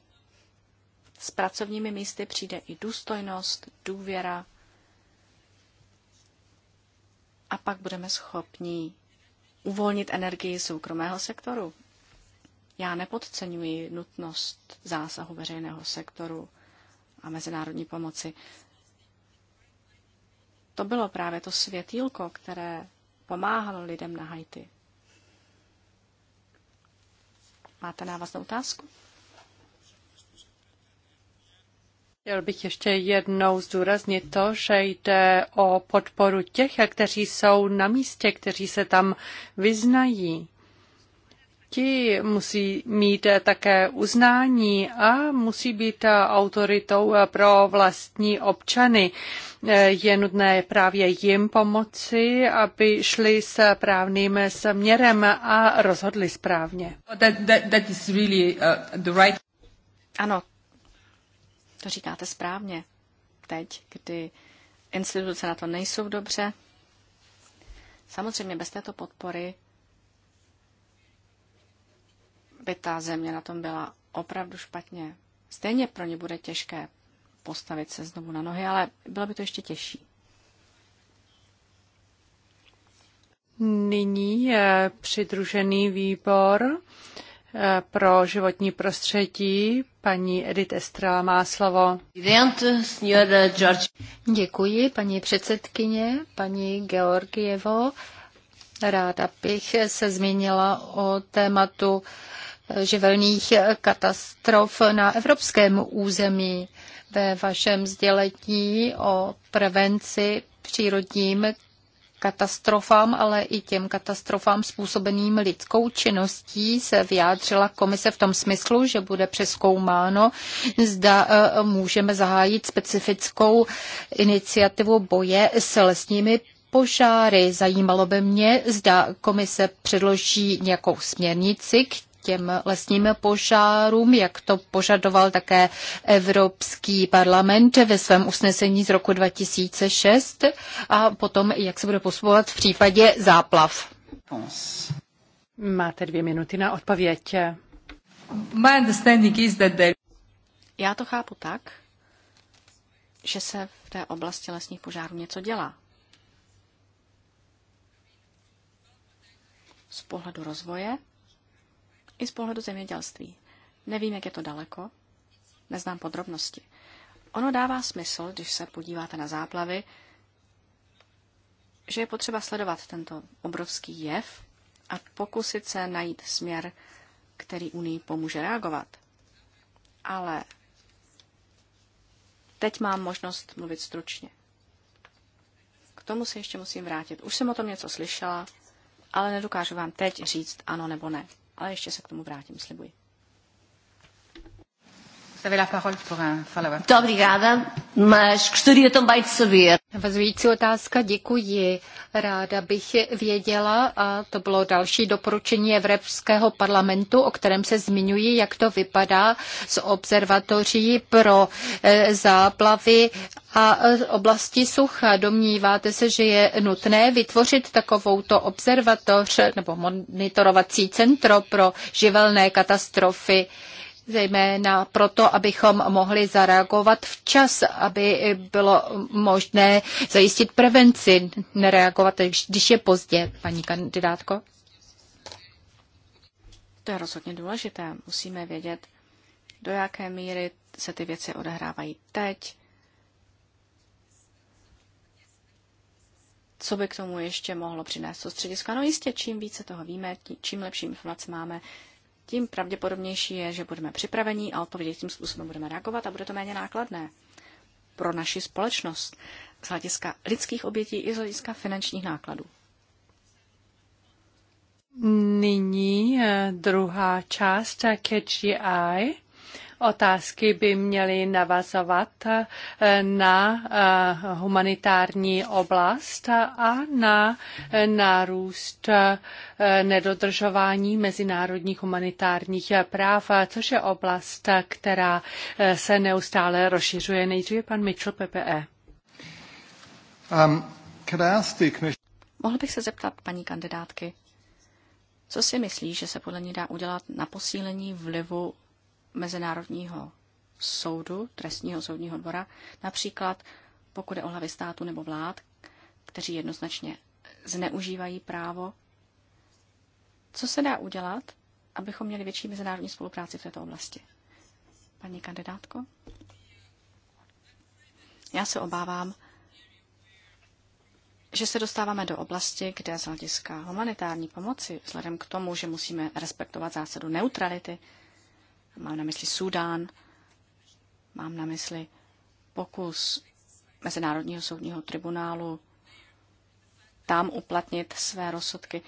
s pracovními místy přijde i důstojnost, důvěra, a pak budeme schopni uvolnit energii soukromého sektoru. Já nepodceňuji nutnost zásahu veřejného sektoru a mezinárodní pomoci. To bylo právě to světýlko, které pomáhalo lidem na Haiti. Máte návaznou otázku? Chtěl bych ještě jednou zdůraznit to, že jde o podporu těch, kteří jsou na místě, kteří se tam vyznají. Ti musí mít také uznání a musí být autoritou pro vlastní občany. Je nutné právě jim pomoci, aby šli právným směrem a rozhodli správně. That, is really, uh, the right... Ano, to říkáte správně. Teď, kdy instituce na to nejsou dobře, samozřejmě bez této podpory by ta země na tom byla opravdu špatně. Stejně pro ně bude těžké postavit se znovu na nohy, ale bylo by to ještě těžší. Nyní je přidružený výbor pro životní prostředí. Paní Edith Estrela má slovo. Děkuji, paní předsedkyně, paní Georgievo. Ráda bych se zmínila o tématu živelných katastrof na evropském území. Ve vašem sdělení o prevenci přírodním katastrofám, ale i těm katastrofám způsobeným lidskou činností se vyjádřila komise v tom smyslu, že bude přeskoumáno, zda e, můžeme zahájit specifickou iniciativu boje s lesními požáry. Zajímalo by mě, zda komise předloží nějakou směrnici, těm lesním požárům, jak to požadoval také Evropský parlament ve svém usnesení z roku 2006 a potom, jak se bude posouvat v případě záplav. Máte dvě minuty na odpověď. My understanding is that they. Já to chápu tak, že se v té oblasti lesních požárů něco dělá. Z pohledu rozvoje i z pohledu zemědělství. Nevím, jak je to daleko, neznám podrobnosti. Ono dává smysl, když se podíváte na záplavy, že je potřeba sledovat tento obrovský jev a pokusit se najít směr, který Unii pomůže reagovat. Ale teď mám možnost mluvit stručně. K tomu se ještě musím vrátit. Už jsem o tom něco slyšela, ale nedokážu vám teď říct ano nebo ne ale ještě se k tomu vrátím, slibuji. Muito obrigada, mas gostaria também de saber. Navazující otázka, děkuji. Ráda bych věděla, a to bylo další doporučení Evropského parlamentu, o kterém se zmiňuji, jak to vypadá s observatoří pro e, záplavy a e, oblasti sucha. Domníváte se, že je nutné vytvořit takovouto observatoř nebo monitorovací centro pro živelné katastrofy? zejména proto, abychom mohli zareagovat včas, aby bylo možné zajistit prevenci, nereagovat, když je pozdě, paní kandidátko. To je rozhodně důležité. Musíme vědět, do jaké míry se ty věci odehrávají teď, co by k tomu ještě mohlo přinést to střediska. No jistě, čím více toho víme, čím lepší informace máme, tím pravděpodobnější je, že budeme připravení a odpovědějícím způsobem budeme reagovat a bude to méně nákladné pro naši společnost z hlediska lidských obětí i z hlediska finančních nákladů. Nyní eh, druhá část KGI. Eh, Otázky by měly navazovat eh, na eh, humanitární oblast a na eh, nárůst nedodržování mezinárodních humanitárních práv, což je oblast, která se neustále rozšiřuje. Nejdříve pan Mitchell, PPE. Um, Mohl bych se zeptat paní kandidátky, co si myslí, že se podle ní dá udělat na posílení vlivu Mezinárodního soudu, trestního soudního dvora, například pokud je o hlavy státu nebo vlád, kteří jednoznačně zneužívají právo. Co se dá udělat, abychom měli větší mezinárodní spolupráci v této oblasti? Paní kandidátko? Já se obávám, že se dostáváme do oblasti, kde z hlediska humanitární pomoci, vzhledem k tomu, že musíme respektovat zásadu neutrality, mám na mysli Súdán, mám na mysli pokus Mezinárodního soudního tribunálu tam uplatnit své rozsudky.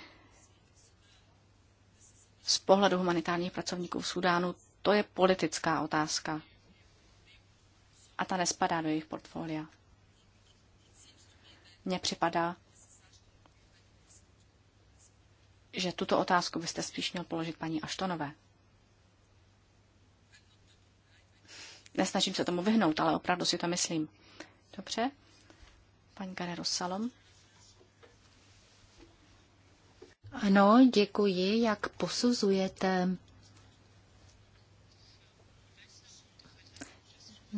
Z pohledu humanitárních pracovníků v Sudánu to je politická otázka a ta nespadá do jejich portfolia. Mně připadá, že tuto otázku byste spíš měl položit paní Aštonové. Nesnažím se tomu vyhnout, ale opravdu si to myslím. Dobře? Paní Karero Salom. Ano, děkuji. Jak posuzujete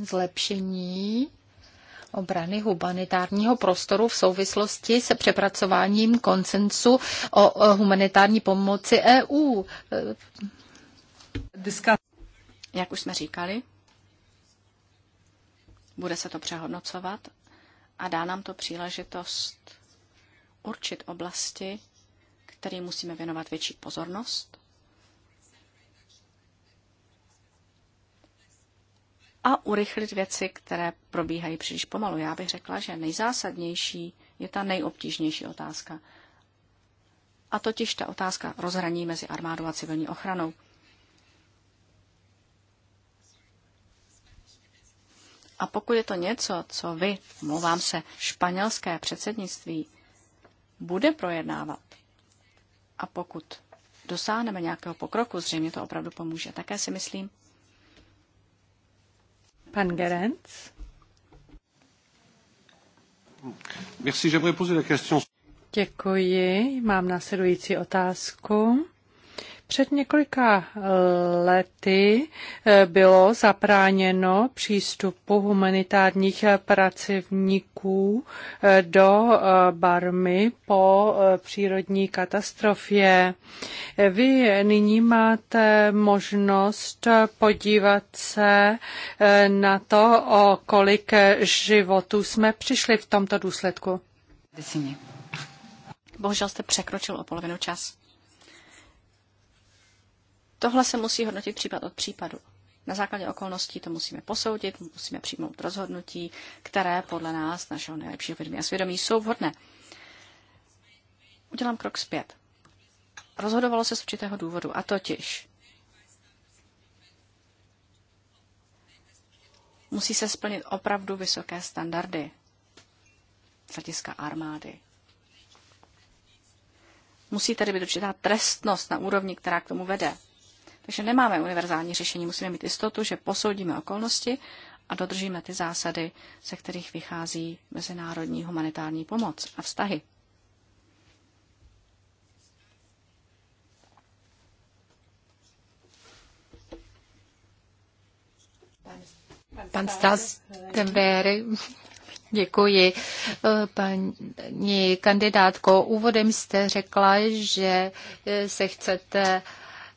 zlepšení obrany humanitárního prostoru v souvislosti se přepracováním koncensu o humanitární pomoci EU. Jak už jsme říkali, bude se to přehodnocovat a dá nám to příležitost určit oblasti, kterým musíme věnovat větší pozornost a urychlit věci, které probíhají příliš pomalu. Já bych řekla, že nejzásadnější je ta nejobtížnější otázka. A totiž ta otázka rozhraní mezi armádou a civilní ochranou. A pokud je to něco, co vy, mluvám se, španělské předsednictví bude projednávat, a pokud dosáhneme nějakého pokroku, zřejmě to opravdu pomůže. Také si myslím. Pan Gerenc. Děkuji. Mám následující otázku. Před několika eh, lety eh, bylo zapráněno přístupu humanitárních pracovníků eh, do Barmy po přírodní katastrofě. Vy nyní máte možnost podívat se na to, o kolik životů jsme přišli v tomto důsledku. Bohužel jste překročil o polovinu čas. Tohle se musí hodnotit případ od případu. Na základě okolností to musíme posoudit, musíme přijmout rozhodnutí, které podle nás, našeho nejlepšího vědomí a svědomí, jsou vhodné. Udělám krok zpět. Rozhodovalo se z určitého důvodu, a totiž musí se splnit opravdu vysoké standardy z hlediska armády. Musí tady být určitá trestnost na úrovni, která k tomu vede. Takže nemáme univerzální řešení, musíme mít jistotu, že posoudíme okolnosti a dodržíme ty zásady, ze kterých vychází mezinárodní humanitární pomoc a vztahy. Pan Stas Tembery, děkuji. Paní kandidátko, úvodem jste řekla, že se chcete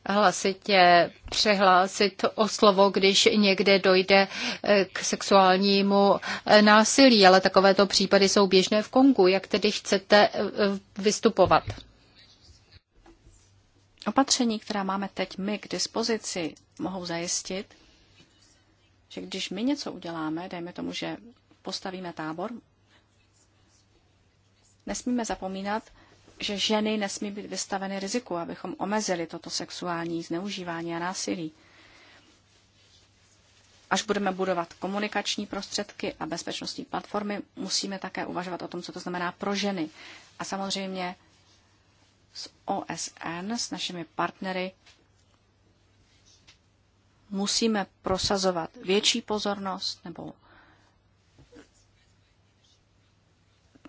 hlasitě přehlásit o slovo, když někde dojde eh, k sexuálnímu eh, násilí, ale takovéto případy jsou běžné v Kongu. Jak tedy chcete eh, vystupovat? Opatření, která máme teď my k dispozici, mohou zajistit, že když my něco uděláme, dejme tomu, že postavíme tábor, nesmíme zapomínat, že ženy nesmí být vystaveny riziku, abychom omezili toto sexuální zneužívání a násilí. Až budeme budovat komunikační prostředky a bezpečnostní platformy, musíme také uvažovat o tom, co to znamená pro ženy. A samozřejmě s OSN, s našimi partnery, musíme prosazovat větší pozornost nebo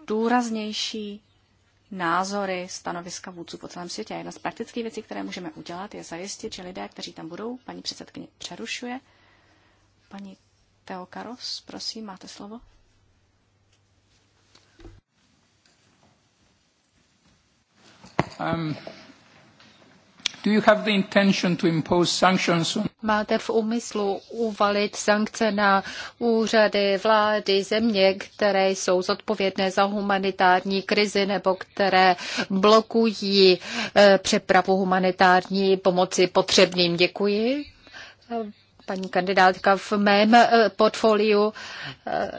důraznější názory, stanoviska vůdců po celém světě. A jedna z praktických věcí, které můžeme udělat, je zajistit, že lidé, kteří tam budou, paní předsedkyně přerušuje. Paní Teokaros, prosím, máte slovo. Um, do you have the intention to impose sanctions Máte v úmyslu uvalit sankce na úřady, vlády, země, které jsou zodpovědné za humanitární krizi nebo které blokují eh, přepravu humanitární pomoci potřebným? Děkuji paní kandidátka, v mém eh, portfoliu eh,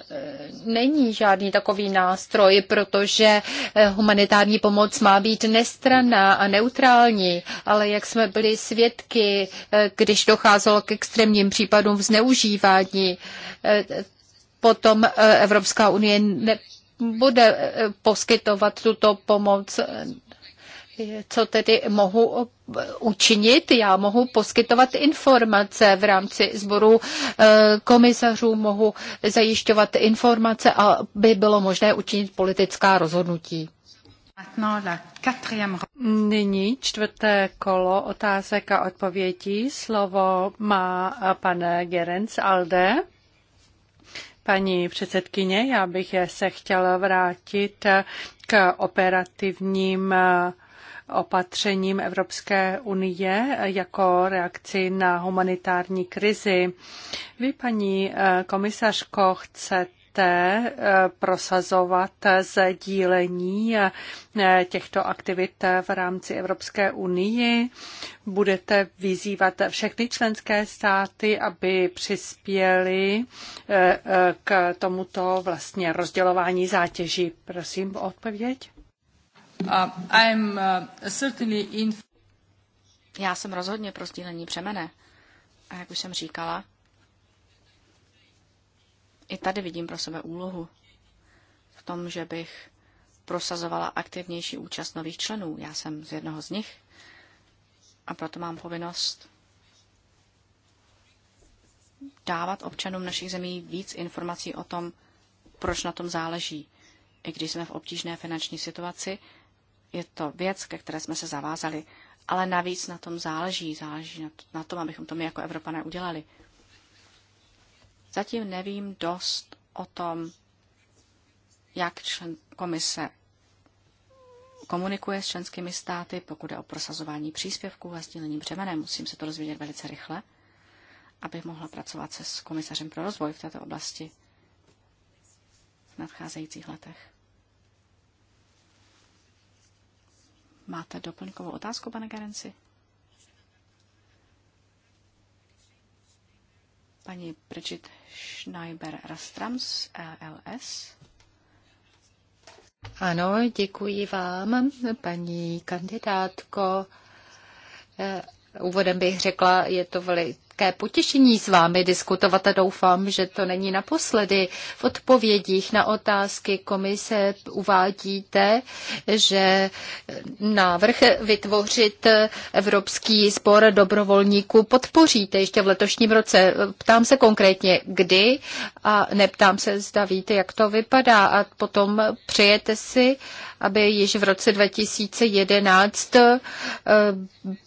není žádný takový nástroj, protože eh, humanitární pomoc má být nestranná a neutrální, ale jak jsme byli svědky, když docházelo k extrémním případům zneužívání, potom Evropská unie ne bude poskytovat tuto pomoc co tedy mohu eh, učinit? Já mohu poskytovat informace v rámci sboru eh, komisařů, mohu zajišťovat informace, aby bylo možné učinit politická rozhodnutí. Nyní čtvrté kolo otázek a odpovědí. Slovo má pan Gerenc Alde. Paní předsedkyně, já bych se chtěla vrátit k operativním opatřením Evropské unie jako reakci na humanitární krizi. Vy, paní eh, komisařko, chcete eh, prosazovat sdílení eh, těchto aktivit v rámci Evropské unii. Budete vyzývat všechny členské státy, aby přispěli k tomuto vlastně rozdělování zátěží. Prosím o odpověď. Uh, uh, Já jsem rozhodně pro sdílení přemene. A jak už jsem říkala, i tady vidím pro sebe úlohu v tom, že bych prosazovala aktivnější účast nových členů. Já jsem z jednoho z nich a proto mám povinnost dávat občanům našich zemí víc informací o tom, proč na tom záleží, i když jsme v obtížné finanční situaci je to věc, ke které jsme se zavázali, ale navíc na tom záleží, záleží na tom, abychom to my jako Evropané udělali. Zatím nevím dost o tom, jak člen komise komunikuje s členskými státy, pokud je o prosazování příspěvků a sdílení břemene. Musím se to rozvědět velice rychle, abych mohla pracovat se s komisařem pro rozvoj v této oblasti v nadcházejících letech. Máte doplňkovou otázku, pane Garenci? Paní Bridget Schneiber-Rastrams, e LLS. Ano, děkuji vám, paní kandidátko. E, úvodem bych řekla, je to velice velké potěšení s vámi diskutovat a doufám, že to není naposledy. V odpovědích na otázky komise uvádíte, že návrh vytvořit Evropský spor dobrovolníků podpoříte ještě v letošním roce. Ptám se konkrétně, kdy a neptám se, zda víte, jak to vypadá a potom přejete si, aby již v roce 2011 eh,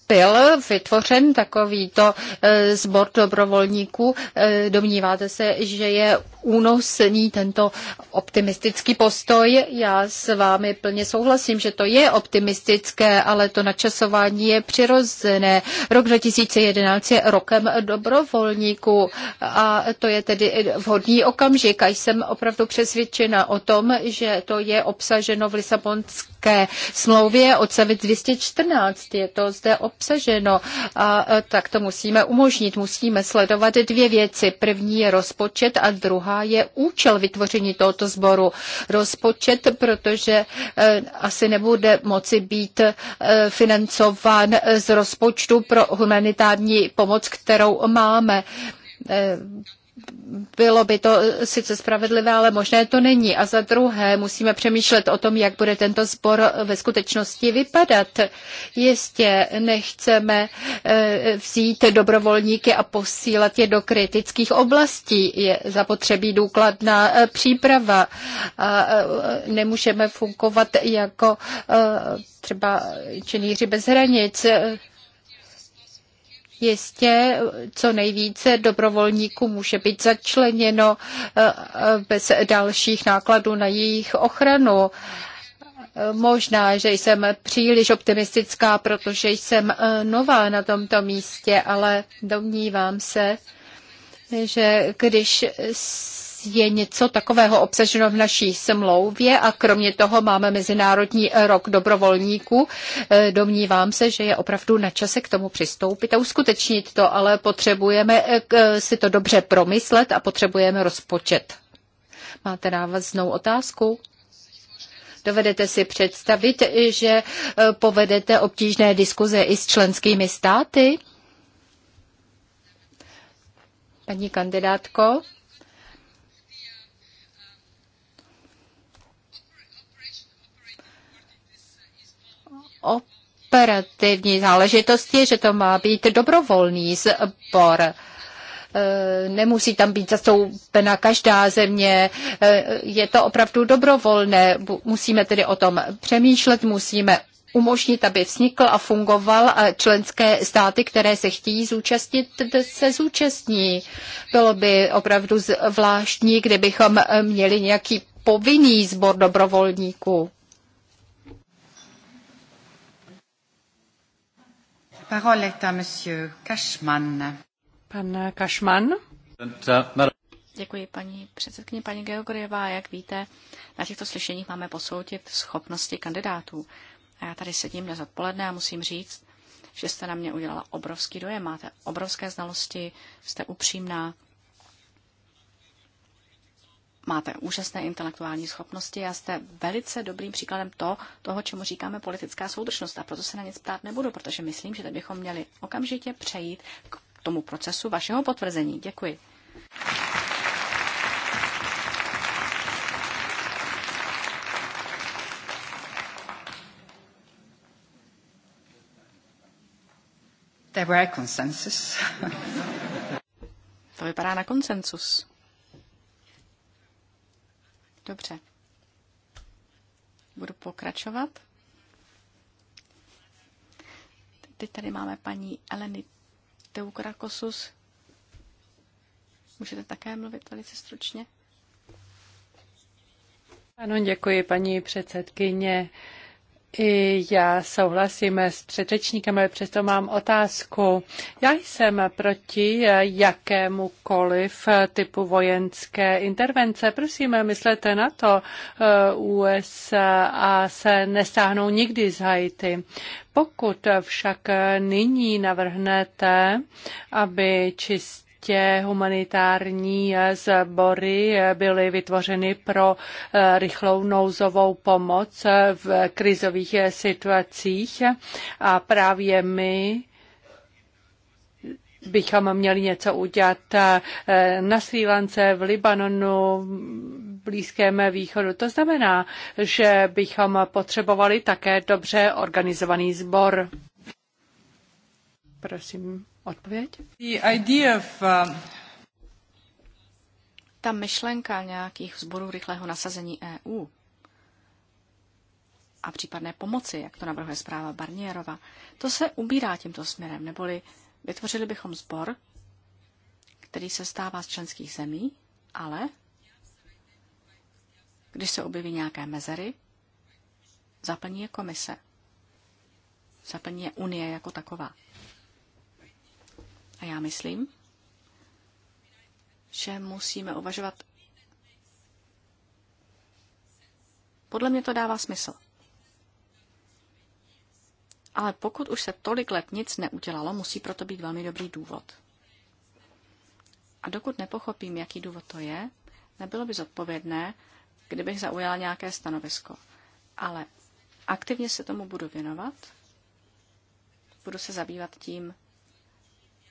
byl vytvořen takovýto eh, zbor dobrovolníků. E, domníváte se, že je únosný tento optimistický postoj. Já s vámi plně souhlasím, že to je optimistické, ale to načasování je přirozené. Rok 2011 je rokem dobrovolníků a to je tedy vhodný okamžik a jsem opravdu přesvědčena o tom, že to je obsaženo v Lisabonské smlouvě odstavec 214. Je to zde obsaženo a tak to musíme umožnit. Musíme sledovat dvě věci. První je rozpočet a druhá je účel vytvoření tohoto sboru. Rozpočet, protože eh, asi nebude moci být eh, financován z rozpočtu pro humanitární pomoc, kterou máme eh, bylo by to eh, sice spravedlivé, ale možné to není. A za druhé, musíme přemýšlet o tom, jak bude tento sbor eh, ve skutečnosti vypadat. Jistě nechceme eh, vzít dobrovolníky a posílat je do kritických oblastí. Je zapotřebí důkladná příprava. A nemůžeme fungovat jako třeba činíři bez hranic jistě co nejvíce dobrovolníků může být začleněno eh, eh, bez dalších nákladů na jejich ochranu. Možná, že jsem příliš optimistická, protože jsem eh, nová na tomto místě, ale domnívám se, že když je něco takového obsaženo v naší smlouvě a kromě toho máme Mezinárodní rok dobrovolníků. E, domnívám se, že je opravdu na čase k tomu přistoupit a uskutečnit to, ale potřebujeme e, e, si to dobře promyslet a potřebujeme rozpočet. Máte návaznou otázku? Dovedete si představit, že povedete obtížné diskuze i s členskými státy? Paní kandidátko, operativní záležitosti, že to má být dobrovolný sbor e, nemusí tam být zastoupena každá země, e, je to opravdu dobrovolné, musíme tedy o tom přemýšlet, musíme umožnit, aby vznikl a fungoval a členské státy, které se chtějí zúčastnit, se zúčastní. Bylo by opravdu zvláštní, kdybychom měli nějaký povinný sbor dobrovolníků. parole est à monsieur Cashman. Pan Cashman. Děkuji paní předsedkyně, paní Georgieva. Jak víte, na těchto slyšeních máme posoudit schopnosti kandidátů. A já tady sedím dnes odpoledne a musím říct, že jste na mě udělala obrovský dojem. Máte obrovské znalosti, jste upřímná Máte úžasné intelektuální schopnosti a jste velice dobrým příkladem to, toho, čemu říkáme politická soudržnost. A proto se na nic ptát nebudu, protože myslím, že bychom měli okamžitě přejít k tomu procesu vašeho potvrzení. Děkuji. There were consensus. to vypadá na konsensus. Dobře. Budu pokračovat. Teď tady máme paní Eleny Teukrakosus. Můžete také mluvit velice stručně? Ano, děkuji paní předsedkyně. I já souhlasím s předřečníkem, ale přesto mám otázku. Já jsem proti jakémukoliv typu vojenské intervence. Prosím, myslete na to, USA se nestáhnou nikdy z Haiti. Pokud však nyní navrhnete, aby čistě Určitě humanitární sbory byly vytvořeny pro eh, rychlou nouzovou pomoc v krizových situacích a právě my bychom měli něco udělat eh, na Sri Lance, v Libanonu, Blízkém východu. To znamená, že bychom potřebovali také dobře organizovaný sbor. Prosím. Odpověď? The idea of, um... Ta myšlenka nějakých zborů rychlého nasazení EU a případné pomoci, jak to navrhuje zpráva Barnierova, to se ubírá tímto směrem, neboli vytvořili bychom zbor, který se stává z členských zemí, ale když se objeví nějaké mezery, zaplní je komise. Zaplní je Unie jako taková já myslím, že musíme uvažovat. Podle mě to dává smysl. Ale pokud už se tolik let nic neudělalo, musí proto být velmi dobrý důvod. A dokud nepochopím, jaký důvod to je, nebylo by zodpovědné, kdybych zaujala nějaké stanovisko. Ale aktivně se tomu budu věnovat, budu se zabývat tím,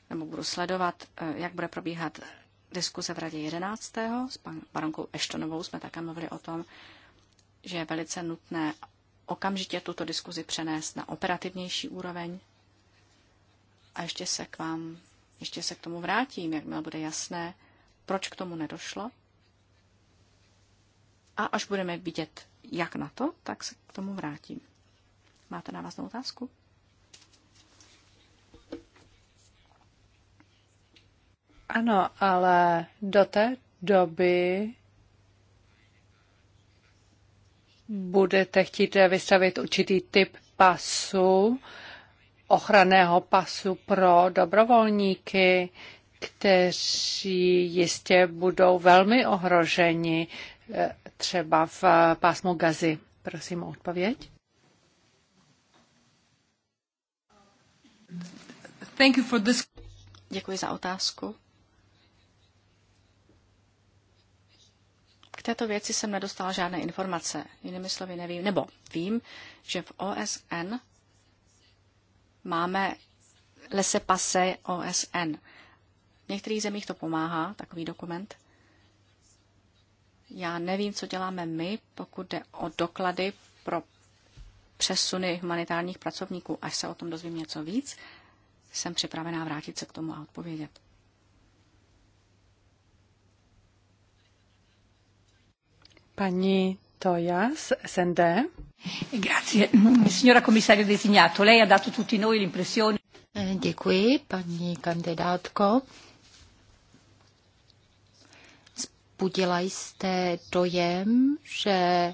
nebo budu sledovat, eh, jak bude probíhat diskuse v radě 11. S pan baronkou Eštonovou jsme také mluvili o tom, že je velice nutné okamžitě tuto diskuzi přenést na operativnější úroveň. A ještě se k vám, ještě se k tomu vrátím, jakmile bude jasné, proč k tomu nedošlo. A až budeme vidět, jak na to, tak se k tomu vrátím. Máte na vás otázku? Ano, ale do té doby budete chtít vystavit určitý typ pasu, ochranného pasu pro dobrovolníky, kteří jistě budou velmi ohroženi eh, třeba v eh, pásmu Gazy. Prosím o odpověď. Thank you for this. Děkuji za otázku. této věci jsem nedostal žádné informace. Jinými slovy nevím, nebo vím, že v OSN máme lese pase OSN. V některých zemích to pomáhá, takový dokument. Já nevím, co děláme my, pokud jde o doklady pro přesuny humanitárních pracovníků. Až se o tom dozvím něco víc, jsem připravená vrátit se k tomu a odpovědět. Pani Tojas, SND. Grazie. Signora commissario designato, lei ha dato tutti noi l'impressione. Děkuji, paní kandidátko. Budila jste dojem, že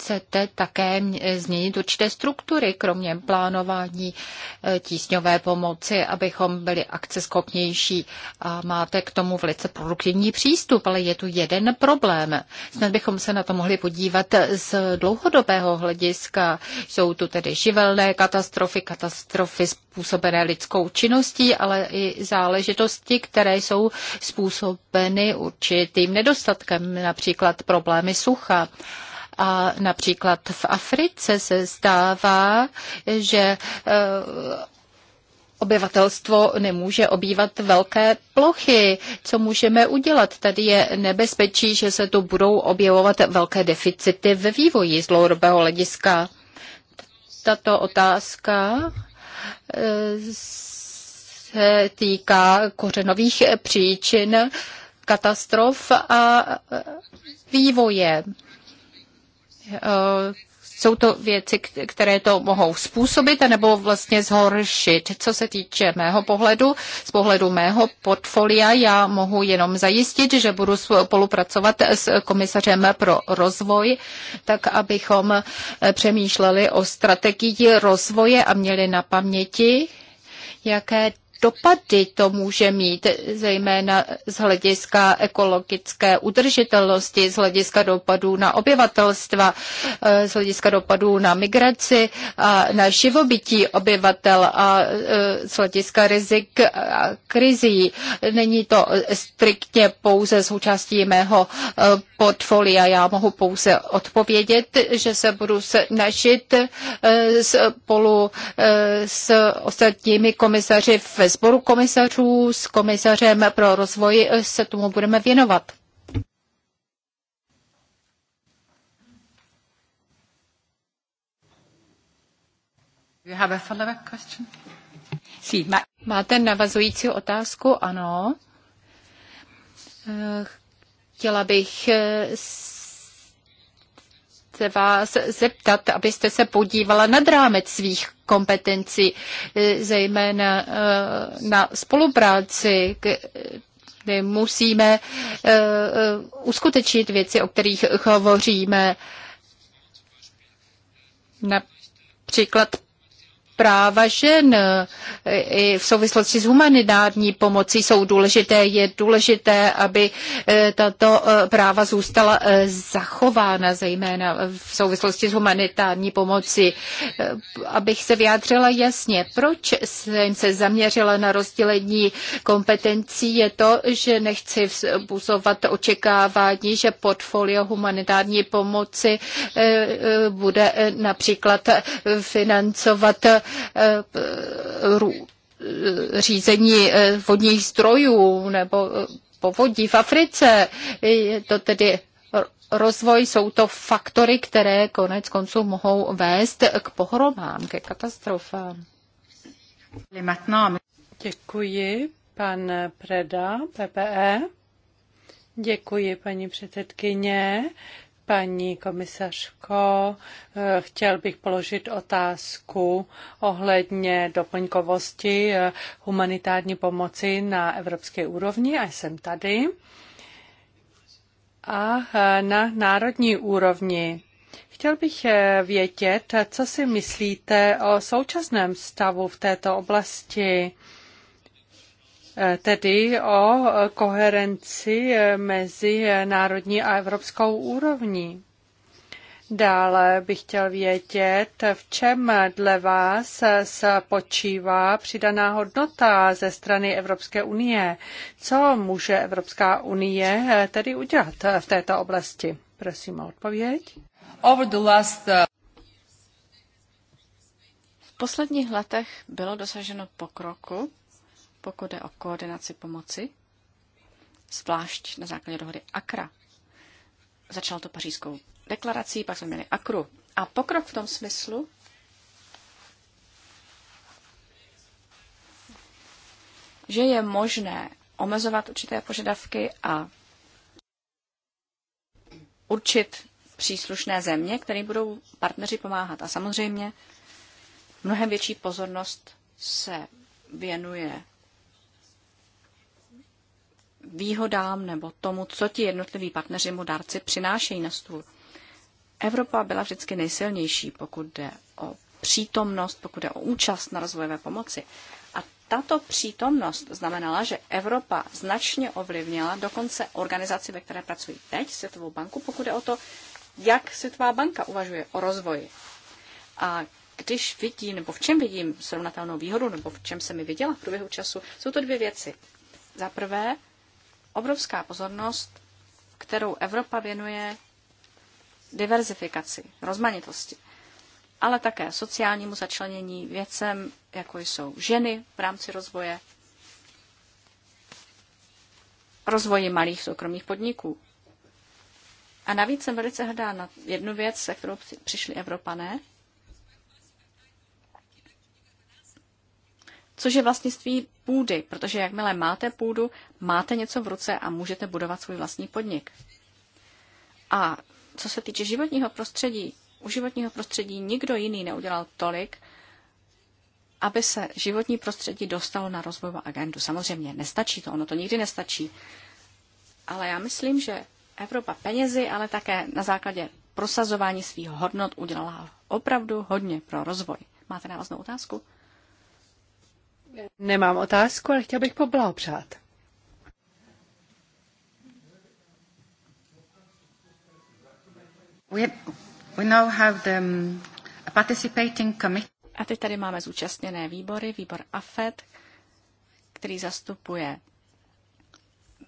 chcete také změnit určité struktury, kromě plánování eh, tísňové pomoci, abychom byli akceschopnější a máte k tomu velice produktivní přístup, ale je tu jeden problém. Snad bychom se na to mohli podívat z dlouhodobého hlediska. Jsou tu tedy živelné katastrofy, katastrofy způsobené lidskou činností, ale i záležitosti, které jsou způsobeny určitým nedostatkem, například problémy sucha. A například v Africe se stává, že eh, obyvatelstvo nemůže obývat velké plochy. Co můžeme udělat? Tady je nebezpečí, že se tu budou objevovat velké deficity ve vývoji z dlouhodobého hlediska. Tato otázka eh, se týká kořenových příčin katastrof a eh, vývoje. Eh, jsou to věci, které to mohou způsobit nebo vlastně zhoršit. Co se týče mého pohledu, z pohledu mého portfolia, já mohu jenom zajistit, že budu spolupracovat s komisařem pro rozvoj, tak abychom eh, přemýšleli o strategii rozvoje a měli na paměti, jaké dopady to může mít, zejména z hlediska ekologické udržitelnosti, z hlediska dopadů na obyvatelstva, eh, z hlediska dopadů na migraci a na živobytí obyvatel a eh, z hlediska rizik a krizí. Není to striktně pouze součástí mého eh, portfolia. Já mohu pouze odpovědět, že se budu snažit spolu s ostatními komisaři v ve sboru komisařů s komisařem pro rozvoj se tomu budeme věnovat. Máte navazující otázku? Ano. Eh, chtěla bych eh, se vás zeptat, abyste se podívala nad rámec svých kompetencí, eh, zejména eh, na spolupráci, kdy musíme eh, uskutečnit věci, o kterých hovoříme. Například práva žen eh, i v souvislosti s humanitární pomocí jsou důležité. Je důležité, aby eh, tato eh, práva zůstala zachována, zejména v souvislosti s humanitární pomocí. Abych se vyjádřila jasně, proč jsem se zaměřila na rozdělení kompetencí, je to, že nechci vzbuzovat očekávání, že portfolio humanitární pomoci bude například financovat Eh, eh, řízení eh, vodních zdrojů nebo povodí v Africe. Je to tedy rozvoj, jsou to faktory, které konec konců mohou vést k pohromám, ke katastrofám. Děkuji, pan Preda, PPE. Děkuji, paní předsedkyně. Paní komisařko, eh, chtěl bych položit otázku ohledně doplňkovosti eh, humanitární pomoci na evropské úrovni a jsem tady. A eh, na národní úrovni. Chtěl bych vědět, co si myslíte o současném stavu v této oblasti tedy o koherenci mezi národní a evropskou úrovní. Dále bych chtěl vědět, v čem dle vás spočívá přidaná hodnota ze strany Evropské unie. Co může Evropská unie tedy udělat v této oblasti? Prosím o odpověď. Over the last... Uh, v posledních letech bylo dosaženo pokroku pokud jde o koordinaci pomoci, zvlášť na základě dohody Akra. Začalo to pařížskou deklarací, pak jsme měli Akru. A pokrok v tom smyslu, že je možné omezovat určité požadavky a určit příslušné země, které budou partneři pomáhat. A samozřejmě mnohem větší pozornost se věnuje výhodám nebo tomu, co ti jednotliví partneři mu dárci přinášejí na stůl. Evropa byla vždycky nejsilnější, pokud jde o přítomnost, pokud jde o účast na rozvojové pomoci. A tato přítomnost znamenala, že Evropa značně ovlivnila dokonce organizaci, ve které pracují teď, Světovou banku, pokud jde o to, jak Světová banka uvažuje o rozvoji. A když vidím, nebo v čem vidím srovnatelnou výhodu, nebo v čem se mi viděla v průběhu času, jsou to dvě věci. Za prvé, obrovská pozornost, kterou Evropa věnuje diverzifikaci, rozmanitosti, ale také sociálnímu začlenění věcem, jako jsou ženy v rámci rozvoje, rozvoji malých soukromých podniků. A navíc jsem velice hrdá na jednu věc, se kterou přišli Evropané, což je vlastnictví půdy, protože jakmile máte půdu, máte něco v ruce a můžete budovat svůj vlastní podnik. A co se týče životního prostředí, u životního prostředí nikdo jiný neudělal tolik, aby se životní prostředí dostalo na rozvojovou agendu. Samozřejmě nestačí to, ono to nikdy nestačí. Ale já myslím, že Evropa penězi, ale také na základě prosazování svých hodnot udělala opravdu hodně pro rozvoj. Máte návaznou otázku? Nemám otázku, ale chtěl bych poblahopřát. We, we now have the um, participating committee. A teď tady máme zúčastněné výbory, výbor AFED, který zastupuje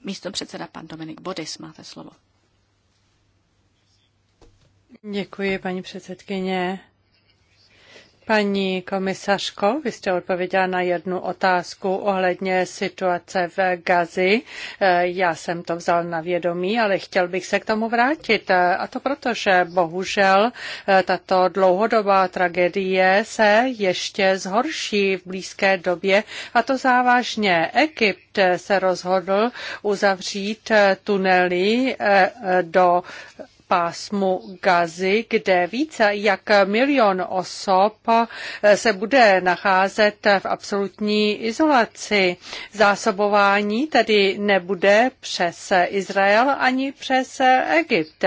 místo předseda pan Dominik Bodis. Máte slovo. Děkuji, paní předsedkyně. Paní komisařko, vy jste odpověděla na jednu otázku ohledně situace v Gazi. Eh, já jsem to vzal na vědomí, ale chtěl bych se k tomu vrátit. Eh, a to proto, že bohužel eh, tato dlouhodobá tragédie se ještě zhorší v blízké době a to závažně. Egypt se rozhodl uzavřít tunely do pásmu Gazy, kde více jak milion osob eh, se bude nacházet v absolutní izolaci. Zásobování tedy nebude přes Izrael ani přes Egypt.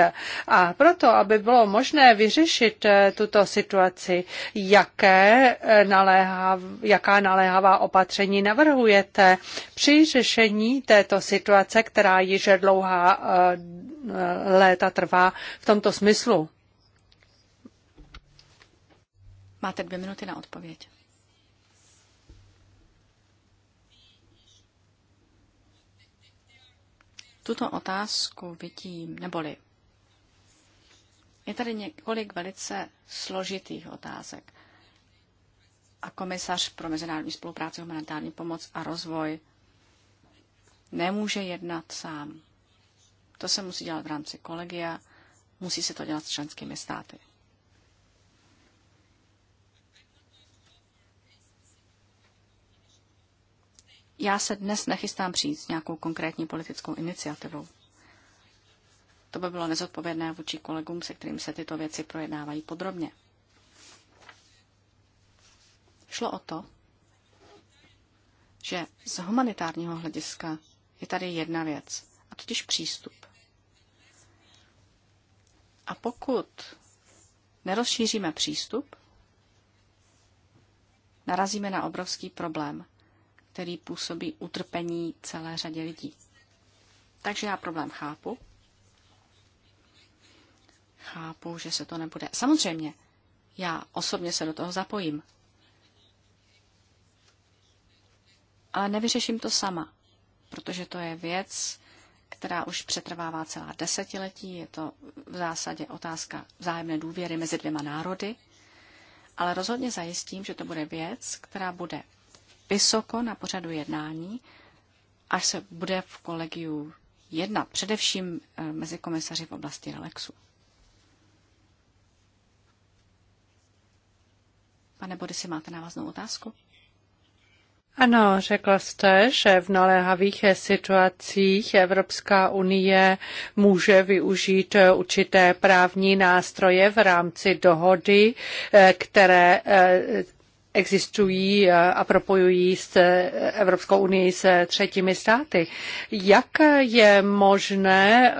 A proto, aby bylo možné vyřešit eh, tuto situaci, jaké eh, naléhav, jaká naléhavá opatření navrhujete při řešení této situace, která již dlouhá Eh, léta trvá v tomto smyslu. Máte dvě minuty na odpověď. Tuto otázku vidím, neboli je tady několik velice složitých otázek. A komisař pro mezinárodní spolupráci, humanitární pomoc a rozvoj nemůže jednat sám. To se musí dělat v rámci kolegia, musí se to dělat s členskými státy. Já se dnes nechystám přijít s nějakou konkrétní politickou iniciativou. To by bylo nezodpovědné vůči kolegům, se kterým se tyto věci projednávají podrobně. Šlo o to, že z humanitárního hlediska je tady jedna věc, a totiž přístup. A pokud nerozšíříme přístup, narazíme na obrovský problém, který působí utrpení celé řadě lidí. Takže já problém chápu. Chápu, že se to nebude. Samozřejmě, já osobně se do toho zapojím. Ale nevyřeším to sama, protože to je věc, která už přetrvává celá desetiletí. Je to v zásadě otázka vzájemné důvěry mezi dvěma národy, ale rozhodně zajistím, že to bude věc, která bude vysoko na pořadu jednání, až se bude v kolegiu jednat, především eh, mezi komisaři v oblasti relaxu. Pane Bodysi, máte návaznou otázku? Ano, řekla jste, že v naléhavých situacích Evropská unie může využít určité právní nástroje v rámci dohody, eh, které eh, existují eh, a propojují s Evropskou unii se třetími státy. Jak je možné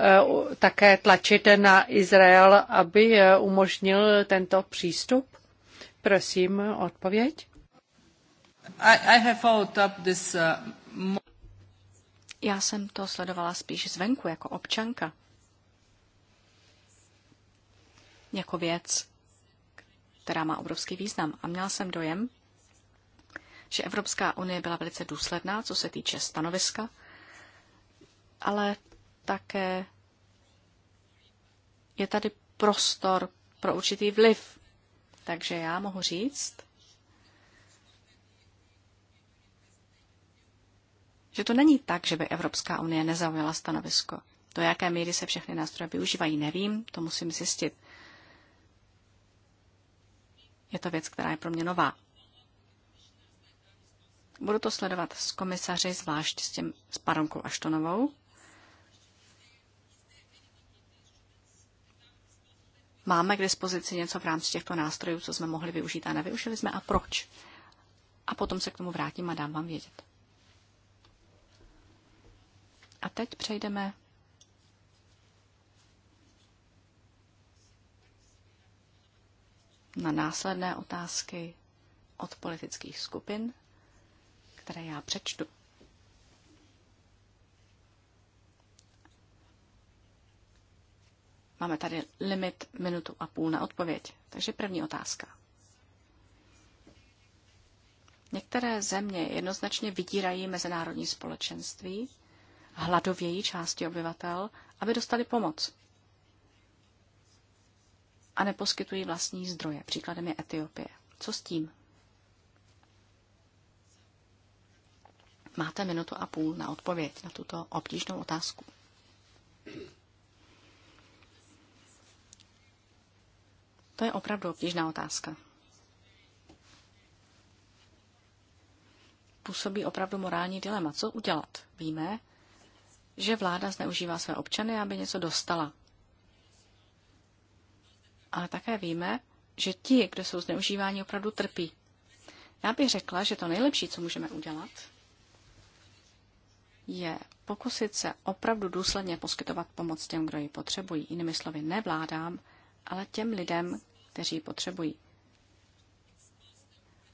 také tlačit na Izrael, aby umožnil tento přístup? Prosím, odpověď. Uh, já jsem to sledovala spíš zvenku jako občanka. Jako věc, která má obrovský význam. A měla jsem dojem, že Evropská unie byla velice důsledná, co se týče stanoviska, ale také je tady prostor pro určitý vliv. Takže já mohu říct, že to není tak, že by Evropská unie nezaujala stanovisko. Do jaké míry se všechny nástroje využívají, nevím, to musím zjistit. Je to věc, která je pro mě nová. Budu to sledovat s komisaři, zvlášť s, tím s paronkou Aštonovou. Máme k dispozici něco v rámci těchto nástrojů, co jsme mohli využít a nevyužili jsme a proč. A potom se k tomu vrátím a dám vám vědět. A teď přejdeme na následné otázky od politických skupin, které já přečtu. Máme tady limit minutu a půl na odpověď. Takže první otázka. Některé země jednoznačně vydírají mezinárodní společenství hladovějí části obyvatel, aby dostali pomoc. A neposkytují vlastní zdroje. Příkladem je Etiopie. Co s tím? Máte minutu a půl na odpověď na tuto obtížnou otázku. To je opravdu obtížná otázka. Působí opravdu morální dilema. Co udělat? Víme, že vláda zneužívá své občany, aby něco dostala. Ale také víme, že ti, kdo jsou zneužíváni, opravdu trpí. Já bych řekla, že to nejlepší, co můžeme udělat, je pokusit se opravdu důsledně poskytovat pomoc těm, kdo ji potřebují. Jinými slovy, ne vládám, ale těm lidem, kteří ji potřebují.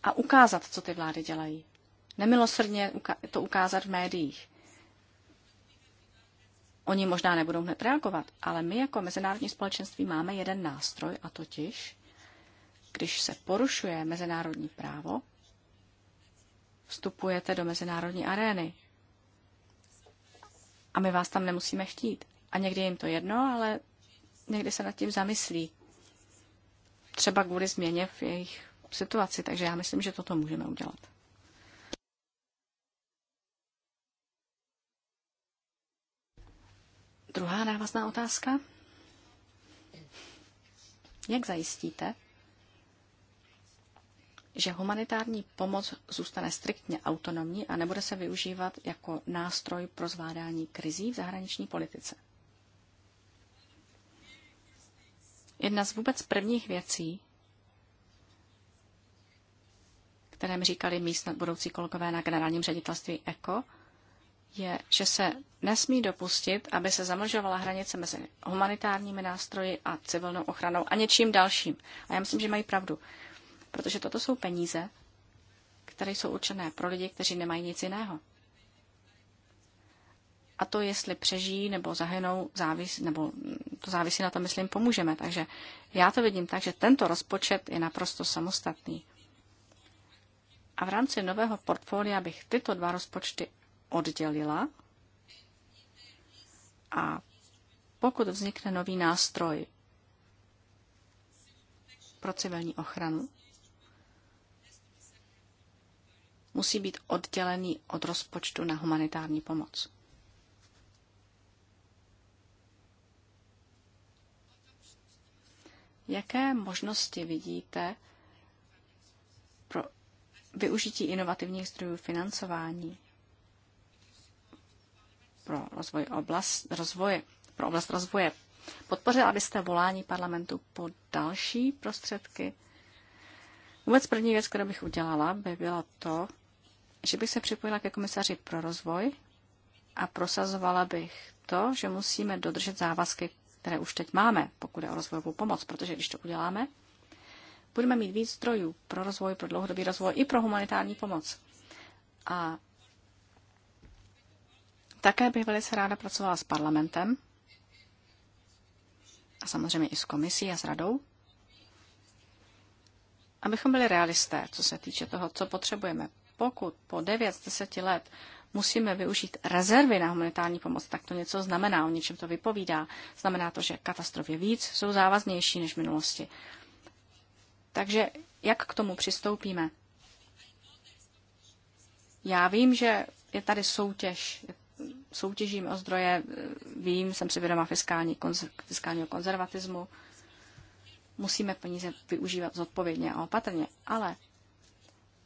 A ukázat, co ty vlády dělají. Nemilosrdně to ukázat v médiích. Oni možná nebudou hned reagovat, ale my jako mezinárodní společenství máme jeden nástroj a totiž, když se porušuje mezinárodní právo, vstupujete do mezinárodní arény. A my vás tam nemusíme chtít. A někdy jim to jedno, ale někdy se nad tím zamyslí. Třeba kvůli změně v jejich situaci. Takže já myslím, že toto můžeme udělat. Druhá návazná otázka. Jak zajistíte, že humanitární pomoc zůstane striktně autonomní a nebude se využívat jako nástroj pro zvládání krizí v zahraniční politice? Jedna z vůbec prvních věcí, které mi říkali místní budoucí kolegové na generálním ředitelství ECO, je, že se nesmí dopustit, aby se zamlžovala hranice mezi humanitárními nástroji a civilnou ochranou a něčím dalším. A já myslím, že mají pravdu, protože toto jsou peníze, které jsou určené pro lidi, kteří nemají nic jiného. A to, jestli přežijí nebo zahynou, závis, nebo to závisí na tom, jestli jim pomůžeme. Takže já to vidím tak, že tento rozpočet je naprosto samostatný. A v rámci nového portfolia bych tyto dva rozpočty oddělila a pokud vznikne nový nástroj pro civilní ochranu, musí být oddělený od rozpočtu na humanitární pomoc. Jaké možnosti vidíte pro využití inovativních zdrojů financování pro rozvoj oblast, rozvoje, pro oblast rozvoje. Podpořila byste volání parlamentu po další prostředky? Vůbec první věc, kterou bych udělala, by byla to, že bych se připojila ke komisaři pro rozvoj a prosazovala bych to, že musíme dodržet závazky, které už teď máme, pokud je o rozvojovou pomoc, protože když to uděláme, budeme mít víc zdrojů pro rozvoj, pro dlouhodobý rozvoj i pro humanitární pomoc. A také bych velice ráda pracovala s parlamentem a samozřejmě i s komisí a s radou, abychom byli realisté, co se týče toho, co potřebujeme. Pokud po 9 z 10 let musíme využít rezervy na humanitární pomoc, tak to něco znamená, o něčem to vypovídá. Znamená to, že katastrofy víc, jsou závaznější než v minulosti. Takže jak k tomu přistoupíme? Já vím, že je tady soutěž, je soutěžím o zdroje, eh, vím, jsem si vědoma fiskální, konz, fiskálního konzervatismu, musíme peníze využívat zodpovědně a opatrně, ale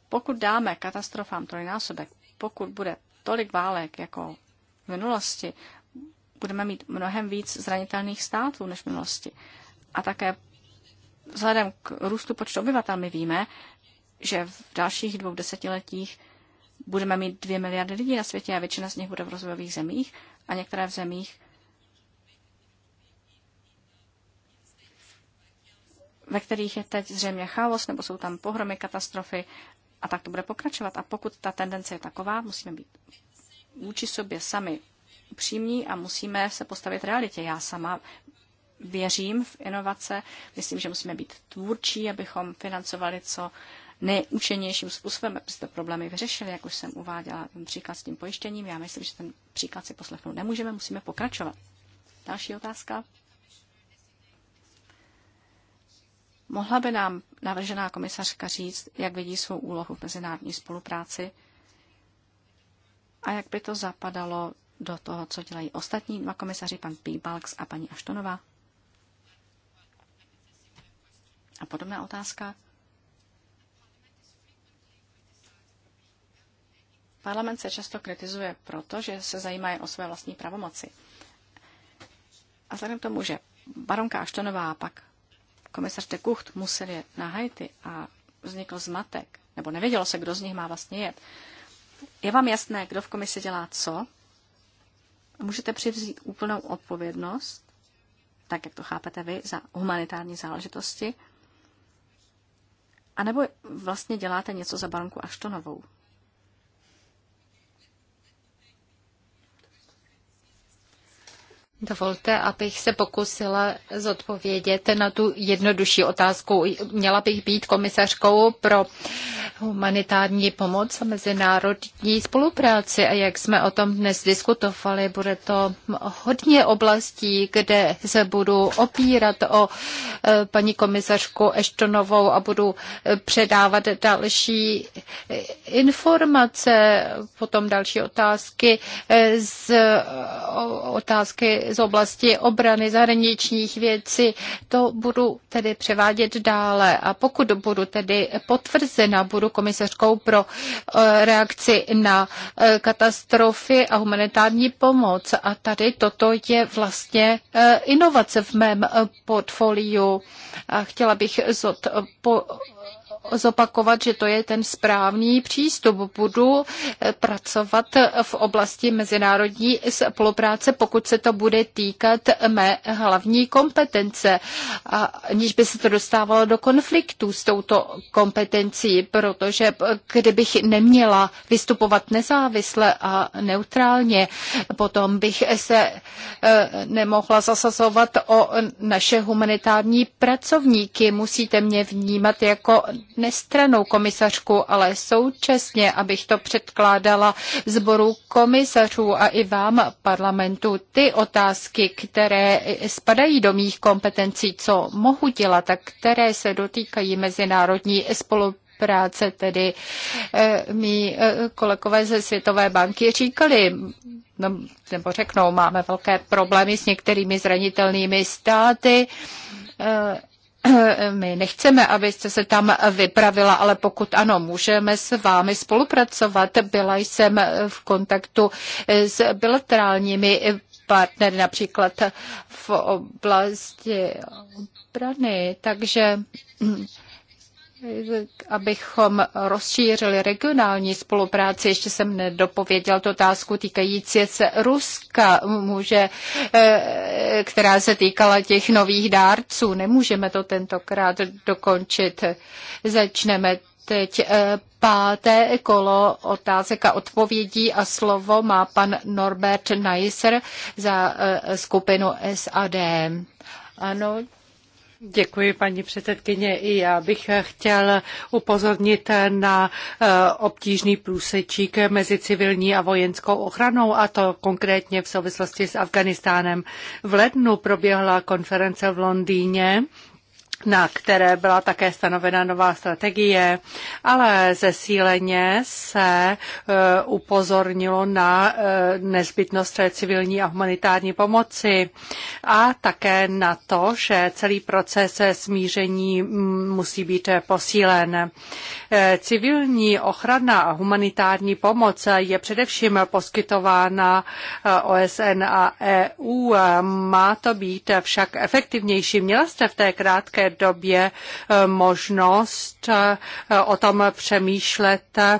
pokud dáme katastrofám trojnásobek, pokud bude tolik válek jako v minulosti, budeme mít mnohem víc zranitelných států než v minulosti. A také vzhledem k růstu počtu obyvatel my víme, že v dalších dvou desetiletích budeme mít dvě miliardy lidí na světě a většina z nich bude v rozvojových zemích a některé v zemích, ve kterých je teď zřejmě chaos, nebo jsou tam pohromy, katastrofy a tak to bude pokračovat. A pokud ta tendence je taková, musíme být vůči sobě sami upřímní a musíme se postavit realitě. Já sama věřím v inovace, myslím, že musíme být tvůrčí, abychom financovali co nejúčinnějším způsobem, abyste problémy vyřešili, jak už jsem uváděla ten příklad s tím pojištěním. Já myslím, že ten příklad si poslechnout nemůžeme, musíme pokračovat. Další otázka. Mohla by nám navržená komisařka říct, jak vidí svou úlohu v mezinárodní spolupráci a jak by to zapadalo do toho, co dělají ostatní dva komisaři, pan Píbalks a paní Aštonová? A podobná otázka. Parlament se často kritizuje proto, že se zajímá jen o své vlastní pravomoci. A vzhledem k tomu, že baronka Aštonová a pak komisař de Kucht museli na Haiti a vznikl zmatek, nebo nevědělo se, kdo z nich má vlastně jet, je vám jasné, kdo v komisi dělá co? Můžete přivzít úplnou odpovědnost, tak jak to chápete vy, za humanitární záležitosti? A nebo vlastně děláte něco za baronku Aštonovou? Dovolte, abych se pokusila zodpovědět na tu jednodušší otázku. Měla bych být komisařkou pro humanitární pomoc a mezinárodní spolupráci. A jak jsme o tom dnes diskutovali, bude to hodně oblastí, kde se budu opírat o eh, paní komisařku Eštonovou a budu eh, předávat další eh, informace, potom další otázky z otázky z oblasti obrany zahraničních věcí. To budu tedy převádět dále a pokud budu tedy potvrzena, budu komisařkou pro e, reakci na e, katastrofy a humanitární pomoc. A tady toto je vlastně e, inovace v mém portfoliu. A chtěla bych zodpo zopakovat, že to je ten správný přístup. Budu eh, pracovat v oblasti mezinárodní spolupráce, pokud se to bude týkat mé hlavní kompetence, aniž by se to dostávalo do konfliktu s touto kompetencí, protože eh, kdybych neměla vystupovat nezávisle a neutrálně, potom bych se eh, nemohla zasazovat o naše humanitární pracovníky. Musíte mě vnímat jako nestranou komisařku, ale současně, abych to předkládala zboru komisařů a i vám parlamentu ty otázky, které spadají do mých kompetencí, co mohu dělat a které se dotýkají mezinárodní spolupráce práce, tedy eh, mý eh, kolegové ze Světové banky říkali, no, nebo řeknou, máme velké problémy s některými zranitelnými státy eh, <clears throat> my nechceme, abyste se tam vypravila, ale pokud ano, můžeme s vámi spolupracovat. Byla jsem v kontaktu s bilaterálními partnery, například v oblasti obrany, takže abychom rozšířili regionální spolupráci. Ještě jsem nedopověděl tu otázku týkající se Ruska, může, eh, která se týkala těch nových dárců. Nemůžeme to tentokrát dokončit. Začneme teď eh, páté kolo otázek a odpovědí a slovo má pan Norbert Neisser za eh, skupinu SAD. Ano, Děkuji, paní předsedkyně. I já bych chtěl upozornit na eh, obtížný průsečík mezi civilní a vojenskou ochranou, a to konkrétně v souvislosti s Afganistánem. V lednu proběhla konference v Londýně na které byla také stanovena nová strategie, ale zesíleně se eh, upozornilo na eh, nezbytnost civilní a humanitární pomoci a také na to, že celý proces smíření mm, musí být posílen. Eh, civilní ochrana a humanitární pomoc je především poskytována OSN a EU. Má to být však efektivnější. Měla jste v té krátké době eh, možnost eh, o tom přemýšlet, eh,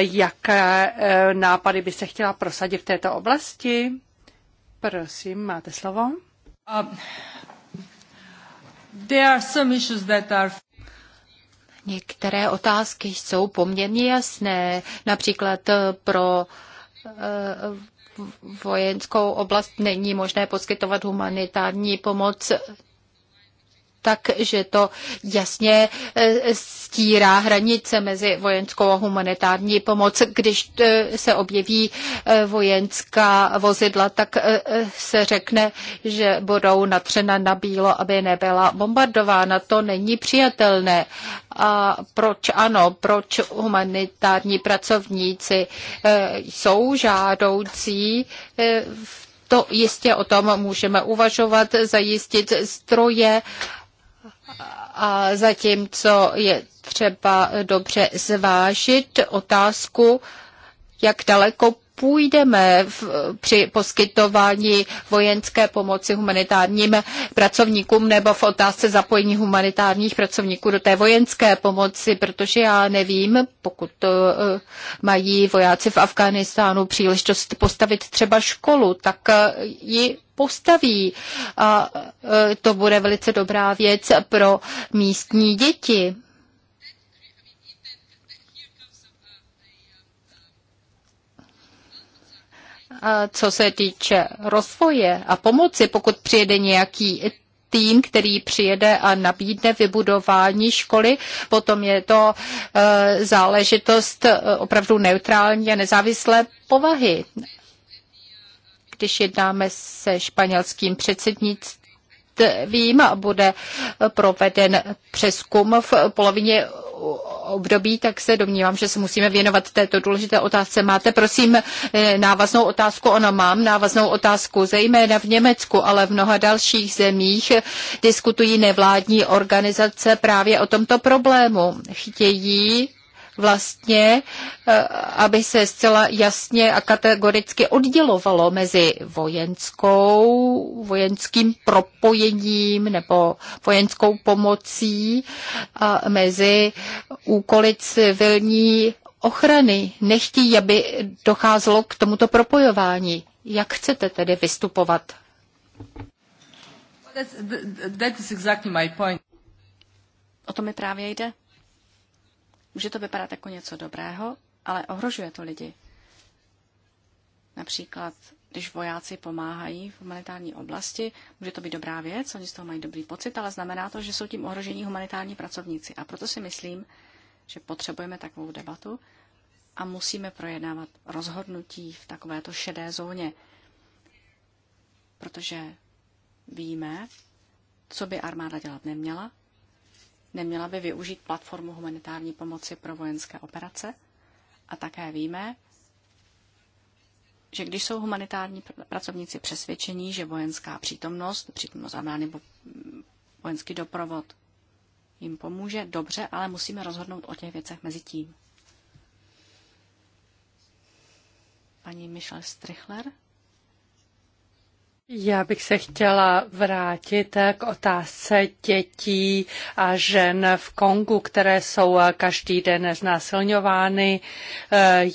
jaké nápady by se chtěla prosadit v této oblasti? Prosím, máte slovo. Um, Některé otázky jsou poměrně jasné, například pro vojenskou oblast není možné poskytovat humanitární pomoc tak, že to jasně e, stírá hranice mezi vojenskou a humanitární pomoc. Když e, se objeví e, vojenská vozidla, tak se řekne, že budou natřena na bílo, aby nebyla bombardována. To není přijatelné. A proč ano, proč humanitární pracovníci jsou žádoucí v to jistě o tom můžeme uvažovat, zajistit stroje a zatímco je třeba dobře zvážit otázku, jak daleko půjdeme v, při poskytování vojenské pomoci humanitárním pracovníkům nebo v otázce zapojení humanitárních pracovníků do té vojenské pomoci, protože já nevím, pokud to eh, mají vojáci v Afghánistánu příležitost postavit třeba školu, tak eh, ji postaví. A eh, to bude velice dobrá věc pro místní děti. co se týče rozvoje a pomoci, pokud přijede nějaký tým, který přijede a nabídne vybudování školy. Potom je to e, záležitost e, opravdu neutrální a nezávislé povahy. Když jednáme se španělským předsednictvím, vím, bude proveden přeskum v polovině období, tak se domnívám, že se musíme věnovat této důležité otázce. Máte, prosím, návaznou otázku? Ono mám návaznou otázku, zejména v Německu, ale v mnoha dalších zemích diskutují nevládní organizace právě o tomto problému. Chtějí vlastně, eh, aby se zcela jasně a kategoricky oddělovalo mezi vojenskou, vojenským propojením nebo vojenskou pomocí a mezi úkoly civilní ochrany. Nechtějí, aby docházelo k tomuto propojování. Jak chcete tedy vystupovat? That is exactly my point. O to mi právě jde. Může to vypadat jako něco dobrého, ale ohrožuje to lidi. Například, když vojáci pomáhají v humanitární oblasti, může to být dobrá věc, oni z toho mají dobrý pocit, ale znamená to, že jsou tím ohrožení humanitární pracovníci. A proto si myslím, že potřebujeme takovou debatu a musíme projednávat rozhodnutí v takovéto šedé zóně. Protože víme, co by armáda dělat neměla neměla by využít platformu humanitární pomoci pro vojenské operace. A také víme, že když jsou humanitární pracovníci přesvědčení, že vojenská přítomnost, přítomnost armády nebo vojenský doprovod jim pomůže, dobře, ale musíme rozhodnout o těch věcech mezi tím. Paní Michelle Strichler. Já bych se chtěla vrátit k otázce dětí a žen v Kongu, které jsou každý den znásilňovány.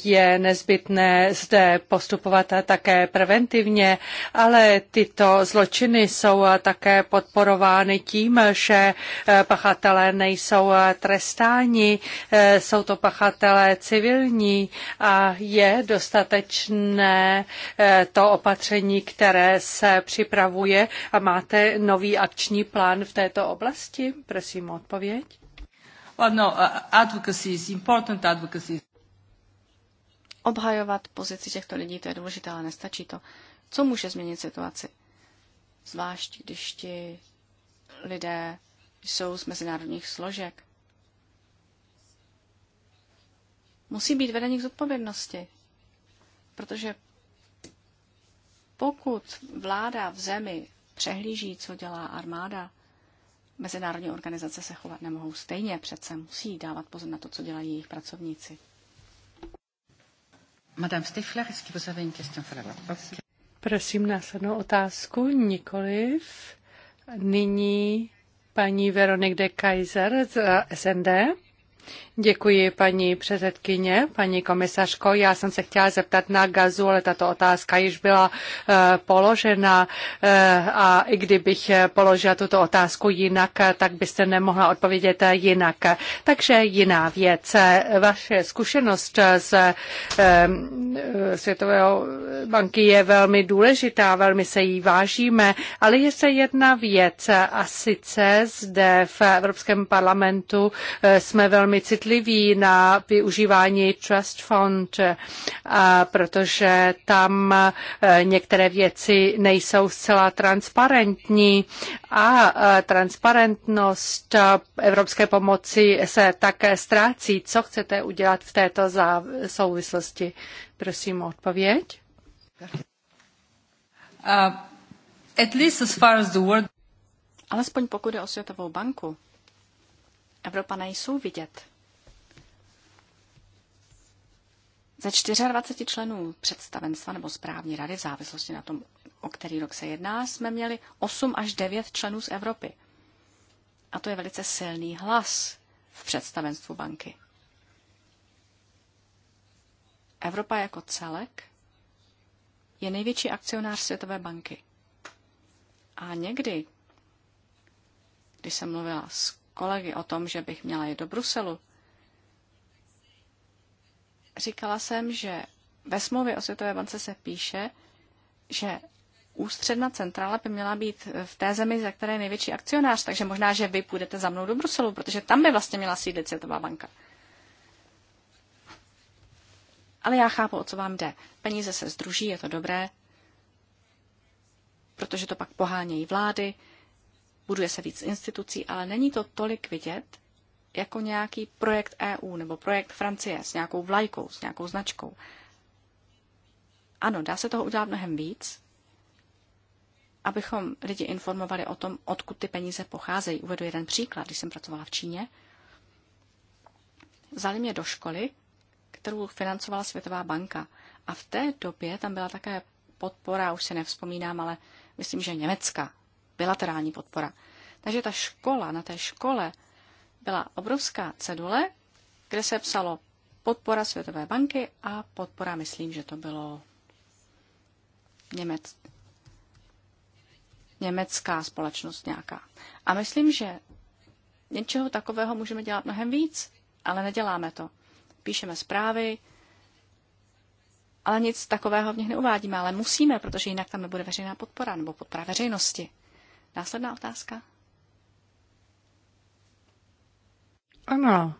Je nezbytné zde postupovat také preventivně, ale tyto zločiny jsou také podporovány tím, že pachatelé nejsou trestáni, jsou to pachatelé civilní a je dostatečné to opatření, které se se připravuje a máte nový akční plán v této oblasti? Prosím o odpověď. Well, no, uh, advocacy is important advocacy. Obhajovat pozici těchto lidí, to je důležité, ale nestačí to. Co může změnit situaci? Zvlášť, když ti lidé jsou z mezinárodních složek. Musí být vedení k zodpovědnosti, protože pokud vláda v zemi přehlíží, co dělá armáda, mezinárodní organizace se chovat nemohou stejně, přece musí dávat pozor na to, co dělají jejich pracovníci. Madame Stifler, jestli ce que vous avez une question Prosím následnou otázku, nikoliv. Nyní paní Veronik de Kaiser z eh, SND. Děkuji, paní předsedkyně, paní komisařko. Já jsem se chtěla zeptat na gazu, ale tato otázka již byla e, položena e, a i kdybych položila tuto otázku jinak, tak byste nemohla odpovědět jinak. Takže jiná věc. Vaše zkušenost z e, Světového banky je velmi důležitá, velmi se jí vážíme, ale je se jedna věc a sice zde v Evropském parlamentu jsme velmi citliví citliví na využívání Trust Fund, eh, protože tam eh, některé věci nejsou zcela transparentní a eh, transparentnost evropské pomoci se také ztrácí. Co chcete udělat v této souvislosti? Prosím o odpověď. Uh, at least as far as the world... Alespoň pokud je o Světovou banku, Evropa nejsou vidět. Ze 24 členů představenstva nebo správní rady, v závislosti na tom, o který rok se jedná, jsme měli 8 až 9 členů z Evropy. A to je velice silný hlas v představenstvu banky. Evropa jako celek je největší akcionář Světové banky. A někdy, když jsem mluvila s kolegy o tom, že bych měla jít do Bruselu, Říkala jsem, že ve smlouvě o Světové bance se píše, že ústředna centrála by měla být v té zemi, za které je největší akcionář, takže možná, že vy půjdete za mnou do Bruselu, protože tam by vlastně měla sídlit Světová banka. Ale já chápu, o co vám jde. Peníze se združí, je to dobré, protože to pak pohánějí vlády, buduje se víc institucí, ale není to tolik vidět, jako nějaký projekt EU nebo projekt Francie s nějakou vlajkou, s nějakou značkou. Ano, dá se toho udělat mnohem víc, abychom lidi informovali o tom, odkud ty peníze pocházejí. Uvedu jeden příklad. Když jsem pracovala v Číně, vzali mě do školy, kterou financovala Světová banka. A v té době tam byla také podpora, už se nevzpomínám, ale myslím, že německá bilaterální podpora. Takže ta škola, na té škole byla obrovská cedule, kde se psalo podpora Světové banky a podpora, myslím, že to bylo Němec, německá společnost nějaká. A myslím, že něčeho takového můžeme dělat mnohem víc, ale neděláme to. Píšeme zprávy, ale nic takového v nich neuvádíme, ale musíme, protože jinak tam nebude veřejná podpora nebo podpora veřejnosti. Následná otázka. Ano.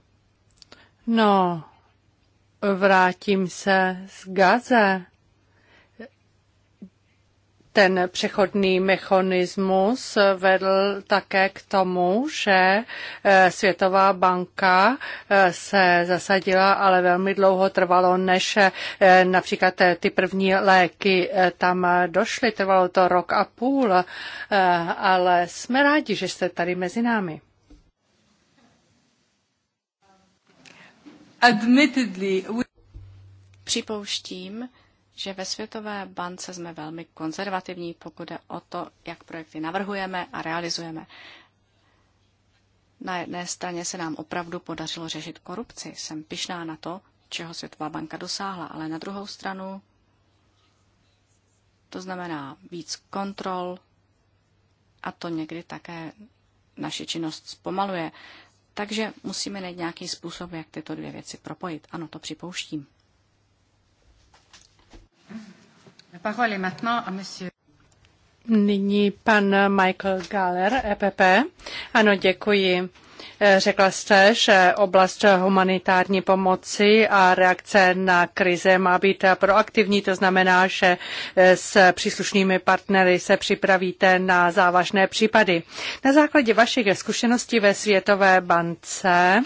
No, vrátím se z Gaze. Ten přechodný mechanismus vedl také k tomu, že eh, Světová banka eh, se zasadila, ale velmi dlouho trvalo, než eh, například ty první léky tam došly. Trvalo to rok a půl, ale jsme rádi, že jste tady mezi námi. Připouštím, že ve Světové bance jsme velmi konzervativní, pokud je o to, jak projekty navrhujeme a realizujeme. Na jedné straně se nám opravdu podařilo řešit korupci. Jsem pišná na to, čeho Světová banka dosáhla, ale na druhou stranu to znamená víc kontrol a to někdy také naši činnost zpomaluje. Takže musíme najít nějaký způsob, jak tyto dvě věci propojit. Ano, to připouštím. Nyní pan Michael Galler, EPP. Ano, děkuji. Řekla jste, že oblast humanitární pomoci a reakce na krize má být proaktivní, to znamená, že s příslušnými partnery se připravíte na závažné případy. Na základě vašich zkušeností ve Světové bance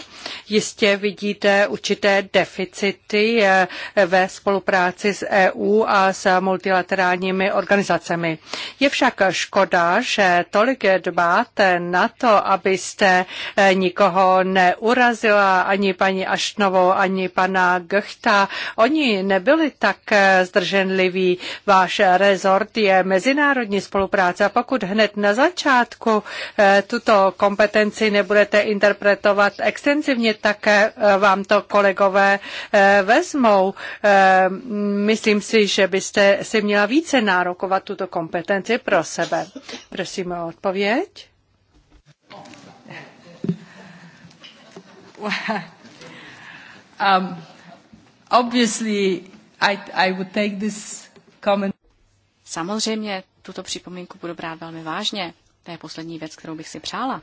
jistě vidíte určité deficity eh, ve spolupráci s EU a s multilaterálními organizacemi. Je však škoda, že tolik dbáte na to, abyste eh, nikoho neurazila, ani paní Aštnovou, ani pana Göchta. Oni nebyli tak eh, zdrženliví. Váš rezort je mezinárodní spolupráce a pokud hned na začátku eh, tuto kompetenci nebudete interpretovat extenzivně, tak eh, vám to kolegové vezmou. Myslím si, že byste si měla více nárokovat tuto kompetenci pro sebe. Prosím o odpověď. <laughs> um, obviously, I, I would take this comment. Samozřejmě tuto připomínku budu brát velmi vážně. To je poslední věc, kterou bych si přála.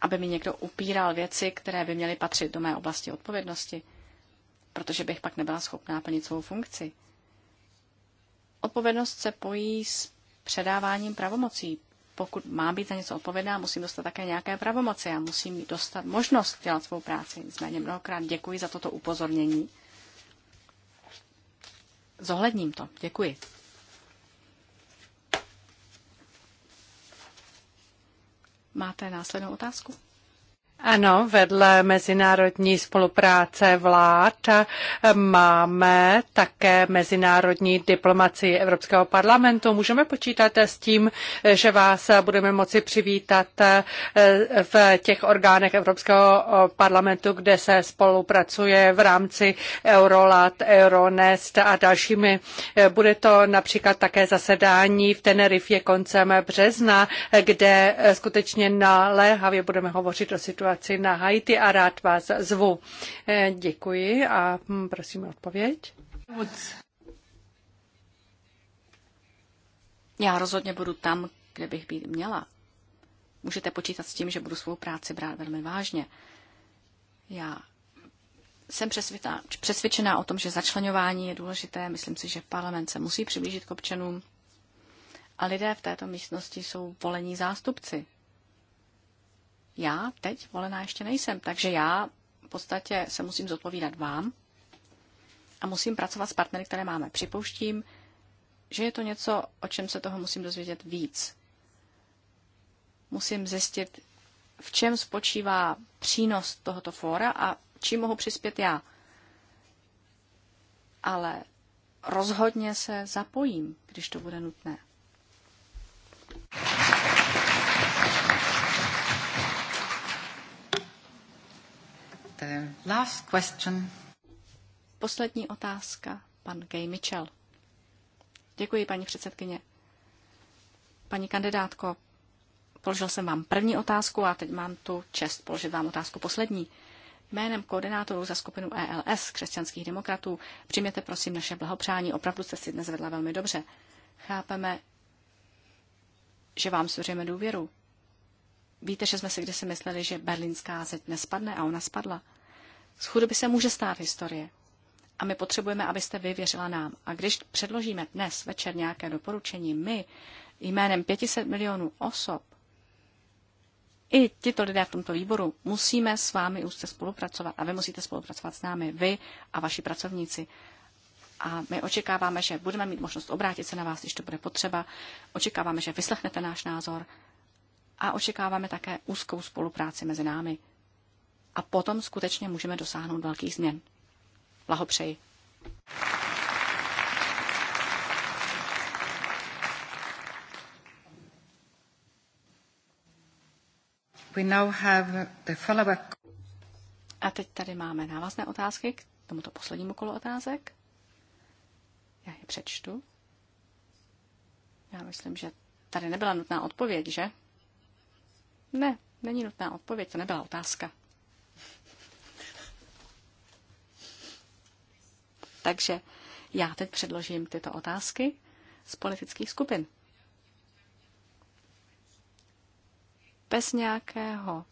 Aby mi někdo upíral věci, které by měly patřit do mé oblasti odpovědnosti, protože bych pak nebyla schopná plnit svou funkci. Odpovědnost se pojí s předáváním pravomocí pokud má být za něco odpovědná, musím dostat také nějaké pravomoci a musím dostat možnost dělat svou práci. Nicméně mnohokrát děkuji za toto upozornění. Zohledním to. Děkuji. Máte následnou otázku? Ano, vedle mezinárodní spolupráce vlád máme také mezinárodní diplomaci Evropského parlamentu. Můžeme počítat s tím, že vás budeme moci přivítat v těch orgánech Evropského parlamentu, kde se spolupracuje v rámci Eurolat, Euronest a dalšími. Bude to například také zasedání v Tenerifě koncem března, kde skutečně naléhavě budeme hovořit o situaci situaci na Haiti a rád vás zvu. Eh, děkuji a hm, prosím o odpověď. Já rozhodně budu tam, kde bych být měla. Můžete počítat s tím, že budu svou práci brát velmi vážně. Já jsem přesvědčená o tom, že začlenování je důležité. Myslím si, že parlament se musí přiblížit k občanům. A lidé v této místnosti jsou volení zástupci. Já teď volená ještě nejsem, takže já v podstatě se musím zodpovídat vám a musím pracovat s partnery, které máme. Připouštím, že je to něco, o čem se toho musím dozvědět víc. Musím zjistit, v čem spočívá přínos tohoto fóra a čím mohu přispět já. Ale rozhodně se zapojím, když to bude nutné. the last question. Poslední otázka, pan Gay Mitchell. Děkuji, paní předsedkyně. Paní kandidátko, položil jsem vám první otázku a teď mám tu čest položit vám otázku poslední. Jménem koordinátorů za skupinu ELS, křesťanských demokratů, přijměte prosím naše blahopřání. Opravdu jste si dnes vedla velmi dobře. Chápeme, že vám svěřujeme důvěru. Víte, že jsme si kdysi mysleli, že berlínská zeď nespadne a ona spadla. Z chudoby se může stát historie. A my potřebujeme, abyste vy věřila nám. A když předložíme dnes večer nějaké doporučení, my jménem 500 milionů osob, i tito lidé v tomto výboru, musíme s vámi úzce spolupracovat. A vy musíte spolupracovat s námi, vy a vaši pracovníci. A my očekáváme, že budeme mít možnost obrátit se na vás, když to bude potřeba. Očekáváme, že vyslechnete náš názor a očekáváme také úzkou spolupráci mezi námi a potom skutečně můžeme dosáhnout velkých změn. Blahopřeji. We now have the follow-up. A teď tady máme návazné otázky k tomuto poslednímu kolu otázek. Já je přečtu. Já myslím, že tady nebyla nutná odpověď, že? Ne, není nutná odpověď, to nebyla otázka. Takže já teď předložím tyto otázky z politických skupin. Bez nějakého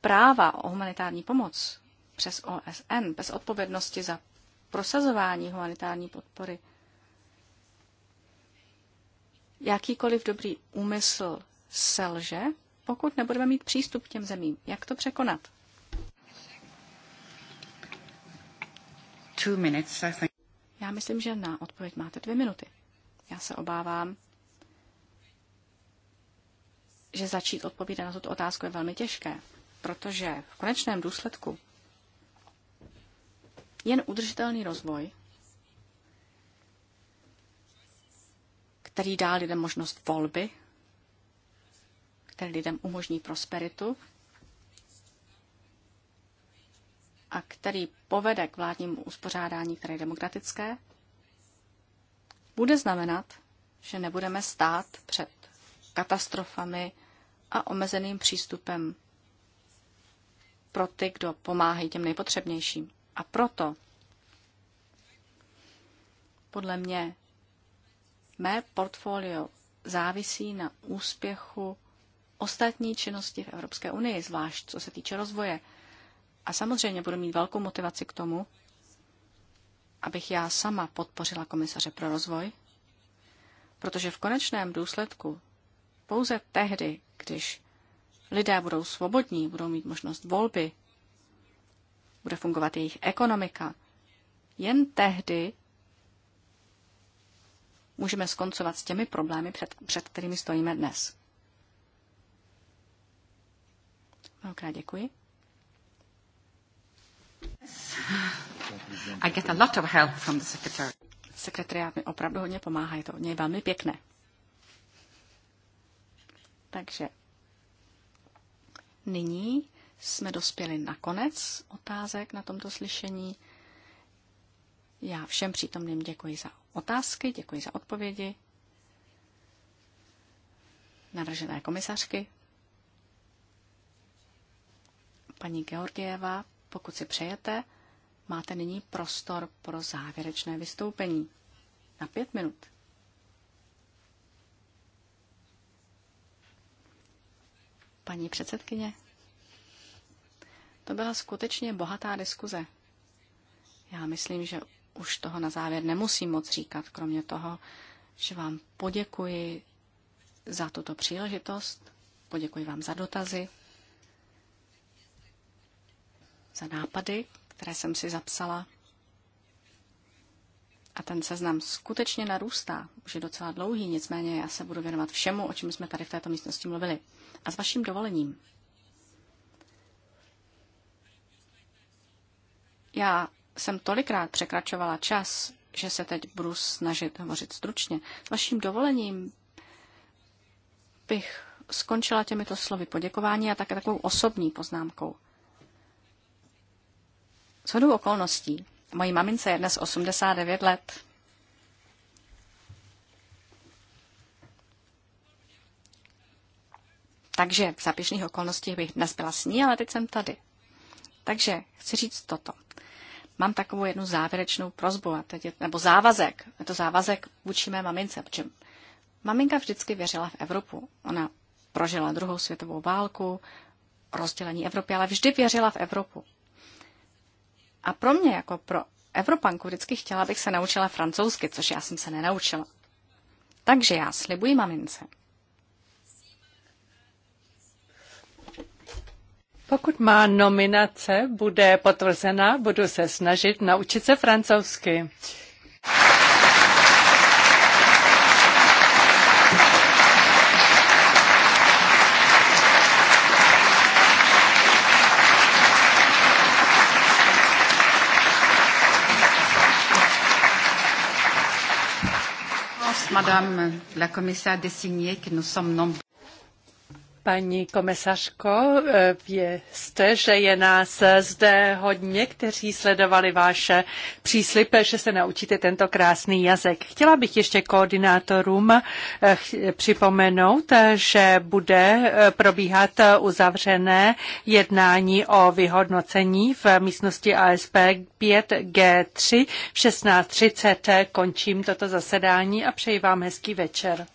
práva o humanitární pomoc přes OSN, bez odpovědnosti za prosazování humanitární podpory, jakýkoliv dobrý úmysl selže, pokud nebudeme mít přístup k těm zemím. Jak to překonat? two minutes, I think. Já myslím, že na odpověď máte dvě minuty. Já se obávám, že začít odpovídat na tuto otázku je velmi těžké, protože v konečném důsledku jen udržitelný rozvoj, který dá lidem možnost volby, který lidem umožní prosperitu, a který povede k vládnímu uspořádání, které je demokratické, bude znamenat, že nebudeme stát před katastrofami a omezeným přístupem pro ty, kdo pomáhají těm nejpotřebnějším. A proto, podle mě, mé portfolio závisí na úspěchu ostatní činnosti v Evropské unii, zvlášť co se týče rozvoje. A samozřejmě budu mít velkou motivaci k tomu, abych já sama podpořila komisaře pro rozvoj, protože v konečném důsledku pouze tehdy, když lidé budou svobodní, budou mít možnost volby, bude fungovat jejich ekonomika, jen tehdy můžeme skoncovat s těmi problémy, před, před kterými stojíme dnes. Mnohokrát děkuji. I get a lot of help from the secretary. Sekretariát mi opravdu hodně pomáhá, je to od něj velmi pěkné. Takže nyní jsme dospěli na konec otázek na tomto slyšení. Já všem přítomným děkuji za otázky, děkuji za odpovědi navržené komisařky. Paní Georgieva, pokud si přejete, máte nyní prostor pro závěrečné vystoupení. Na pět minut. Paní předsedkyně, to byla skutečně bohatá diskuze. Já myslím, že už toho na závěr nemusím moc říkat, kromě toho, že vám poděkuji za tuto příležitost, poděkuji vám za dotazy, za nápady, které jsem si zapsala. A ten seznam skutečně narůstá, už je docela dlouhý, nicméně já se budu věnovat všemu, o čem jsme tady v této místnosti mluvili. A s vaším dovolením. Já jsem tolikrát překračovala čas, že se teď budu snažit hovořit stručně. S vaším dovolením bych skončila těmito slovy poděkování a také takovou osobní poznámkou. Co do okolností, mojí mamince je dnes 89 let. Takže v zapišných okolnostích bych dnes byla s ní, ale teď jsem tady. Takže chci říct toto. Mám takovou jednu závěrečnou prozbu, a teď je, nebo závazek. Je to závazek vůči mé mamince, protože maminka vždycky věřila v Evropu. Ona prožila druhou světovou válku, rozdělení Evropy, ale vždy věřila v Evropu. A pro mě, jako pro Evropanku, vždycky chtěla, abych se naučila francouzsky, což já jsem se nenaučila. Takže já slibuji mamince. Pokud má nominace bude potvrzena, budu se snažit naučit se francouzsky. Madame la commissaire désignée, que nous sommes nombreux. Paní komisařko, vězte, že je nás zde hodně, kteří sledovali váše příslip, že se naučíte tento krásný jazyk. Chtěla bych ještě koordinátorům eh, připomenout, že bude eh, probíhat uzavřené jednání o vyhodnocení v místnosti ASP 5G3 v 16.30. Končím toto zasedání a přeji vám hezký večer.